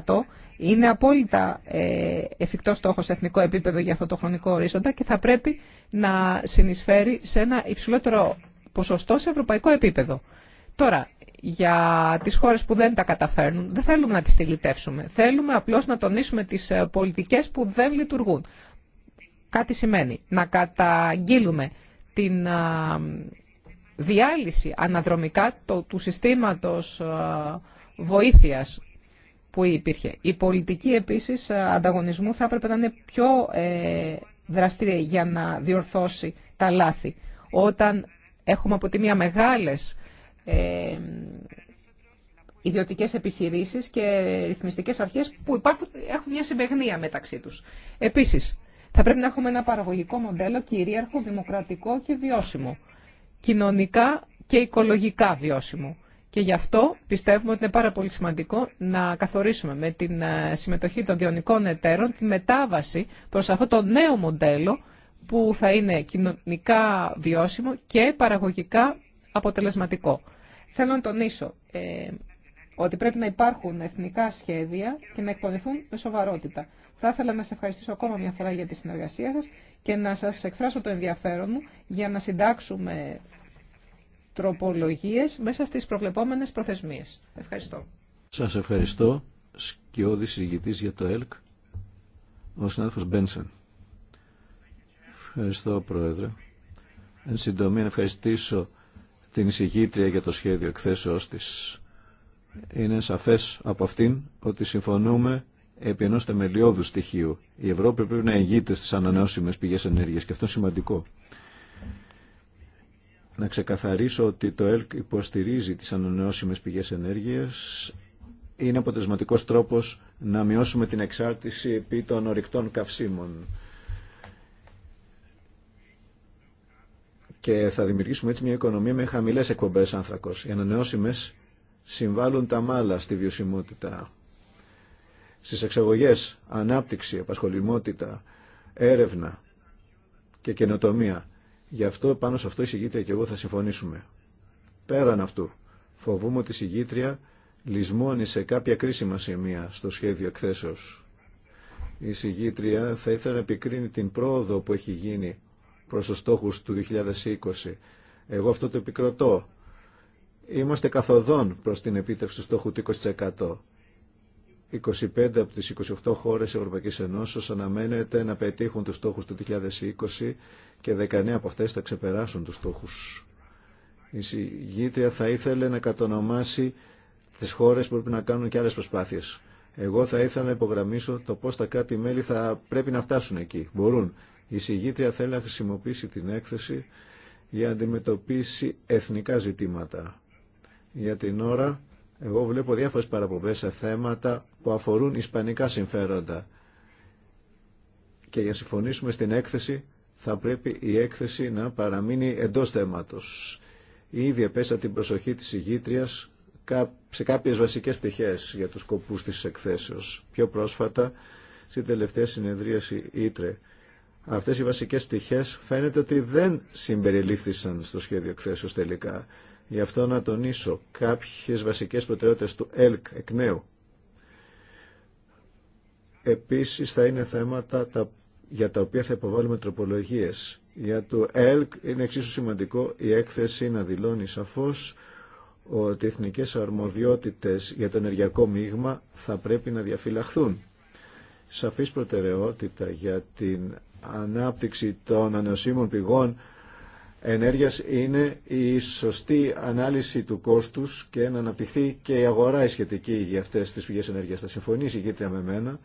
είναι απόλυτα ε, εφικτό στόχο σε εθνικό επίπεδο για αυτό το χρονικό ορίζοντα και θα πρέπει να συνεισφέρει σε ένα υψηλότερο ποσοστό σε ευρωπαϊκό επίπεδο. Τώρα, για τις χώρες που δεν τα καταφέρνουν. Δεν θέλουμε να τις τηλητεύσουμε. Θέλουμε απλώς να τονίσουμε τις ε, πολιτικές που δεν λειτουργούν. Κάτι σημαίνει να καταγγείλουμε την ε, διάλυση αναδρομικά του συστήματος ε, βοήθειας που υπήρχε. Η πολιτική επίσης ανταγωνισμού θα έπρεπε να είναι πιο ε, για να διορθώσει τα λάθη. Όταν έχουμε από τη μία μεγάλες ε, ιδιωτικές επιχειρήσεις και ρυθμιστικές αρχές που υπάρχουν, έχουν μια συμπεγνία μεταξύ τους. Επίσης, θα πρέπει να έχουμε ένα παραγωγικό μοντέλο κυρίαρχο, δημοκρατικό και βιώσιμο. Κοινωνικά και οικολογικά βιώσιμο. Και γι' αυτό πιστεύουμε ότι είναι πάρα πολύ σημαντικό να καθορίσουμε με την ε, συμμετοχή των κοινωνικών εταίρων τη μετάβαση προς αυτό το νέο μοντέλο που θα είναι κοινωνικά βιώσιμο και παραγωγικά αποτελεσματικό. Θέλω να τονίσω ε, ότι πρέπει να υπάρχουν εθνικά σχέδια και να εκπονηθούν με σοβαρότητα. Θα ήθελα να σα ευχαριστήσω ακόμα μια φορά για τη συνεργασία σα και να σα εκφράσω το ενδιαφέρον μου για να συντάξουμε τροπολογίε μέσα στι προβλεπόμενε προθεσμίες. Ευχαριστώ. Σα ευχαριστώ. Σκιώδη συζητητή για το ΕΛΚ, ο συνάδελφο Μπένσεν. Ευχαριστώ, Πρόεδρε. Εν συντομία, να ευχαριστήσω την εισηγήτρια για το σχέδιο εκθέσεώς της. Είναι σαφές από αυτήν ότι συμφωνούμε επί ενός θεμελιώδου στοιχείου. Η Ευρώπη πρέπει να ηγείται στις ανανεώσιμες πηγές ενέργειας και αυτό είναι σημαντικό. Να ξεκαθαρίσω ότι το ΕΛΚ υποστηρίζει τις ανανεώσιμες πηγές ενέργειας. Είναι αποτελεσματικός τρόπος να μειώσουμε την εξάρτηση επί των ορυκτών καυσίμων και θα δημιουργήσουμε έτσι μια οικονομία με χαμηλέ εκπομπέ άνθρακο. Οι ανανεώσιμε συμβάλλουν τα μάλα στη βιωσιμότητα. στι εξαγωγέ ανάπτυξη, επασχολημότητα, έρευνα και καινοτομία. Γι' αυτό πάνω σε αυτό η και εγώ θα συμφωνήσουμε. Πέραν αυτού, φοβούμαι ότι η συγγήτρια λησμόνει σε κάποια κρίσιμα σημεία στο σχέδιο εκθέσεως. Η συγγήτρια θα ήθελε να επικρίνει την πρόοδο που έχει γίνει προς τους στόχους του 2020. Εγώ αυτό το επικροτώ. Είμαστε καθοδόν προς την επίτευξη του στόχου του 20%. 25 από τις 28 χώρες Ευρωπαϊκής Ενώσεως αναμένεται να πετύχουν τους στόχους του 2020 και 19 από αυτές θα ξεπεράσουν τους στόχους. Η συγγήτρια θα ήθελε να κατονομάσει τις χώρες που πρέπει να κάνουν και άλλες προσπάθειες. Εγώ θα ήθελα να υπογραμμίσω το πώς τα κράτη-μέλη θα πρέπει να φτάσουν εκεί. Μπορούν η συγγήτρια θέλει να χρησιμοποιήσει την έκθεση για να αντιμετωπίσει εθνικά ζητήματα. Για την ώρα, εγώ βλέπω διάφορες παραπομπές σε θέματα που αφορούν ισπανικά συμφέροντα. Και για να συμφωνήσουμε στην έκθεση, θα πρέπει η έκθεση να παραμείνει εντός θέματος. Ήδη επέσα την προσοχή της ηγήτριας σε κάποιες βασικές πτυχές για τους σκοπούς της εκθέσεως. Πιο πρόσφατα, στην τελευταία συνεδρίαση Ήτρε, Αυτές οι βασικές πτυχές φαίνεται ότι δεν συμπεριλήφθησαν στο σχέδιο εκθέσεως τελικά. Γι' αυτό να τονίσω κάποιες βασικές προτεραιότητες του ΕΛΚ εκ νέου. Επίσης θα είναι θέματα τα, για τα οποία θα υποβάλουμε τροπολογίες. Για το ΕΛΚ είναι εξίσου σημαντικό η έκθεση να δηλώνει σαφώς ότι οι εθνικές αρμοδιότητες για το ενεργειακό μείγμα θα πρέπει να διαφυλαχθούν. Σαφής προτεραιότητα για την ανάπτυξη των ανανεωσίμων πηγών ενέργειας είναι η σωστή ανάλυση του κόστους και να αναπτυχθεί και η αγορά η σχετική για αυτές τις πηγές ενέργειας. Θα συμφωνήσει η με μένα,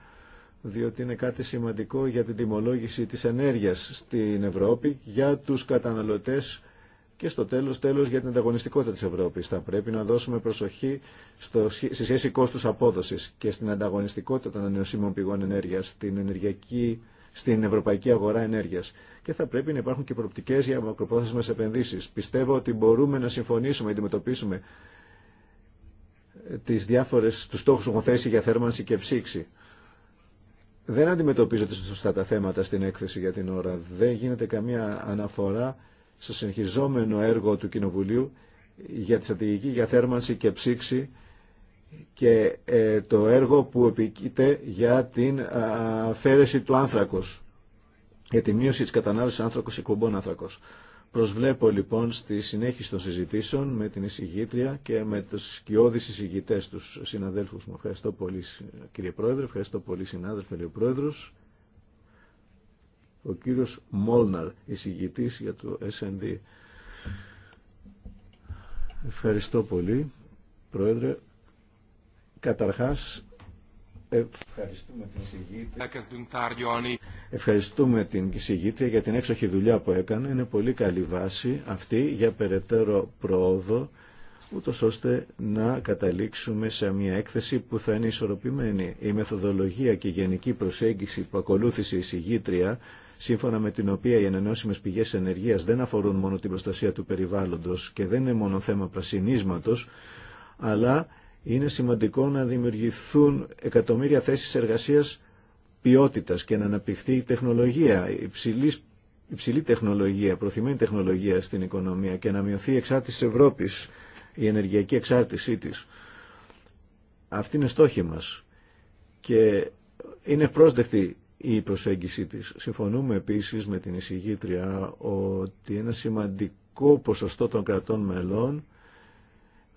διότι είναι κάτι σημαντικό για την τιμολόγηση της ενέργειας στην Ευρώπη, για τους καταναλωτές και στο τέλος, τέλος για την ανταγωνιστικότητα της Ευρώπης. Θα πρέπει να δώσουμε προσοχή στο, στη σχέση κόστους απόδοσης και στην ανταγωνιστικότητα των ανεωσίμων πηγών ενέργειας, στην ενεργειακή στην ευρωπαϊκή αγορά ενέργειας. Και θα πρέπει να υπάρχουν και προοπτικές για μακροπρόθεσμες επενδύσεις. Πιστεύω ότι μπορούμε να συμφωνήσουμε, να αντιμετωπίσουμε τις διάφορες, τους στόχους που έχουν θέσει για θέρμανση και ψήξη. Δεν αντιμετωπίζονται σωστά τα θέματα στην έκθεση για την ώρα. Δεν γίνεται καμία αναφορά στο συνεχιζόμενο έργο του Κοινοβουλίου για τη στρατηγική για θέρμανση και ψήξη και ε, το έργο που επικείται για την αφαίρεση του άνθρακος, για τη μείωση της κατανάλωσης άνθρακος εκπομπών άνθρακος. Προσβλέπω λοιπόν στη συνέχιση των συζητήσεων με την εισηγήτρια και με τους σκιώδεις εισηγητές τους συναδέλφους μου. Ευχαριστώ πολύ κύριε Πρόεδρε, ευχαριστώ πολύ συνάδελφε λέει ο Πρόεδρος. Ο κύριος Μόλναρ, εισηγητής για το S&D. Ευχαριστώ πολύ, Πρόεδρε. Καταρχάς, ευχαριστούμε την εισηγήτρια. Ευχαριστούμε την για την έξοχη δουλειά που έκανε. Είναι πολύ καλή βάση αυτή για περαιτέρω πρόοδο, ούτως ώστε να καταλήξουμε σε μια έκθεση που θα είναι ισορροπημένη. Η μεθοδολογία και η γενική προσέγγιση που ακολούθησε η εισηγήτρια σύμφωνα με την οποία οι ανανεώσιμες πηγές ενεργείας δεν αφορούν μόνο την προστασία του περιβάλλοντος και δεν είναι μόνο θέμα πρασινίσματος, αλλά είναι σημαντικό να δημιουργηθούν εκατομμύρια θέσεις εργασίας ποιότητας και να αναπτυχθεί η τεχνολογία, η υψηλή τεχνολογία, προθυμένη τεχνολογία στην οικονομία και να μειωθεί η εξάρτηση της Ευρώπης, η ενεργειακή εξάρτησή της. Αυτή είναι στόχη μας και είναι πρόσδεκτη η προσέγγιση της. Συμφωνούμε επίσης με την εισηγήτρια ότι ένα σημαντικό ποσοστό των κρατών μελών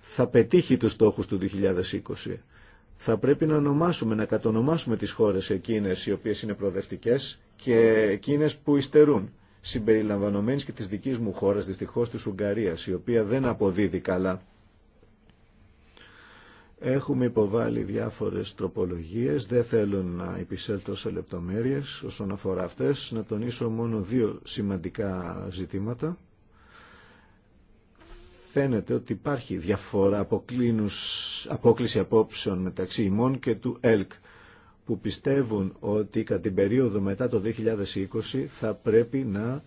θα πετύχει τους στόχους του 2020. Θα πρέπει να ονομάσουμε, να κατονομάσουμε τις χώρες εκείνες οι οποίες είναι προοδευτικές και εκείνες που υστερούν, συμπεριλαμβανομένης και της δικής μου χώρας, δυστυχώς της Ουγγαρίας, η οποία δεν αποδίδει καλά. Έχουμε υποβάλει διάφορες τροπολογίες, δεν θέλω να επισέλθω σε λεπτομέρειες όσον αφορά αυτές, να τονίσω μόνο δύο σημαντικά ζητήματα φαίνεται ότι υπάρχει διαφορά αποκλίνους, απόκληση απόψεων μεταξύ ημών και του ΕΛΚ που πιστεύουν ότι κατά την περίοδο μετά το 2020 θα πρέπει να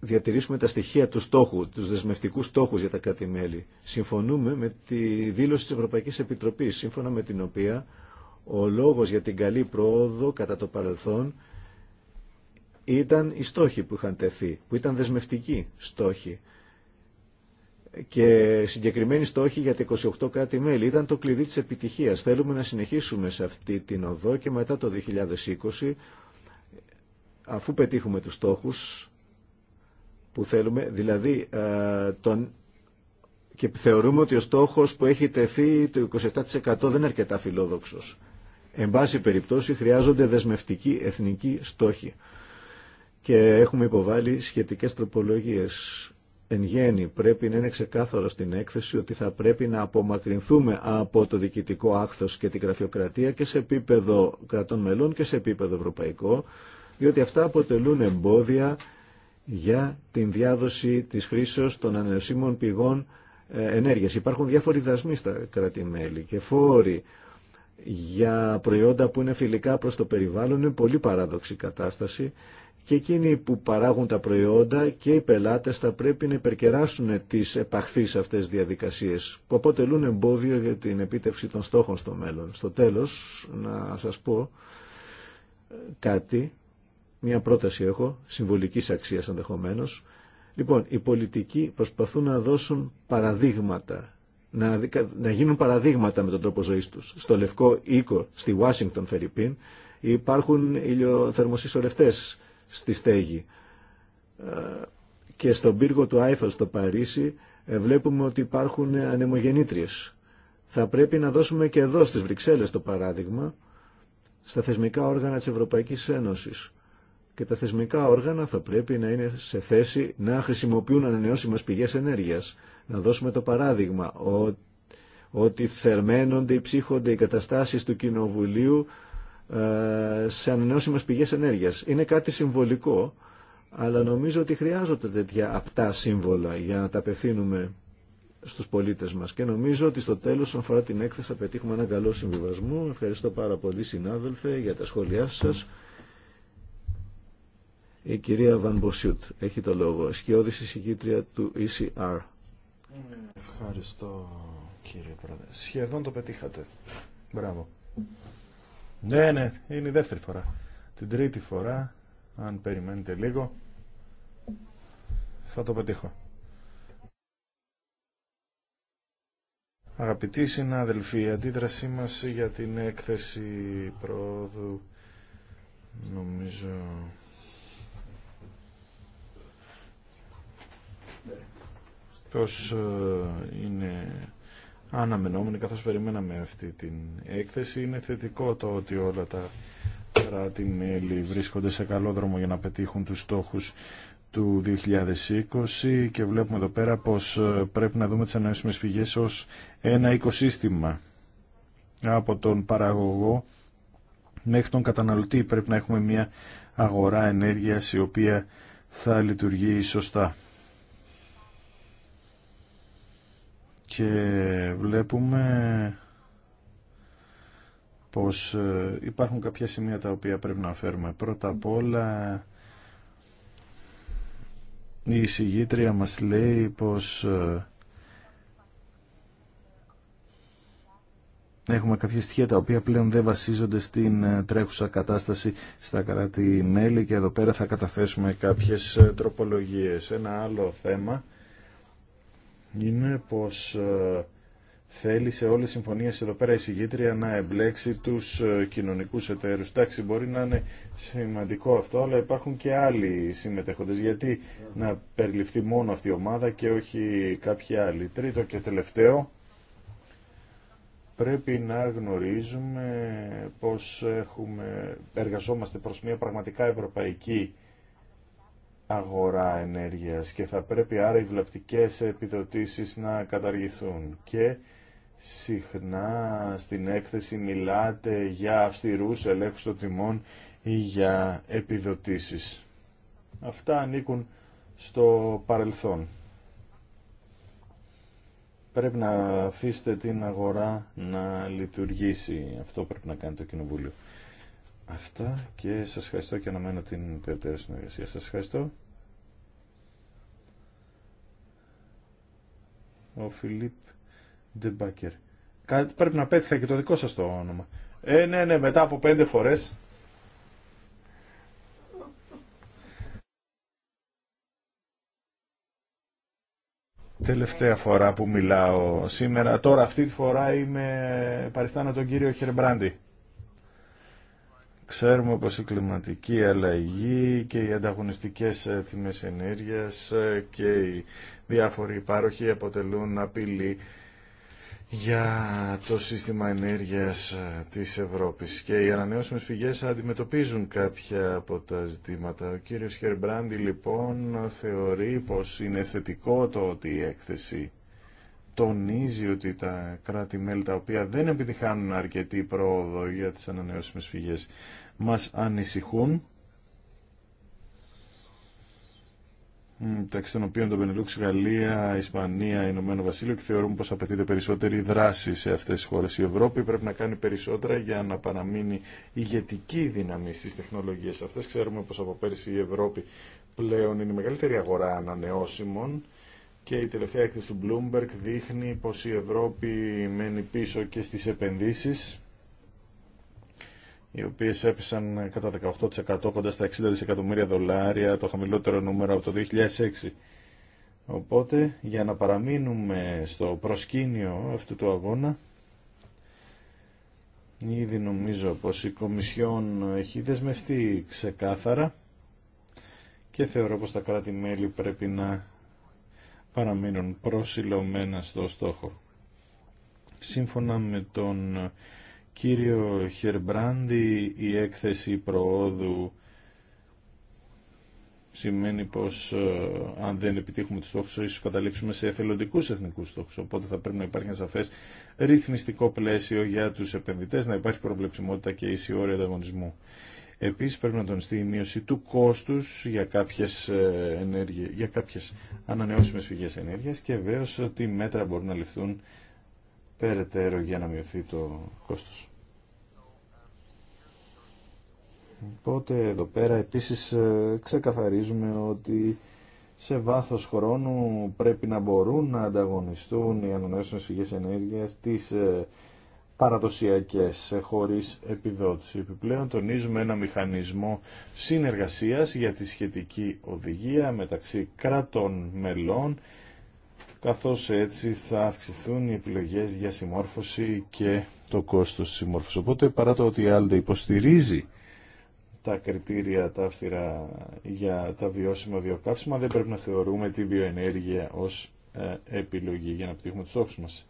διατηρήσουμε τα στοιχεία του στόχου, τους δεσμευτικούς στόχους για τα κράτη-μέλη. Συμφωνούμε με τη δήλωση της Ευρωπαϊκής Επιτροπής, σύμφωνα με την οποία ο λόγος για την καλή πρόοδο κατά το παρελθόν ήταν οι στόχοι που είχαν τεθεί, που ήταν δεσμευτικοί στόχοι και συγκεκριμένοι στόχοι για τα 28 κράτη-μέλη. Ήταν το κλειδί της επιτυχίας. Θέλουμε να συνεχίσουμε σε αυτή την οδό και μετά το 2020, αφού πετύχουμε τους στόχους που θέλουμε, δηλαδή ε, τον... και θεωρούμε ότι ο στόχος που έχει τεθεί το 27% δεν είναι αρκετά φιλόδοξος. Εν πάση περιπτώσει χρειάζονται δεσμευτικοί εθνικοί στόχοι και έχουμε υποβάλει σχετικές τροπολογίες. Εν γέννη πρέπει να είναι ξεκάθαρο στην έκθεση ότι θα πρέπει να απομακρυνθούμε από το διοικητικό άχθος και την γραφειοκρατία και σε επίπεδο κρατών μελών και σε επίπεδο ευρωπαϊκό, διότι αυτά αποτελούν εμπόδια για την διάδοση της χρήσεως των ανεωσίμων πηγών ε, ενέργειας. Υπάρχουν διάφοροι δασμοί στα κρατη και φόροι για προϊόντα που είναι φιλικά προς το περιβάλλον. Είναι πολύ παράδοξη κατάσταση και εκείνοι που παράγουν τα προϊόντα και οι πελάτες θα πρέπει να υπερκεράσουν τις επαχθείς αυτές διαδικασίες που αποτελούν εμπόδιο για την επίτευξη των στόχων στο μέλλον. Στο τέλος να σας πω κάτι, μια πρόταση έχω, συμβολικής αξίας ενδεχομένω. Λοιπόν, οι πολιτικοί προσπαθούν να δώσουν παραδείγματα, να, να γίνουν παραδείγματα με τον τρόπο ζωής τους. Στο Λευκό Οίκο, στη Ουάσιγκτον Φερρυπίν, υπάρχουν ηλιοθερμοσυσσωρευτές στη στέγη. Ε, και στον πύργο του Άιφελ στο Παρίσι ε, βλέπουμε ότι υπάρχουν ε, ανεμογεννήτριες. Θα πρέπει να δώσουμε και εδώ στις Βρυξέλλες το παράδειγμα, στα θεσμικά όργανα της Ευρωπαϊκής Ένωσης. Και τα θεσμικά όργανα θα πρέπει να είναι σε θέση να χρησιμοποιούν ανανεώσιμες πηγές ενέργειας. Να δώσουμε το παράδειγμα ότι θερμαίνονται ή ψύχονται οι καταστάσεις του Κοινοβουλίου ε, σε ανανεώσιμες πηγές ενέργειας. Είναι κάτι συμβολικό, αλλά νομίζω ότι χρειάζονται τέτοια απτά σύμβολα για να τα απευθύνουμε στους πολίτες μας. Και νομίζω ότι στο τέλος, όσον αφορά την έκθεση, θα πετύχουμε έναν καλό συμβιβασμό. Ευχαριστώ πάρα πολύ, συνάδελφε, για τα σχόλιά σας. Η κυρία Βανμποσιούτ έχει το λόγο. συγκήτρια του ECR. Ευχαριστώ κύριε Πρόεδρε. Σχεδόν το πετύχατε. Μπράβο. Ναι, ναι, είναι η δεύτερη φορά. Την τρίτη φορά, αν περιμένετε λίγο, θα το πετύχω. Αγαπητοί συνάδελφοι, η αντίδρασή μας για την έκθεση πρόοδου νομίζω πως ε, είναι αναμενόμενη καθώς περιμέναμε αυτή την έκθεση. Είναι θετικό το ότι όλα τα κράτη-μέλη βρίσκονται σε καλό δρόμο για να πετύχουν τους στόχους του 2020 και βλέπουμε εδώ πέρα πως ε, πρέπει να δούμε τις ανανεώσιμες πηγές ως ένα οικοσύστημα από τον παραγωγό μέχρι τον καταναλωτή πρέπει να έχουμε μια αγορά ενέργειας η οποία θα λειτουργεί σωστά. και βλέπουμε πως ε, υπάρχουν κάποια σημεία τα οποία πρέπει να φέρουμε. Πρώτα απ' όλα η εισηγήτρια μας λέει πως ε, Έχουμε κάποια στοιχεία τα οποία πλέον δεν βασίζονται στην ε, τρέχουσα κατάσταση στα κράτη-μέλη και εδώ πέρα θα καταθέσουμε κάποιες τροπολογίες. Ένα άλλο θέμα είναι πως ε, θέλει σε όλες τις συμφωνίες εδώ πέρα η συγγήτρια να εμπλέξει τους ε, κοινωνικούς εταίρους. Εντάξει, μπορεί να είναι σημαντικό αυτό, αλλά υπάρχουν και άλλοι συμμετέχοντες. Γιατί να περιληφθεί μόνο αυτή η ομάδα και όχι κάποιοι άλλοι. Τρίτο και τελευταίο, πρέπει να γνωρίζουμε πως έχουμε, εργαζόμαστε προς μια πραγματικά ευρωπαϊκή αγορά ενέργειας και θα πρέπει άρα οι βλαπτικές επιδοτήσεις να καταργηθούν. Και συχνά στην έκθεση μιλάτε για αυστηρούς ελέγχους των τιμών ή για επιδοτήσεις. Αυτά ανήκουν στο παρελθόν. Πρέπει να αφήσετε την αγορά να λειτουργήσει. Αυτό πρέπει να κάνει το Κοινοβούλιο αυτά και σας ευχαριστώ και αναμένω την περαιτέρω συνεργασία. Σας ευχαριστώ. Ο Φιλίπ Ντεμπάκερ. πρέπει να πέτυχα και το δικό σας το όνομα. Ε, ναι, ναι, μετά από πέντε φορές. Τελευταία φορά που μιλάω σήμερα. Τώρα αυτή τη φορά είμαι παριστάνω τον κύριο Χερμπράντι. Ξέρουμε πως η κλιματική αλλαγή και οι ανταγωνιστικές ε, τιμές ενέργειας ε, και οι διάφοροι υπάροχοι αποτελούν απειλή για το σύστημα ενέργειας ε, της Ευρώπης και οι ανανεώσιμες πηγές αντιμετωπίζουν κάποια από τα ζητήματα. Ο κύριος Χερμπράντι λοιπόν θεωρεί πως είναι θετικό το ότι η έκθεση τονίζει ότι τα κράτη-μέλη τα οποία δεν επιτυχάνουν αρκετή πρόοδο για τις ανανεώσιμες φυγές μας ανησυχούν μεταξύ των οποίων το Πενελούξ, Γαλλία, Ισπανία, Ηνωμένο Βασίλειο και θεωρούμε πως απαιτείται περισσότερη δράση σε αυτές τις χώρες. Η Ευρώπη πρέπει να κάνει περισσότερα για να παραμείνει ηγετική δύναμη στις τεχνολογίες αυτές. Ξέρουμε πως από πέρσι η Ευρώπη πλέον είναι η μεγαλύτερη αγορά ανανεώσιμων και η τελευταία έκθεση του Bloomberg δείχνει πως η Ευρώπη μένει πίσω και στις επενδύσεις οι οποίες έπεσαν κατά 18% κοντά στα 60 δισεκατομμύρια δολάρια, το χαμηλότερο νούμερο από το 2006. Οπότε, για να παραμείνουμε στο προσκήνιο αυτού του αγώνα, ήδη νομίζω πως η Κομισιόν έχει δεσμευτεί ξεκάθαρα και θεωρώ πως τα κράτη-μέλη πρέπει να παραμείνουν προσιλωμένα στο στόχο. Σύμφωνα με τον κύριο Χερμπράντι, η έκθεση προόδου σημαίνει πως ε, αν δεν επιτύχουμε τους στόχους ίσως καταλήξουμε σε εθελοντικούς εθνικούς στόχους οπότε θα πρέπει να υπάρχει ένα σαφές ρυθμιστικό πλαίσιο για τους επενδυτές να υπάρχει προβλεψιμότητα και ίση όρια ανταγωνισμού. Επίσης πρέπει να τονιστεί η μείωση του κόστους για κάποιες, ε, ενέργειες, για κάποιες ανανεώσιμες πηγές ενέργειας και βέβαια ότι μέτρα μπορούν να ληφθούν περαιτέρω για να μειωθεί το κόστος. Οπότε εδώ πέρα επίσης ε, ξεκαθαρίζουμε ότι σε βάθος χρόνου πρέπει να μπορούν να ανταγωνιστούν οι ανανεώσιμες πηγές ενέργειας τις ε, παραδοσιακές ε, χωρίς επιδότηση. Επιπλέον τονίζουμε ένα μηχανισμό συνεργασίας για τη σχετική οδηγία μεταξύ κρατών μελών καθώς έτσι θα αυξηθούν οι επιλογές για συμμόρφωση και το κόστος συμμόρφωσης. Οπότε παρά το ότι η Άλντε υποστηρίζει τα κριτήρια τα αυστηρά για τα βιώσιμα βιοκαύσιμα δεν πρέπει να θεωρούμε την βιοενέργεια ως ε, επιλογή για να πετύχουμε τους στόχους μας.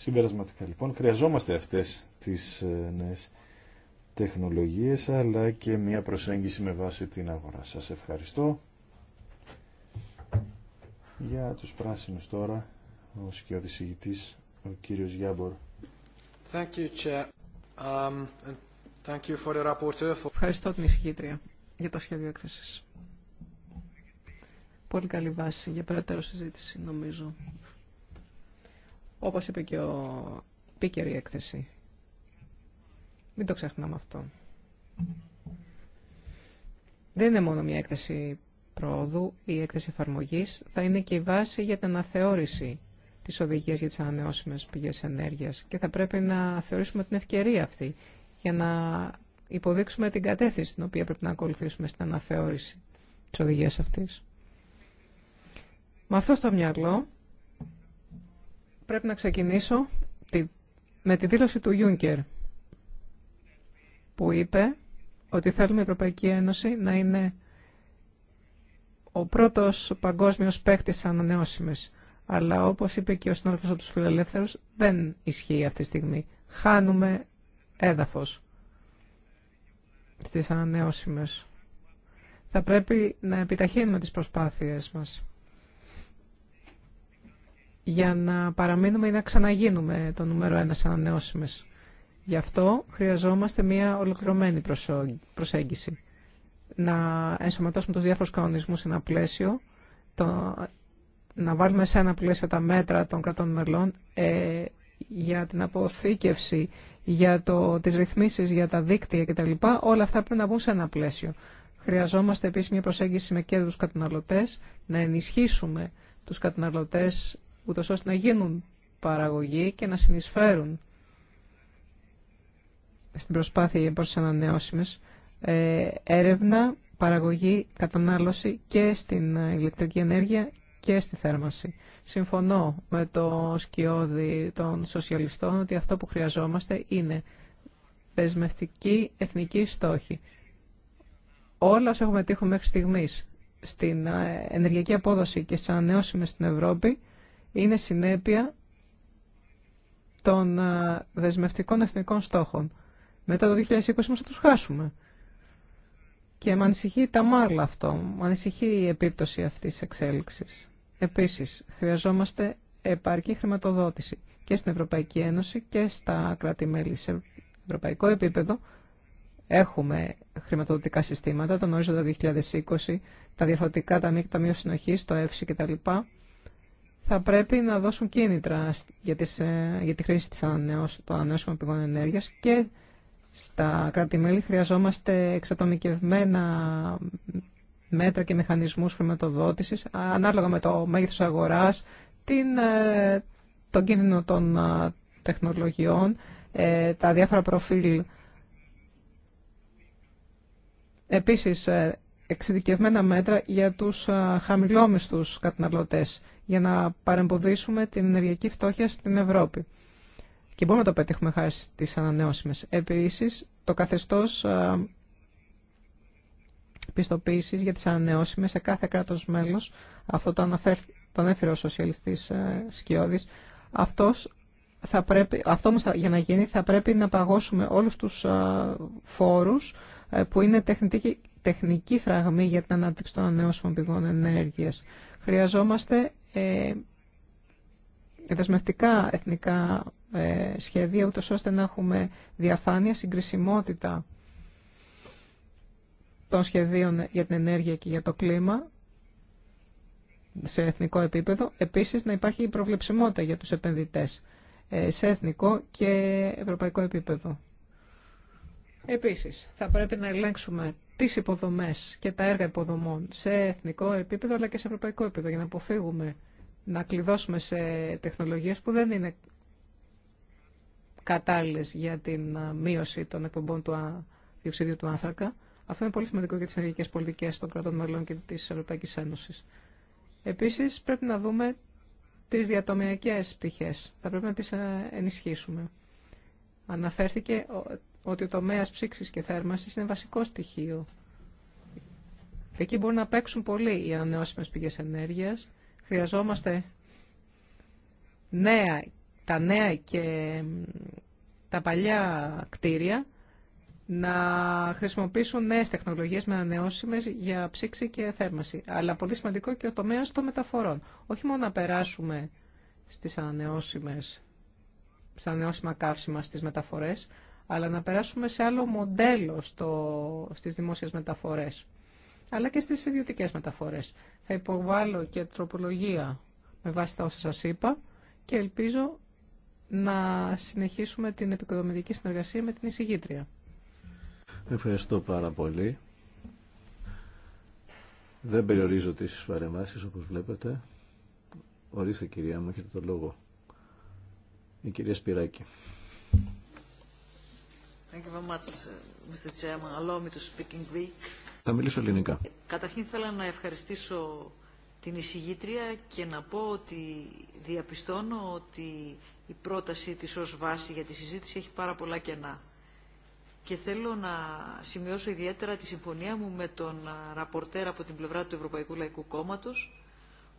Συμπερασματικά λοιπόν, χρειαζόμαστε αυτές τις ε, νέες τεχνολογίες, αλλά και μια προσέγγιση με βάση την αγορά. Σας ευχαριστώ. Για τους πράσινους τώρα, ο σκιώδης ο κύριος Γιάμπορ. Um, ευχαριστώ την εισηγήτρια για το σχέδιο έκθεσης. Πολύ καλή βάση για περαιτέρω συζήτηση, νομίζω όπως είπε και ο Πίκερ η έκθεση. Μην το ξεχνάμε αυτό. Δεν είναι μόνο μια έκθεση πρόοδου ή έκθεση εφαρμογή, θα είναι και η βάση για την αναθεώρηση τη οδηγία για τι ανανεώσιμε πηγέ ενέργεια. Και θα πρέπει να θεωρήσουμε την ευκαιρία αυτή για να υποδείξουμε την κατεύθυνση την οποία πρέπει να ακολουθήσουμε στην αναθεώρηση τη οδηγία αυτή. Με αυτό στο μυαλό, πρέπει να ξεκινήσω με τη δήλωση του Ιούνκερ, που είπε ότι θέλουμε η Ευρωπαϊκή Ένωση να είναι ο πρώτος παγκόσμιος στις ανανεώσιμες. Αλλά όπως είπε και ο συνάδελφος από τους δεν ισχύει αυτή τη στιγμή. Χάνουμε έδαφος στις ανανεώσιμες. Θα πρέπει να επιταχύνουμε τις προσπάθειες μας για να παραμείνουμε ή να ξαναγίνουμε το νούμερο ένα σαν ανανεώσιμες. Γι' αυτό χρειαζόμαστε μια ολοκληρωμένη προσέγγιση. Να ενσωματώσουμε τους διάφορους κανονισμούς σε ένα πλαίσιο, το, να βάλουμε σε ένα πλαίσιο τα μέτρα των κρατών μελών ε, για την αποθήκευση, για το, τις ρυθμίσεις, για τα δίκτυα κτλ. Όλα αυτά πρέπει να μπουν σε ένα πλαίσιο. Χρειαζόμαστε επίσης μια προσέγγιση με κέρδους καταναλωτές, να ενισχύσουμε τους καταναλωτές ούτως ώστε να γίνουν παραγωγή και να συνεισφέρουν στην προσπάθεια για τις ανανεώσιμες ε, έρευνα, παραγωγή, κατανάλωση και στην ηλεκτρική ενέργεια και στη θέρμανση. Συμφωνώ με το σκιώδη των σοσιαλιστών ότι αυτό που χρειαζόμαστε είναι δεσμευτική εθνική στόχη. Όλα όσα έχουμε τύχει μέχρι στιγμής στην ε, ενεργειακή απόδοση και στις ανανεώσιμες στην Ευρώπη είναι συνέπεια των ε, δεσμευτικών εθνικών στόχων. Μετά το 2020 μας θα τους χάσουμε. Και με ανησυχεί τα μάρλα αυτό, με ανησυχεί η επίπτωση αυτής της εξέλιξης. Επίσης, χρειαζόμαστε επαρκή χρηματοδότηση και στην Ευρωπαϊκή Ένωση και στα κράτη-μέλη σε ευρωπαϊκό επίπεδο. Έχουμε χρηματοδοτικά συστήματα, τον ορίζοντα 2020, τα διαφορετικά ταμείο συνοχή, το ΕΦΣΙ κτλ θα πρέπει να δώσουν κίνητρα για, τις, ε, για τη χρήση της των ανανεώσιμων πηγών ενέργειας και στα κράτη-μέλη χρειαζόμαστε εξατομικευμένα μέτρα και μηχανισμούς χρηματοδότησης ανάλογα με το μέγεθος αγοράς, την, ε, τον κίνδυνο των ε, τεχνολογιών, τα διάφορα προφίλ. Επίσης, εξειδικευμένα μέτρα για τους χαμηλόμισθους καταναλωτές για να παρεμποδίσουμε την ενεργειακή φτώχεια στην Ευρώπη. Και μπορούμε να το πετύχουμε χάρη στις ανανεώσιμες. Επίσης, το καθεστώς πιστοποίησης για τις ανανεώσιμες σε κάθε κράτος μέλος, αυτό το, αναφέρει τον έφερε ο σοσιαλιστής Σκιώδης, αυτός θα πρέπει, αυτό όμως για να γίνει θα πρέπει να παγώσουμε όλους τους φόρους ε, που είναι τεχνική, τεχνική φραγμή για την ανάπτυξη των ανανεώσιμων πηγών ενέργειας. Χρειαζόμαστε ε, δεσμευτικά εθνικά ε, σχέδια, ούτως ώστε να έχουμε διαφάνεια, συγκρισιμότητα των σχεδίων για την ενέργεια και για το κλίμα σε εθνικό επίπεδο. Επίσης, να υπάρχει η προβλεψιμότητα για τους επενδυτές ε, σε εθνικό και ευρωπαϊκό επίπεδο. Επίσης, θα πρέπει να ελέγξουμε τις υποδομές και τα έργα υποδομών σε εθνικό επίπεδο αλλά και σε ευρωπαϊκό επίπεδο για να αποφύγουμε να κλειδώσουμε σε τεχνολογίες που δεν είναι κατάλληλες για την μείωση των εκπομπών του διοξιδίου του άνθρακα. Αυτό είναι πολύ σημαντικό για τις ενεργειακές πολιτικές των κρατών μελών και της Ευρωπαϊκής Ένωσης. Επίσης πρέπει να δούμε τις διατομιακές πτυχές. Θα πρέπει να τις ε, ενισχύσουμε. Αναφέρθηκε ότι ο τομέας ψήξη και θέρμανσης είναι βασικό στοιχείο. Εκεί μπορούν να παίξουν πολύ οι ανανεώσιμες πηγές ενέργειας. Χρειαζόμαστε νέα, τα νέα και τα παλιά κτίρια να χρησιμοποιήσουν νέες τεχνολογίες με ανανεώσιμες για ψήξη και θέρμανση. Αλλά πολύ σημαντικό και ο τομέας των μεταφορών. Όχι μόνο να περάσουμε στι ανανεώσιμε ανανεώσιμα καύσιμα στις μεταφορές, αλλά να περάσουμε σε άλλο μοντέλο στο, στις δημόσιες μεταφορές, αλλά και στις ιδιωτικές μεταφορές. Θα υποβάλω και τροπολογία με βάση τα όσα σας είπα και ελπίζω να συνεχίσουμε την επικοδομητική συνεργασία με την εισηγήτρια. Ευχαριστώ πάρα πολύ. Δεν περιορίζω τις παρεμβάσεις όπως βλέπετε. Ορίστε κυρία μου, έχετε το λόγο. Η κυρία Σπυράκη. Θα μιλήσω ελληνικά. Ε, καταρχήν θέλω να ευχαριστήσω την εισηγήτρια και να πω ότι διαπιστώνω ότι η πρότασή της ως βάση για τη συζήτηση έχει πάρα πολλά κενά. Και θέλω να σημειώσω ιδιαίτερα τη συμφωνία μου με τον ραπορτέρ από την πλευρά του Ευρωπαϊκού Λαϊκού Κόμματος,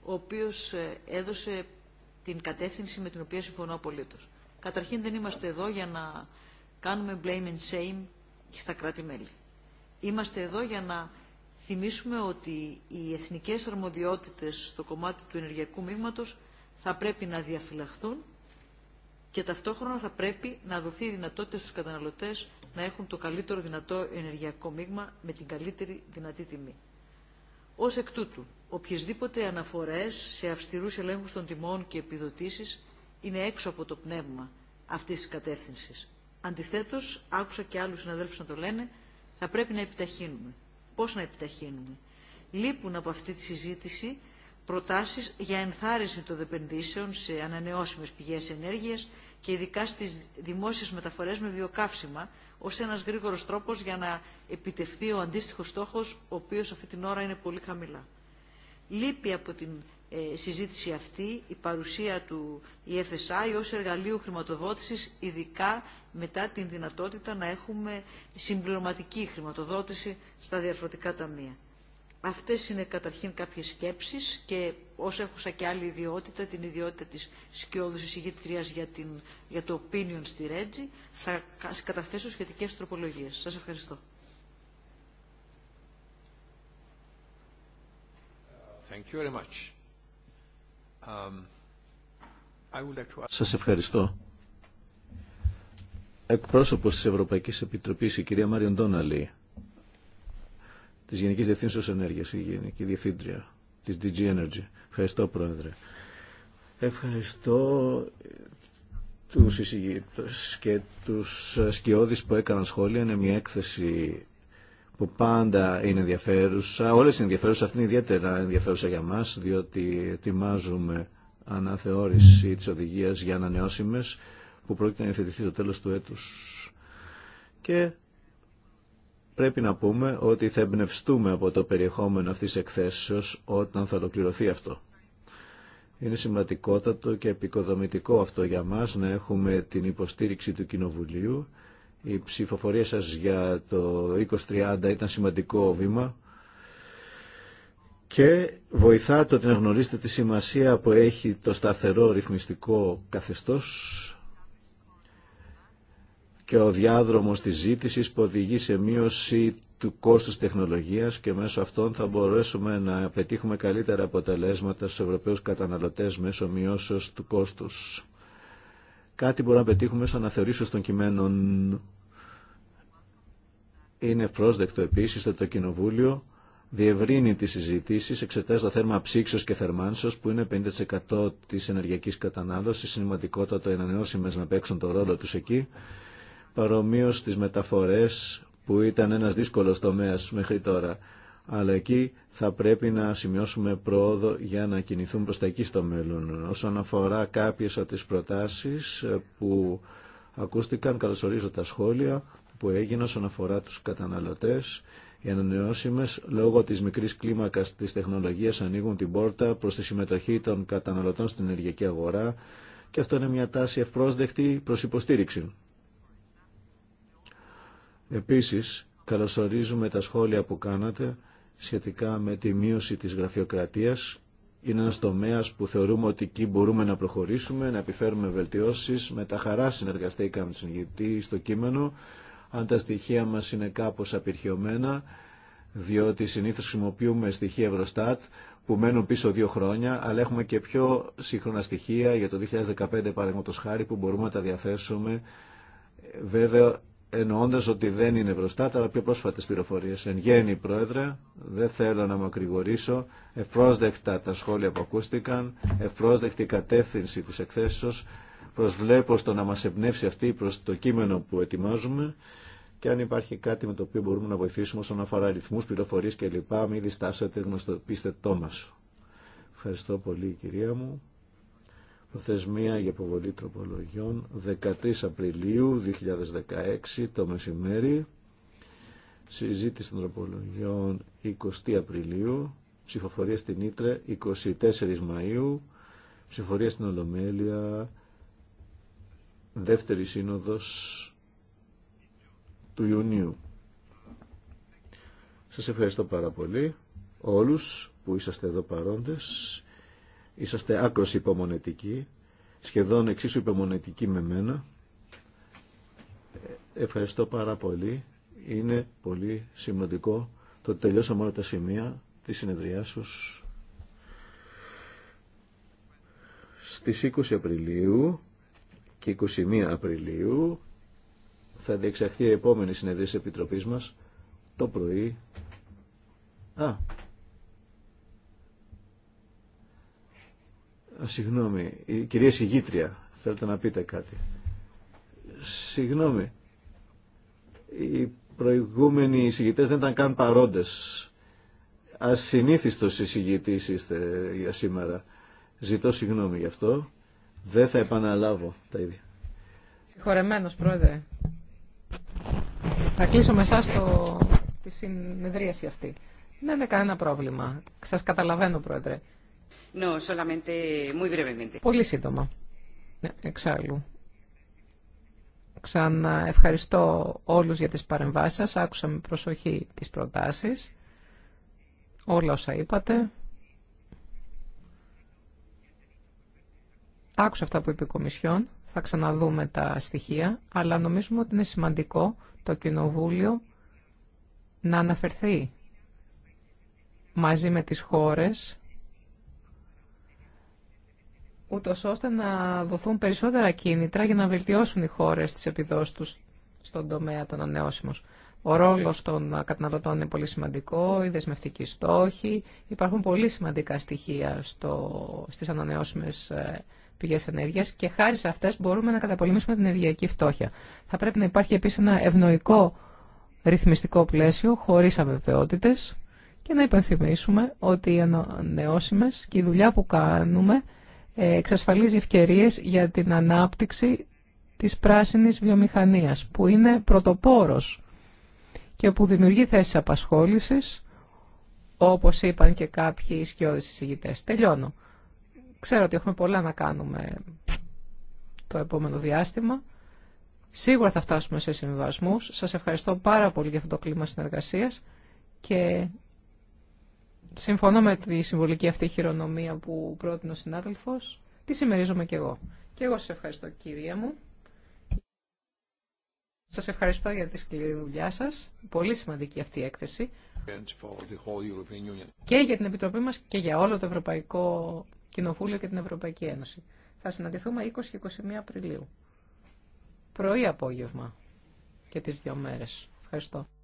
ο οποίος ε, έδωσε την κατεύθυνση με την οποία συμφωνώ απολύτως. Καταρχήν δεν είμαστε εδώ για να κάνουμε blame and shame στα κράτη-μέλη. Είμαστε εδώ για να θυμίσουμε ότι οι εθνικές αρμοδιότητες στο κομμάτι του ενεργειακού μείγματος θα πρέπει να διαφυλαχθούν και ταυτόχρονα θα πρέπει να δοθεί η δυνατότητα στους καταναλωτές να έχουν το καλύτερο δυνατό ενεργειακό μείγμα με την καλύτερη δυνατή τιμή. Ως εκ τούτου, οποιασδήποτε αναφορές σε αυστηρούς ελέγχους των τιμών και επιδοτήσεις είναι έξω από το πνεύμα αυτής της κατεύθυνσης. Αντιθέτως, άκουσα και άλλους συναδέλφου να το λένε, θα πρέπει να επιταχύνουμε. Πώς να επιταχύνουμε. Λείπουν από αυτή τη συζήτηση προτάσεις για ενθάρρυνση των δεπενδύσεων σε ανανεώσιμες πηγές ενέργειας και ειδικά στις δημόσιες μεταφορές με βιοκαύσιμα, ως ένας γρήγορος τρόπος για να επιτευχθεί ο αντίστοιχο στόχο, ο οποίο αυτή την ώρα είναι πολύ χαμηλά. Λείπει από την ε, συζήτηση αυτή η παρουσία του EFSI ως εργαλείο χρηματοδότησης ειδικά μετά την δυνατότητα να έχουμε συμπληρωματική χρηματοδότηση στα διαφορετικά ταμεία. Αυτές είναι καταρχήν κάποιες σκέψεις και όσο έχουσα και άλλη ιδιότητα, την ιδιότητα της σκιώδους εισηγητρίας για, την, για το opinion στη Ρέτζη, θα καταθέσω σχετικές τροπολογίες. Σας ευχαριστώ. Um, Σας ευχαριστώ. Εκπρόσωπος της Ευρωπαϊκής Επιτροπής, η κυρία Μάριον Ντόναλη, της Γενικής Διευθύνσεως Ενέργειας, η Γενική Διευθύντρια της DG Energy. Ευχαριστώ, Πρόεδρε. Ευχαριστώ τους εισηγητές και τους σκιώδεις που έκαναν σχόλια. Είναι μια έκθεση που πάντα είναι ενδιαφέρουσα. Όλες είναι ενδιαφέρουσα, αυτή είναι ιδιαίτερα ενδιαφέρουσα για μας, διότι ετοιμάζουμε αναθεώρηση της οδηγίας για ανανεώσιμες που πρόκειται να υιοθετηθεί στο τέλος του έτους. Και πρέπει να πούμε ότι θα εμπνευστούμε από το περιεχόμενο αυτής εκθέσεως όταν θα ολοκληρωθεί αυτό. Είναι σημαντικότατο και επικοδομητικό αυτό για μας να έχουμε την υποστήριξη του Κοινοβουλίου η ψηφοφορία σας για το 2030 ήταν σημαντικό βήμα και βοηθά το ότι να γνωρίσετε τη σημασία που έχει το σταθερό ρυθμιστικό καθεστώς και ο διάδρομος της ζήτησης που οδηγεί σε μείωση του κόστους τεχνολογίας και μέσω αυτών θα μπορέσουμε να πετύχουμε καλύτερα αποτελέσματα στους Ευρωπαίους καταναλωτές μέσω μειώσεως του κόστους. Κάτι μπορούμε να πετύχουμε να αναθεωρήσω των κειμένων. Είναι πρόσδεκτο επίση ότι το Κοινοβούλιο διευρύνει τι συζητήσει εξετάζει το θέμα ψήξεω και θερμάνσεω που είναι 50% της ενεργειακής κατανάλωσης. Σημαντικότατο οι ανανεώσιμε να παίξουν το ρόλο του εκεί. Παρομοίω τι μεταφορές που ήταν ένας δύσκολο τομέα μέχρι τώρα αλλά εκεί θα πρέπει να σημειώσουμε πρόοδο για να κινηθούν προς τα εκεί στο μέλλον. Όσον αφορά κάποιες από τις προτάσεις που ακούστηκαν, καλωσορίζω τα σχόλια που έγιναν όσον αφορά τους καταναλωτές. Οι ανανεώσιμε λόγω της μικρής κλίμακας της τεχνολογίας ανοίγουν την πόρτα προς τη συμμετοχή των καταναλωτών στην ενεργειακή αγορά και αυτό είναι μια τάση ευπρόσδεκτη προς υποστήριξη. Επίσης, καλωσορίζουμε τα σχόλια που κάνατε σχετικά με τη μείωση της γραφειοκρατίας. Είναι ένας τομέας που θεωρούμε ότι εκεί μπορούμε να προχωρήσουμε, να επιφέρουμε βελτιώσεις. Με τα χαρά συνεργαστήκαμε γιατί στο κείμενο, αν τα στοιχεία μας είναι κάπως απειρχιωμένα, διότι συνήθως χρησιμοποιούμε στοιχεία Ευρωστάτ που μένουν πίσω δύο χρόνια, αλλά έχουμε και πιο σύγχρονα στοιχεία για το 2015 παραδείγματος χάρη που μπορούμε να τα διαθέσουμε. Βέβαια Εννοώντα ότι δεν είναι μπροστά, αλλά πιο πρόσφατες πληροφορίε. Εν γέννη, Πρόεδρε, δεν θέλω να ακρηγορήσω. ευπρόσδεκτα τα σχόλια που ακούστηκαν, ευπρόσδεκτη η κατεύθυνση τη εκθέσεω. προσβλέπω στο να μα εμπνεύσει αυτή προς το κείμενο που ετοιμάζουμε και αν υπάρχει κάτι με το οποίο μπορούμε να βοηθήσουμε όσον αφορά αριθμού, πληροφορίε κλπ, μην διστάσετε γνωστοποιήστε το μα. Ευχαριστώ πολύ κυρία μου. Προθεσμία για αποβολή τροπολογιών 13 Απριλίου 2016 το μεσημέρι. Συζήτηση των τροπολογιών 20 Απριλίου. Ψηφοφορία στην Ήτρε 24 Μαΐου. Ψηφοφορία στην Ολομέλεια. Δεύτερη σύνοδος του Ιουνίου. Σας ευχαριστώ πάρα πολύ όλους που είσαστε εδώ παρόντες είσαστε άκρος υπομονετικοί, σχεδόν εξίσου υπομονετικοί με μένα. Ε, ευχαριστώ πάρα πολύ. Είναι πολύ σημαντικό το ότι τελειώσαμε όλα τα σημεία της συνεδριάσεως στις 20 Απριλίου και 21 Απριλίου θα διεξαχθεί η επόμενη συνεδρίαση τη Επιτροπής μας το πρωί. Α, Συγγνώμη, η κυρία Συγήτρια, θέλετε να πείτε κάτι. Συγγνώμη, οι προηγούμενοι εισηγητές δεν ήταν καν παρόντες. Ασυνήθιστος εισηγητής είστε για σήμερα. Ζητώ συγγνώμη γι' αυτό. Δεν θα επαναλάβω τα ίδια. Συγχωρεμένος, Πρόεδρε. Θα κλείσω με εσάς το... τη συνεδρίαση αυτή. Δεν είναι κανένα πρόβλημα. Σας καταλαβαίνω, Πρόεδρε. No, solamente muy brevemente. Πολύ σύντομα. Ναι, εξάλλου. Ξανά ευχαριστώ όλους για τις παρεμβάσεις σας. Άκουσα με προσοχή τις προτάσεις. Όλα όσα είπατε. Άκουσα αυτά που είπε η Κομισιόν. Θα ξαναδούμε τα στοιχεία. Αλλά νομίζουμε ότι είναι σημαντικό το Κοινοβούλιο να αναφερθεί μαζί με τις χώρες ούτω ώστε να δοθούν περισσότερα κίνητρα για να βελτιώσουν οι χώρε τι επιδόσει του στον τομέα των ανανεώσιμων. Ο ρόλο των καταναλωτών είναι πολύ σημαντικό, οι δεσμευτικοί στόχοι. Υπάρχουν πολύ σημαντικά στοιχεία στι ανανεώσιμε ε, πηγέ ενέργεια και χάρη σε αυτέ μπορούμε να καταπολεμήσουμε την ενεργειακή φτώχεια. Θα πρέπει να υπάρχει επίση ένα ευνοϊκό ρυθμιστικό πλαίσιο χωρί αβεβαιότητε και να υπενθυμίσουμε ότι οι ανανεώσιμες και η δουλειά που κάνουμε εξασφαλίζει ευκαιρίες για την ανάπτυξη της πράσινης βιομηχανίας, που είναι πρωτοπόρος και που δημιουργεί θέσεις απασχόλησης, όπως είπαν και κάποιοι ισχυώδεις εισηγητές. Τελειώνω. Ξέρω ότι έχουμε πολλά να κάνουμε το επόμενο διάστημα. Σίγουρα θα φτάσουμε σε συμβιβασμούς. Σας ευχαριστώ πάρα πολύ για αυτό το κλίμα συνεργασίας και Συμφωνώ με τη συμβολική αυτή χειρονομία που πρότεινε ο συνάδελφος. Τη συμμερίζομαι κι εγώ. Και εγώ σα ευχαριστώ κυρία μου. Σας ευχαριστώ για τη σκληρή δουλειά σα. Πολύ σημαντική αυτή η έκθεση. Και για την Επιτροπή μα και για όλο το Ευρωπαϊκό Κοινοβούλιο και την Ευρωπαϊκή Ένωση. Θα συναντηθούμε 20 και 21 Απριλίου. Πρωί-απόγευμα και τις δύο μέρες. Ευχαριστώ.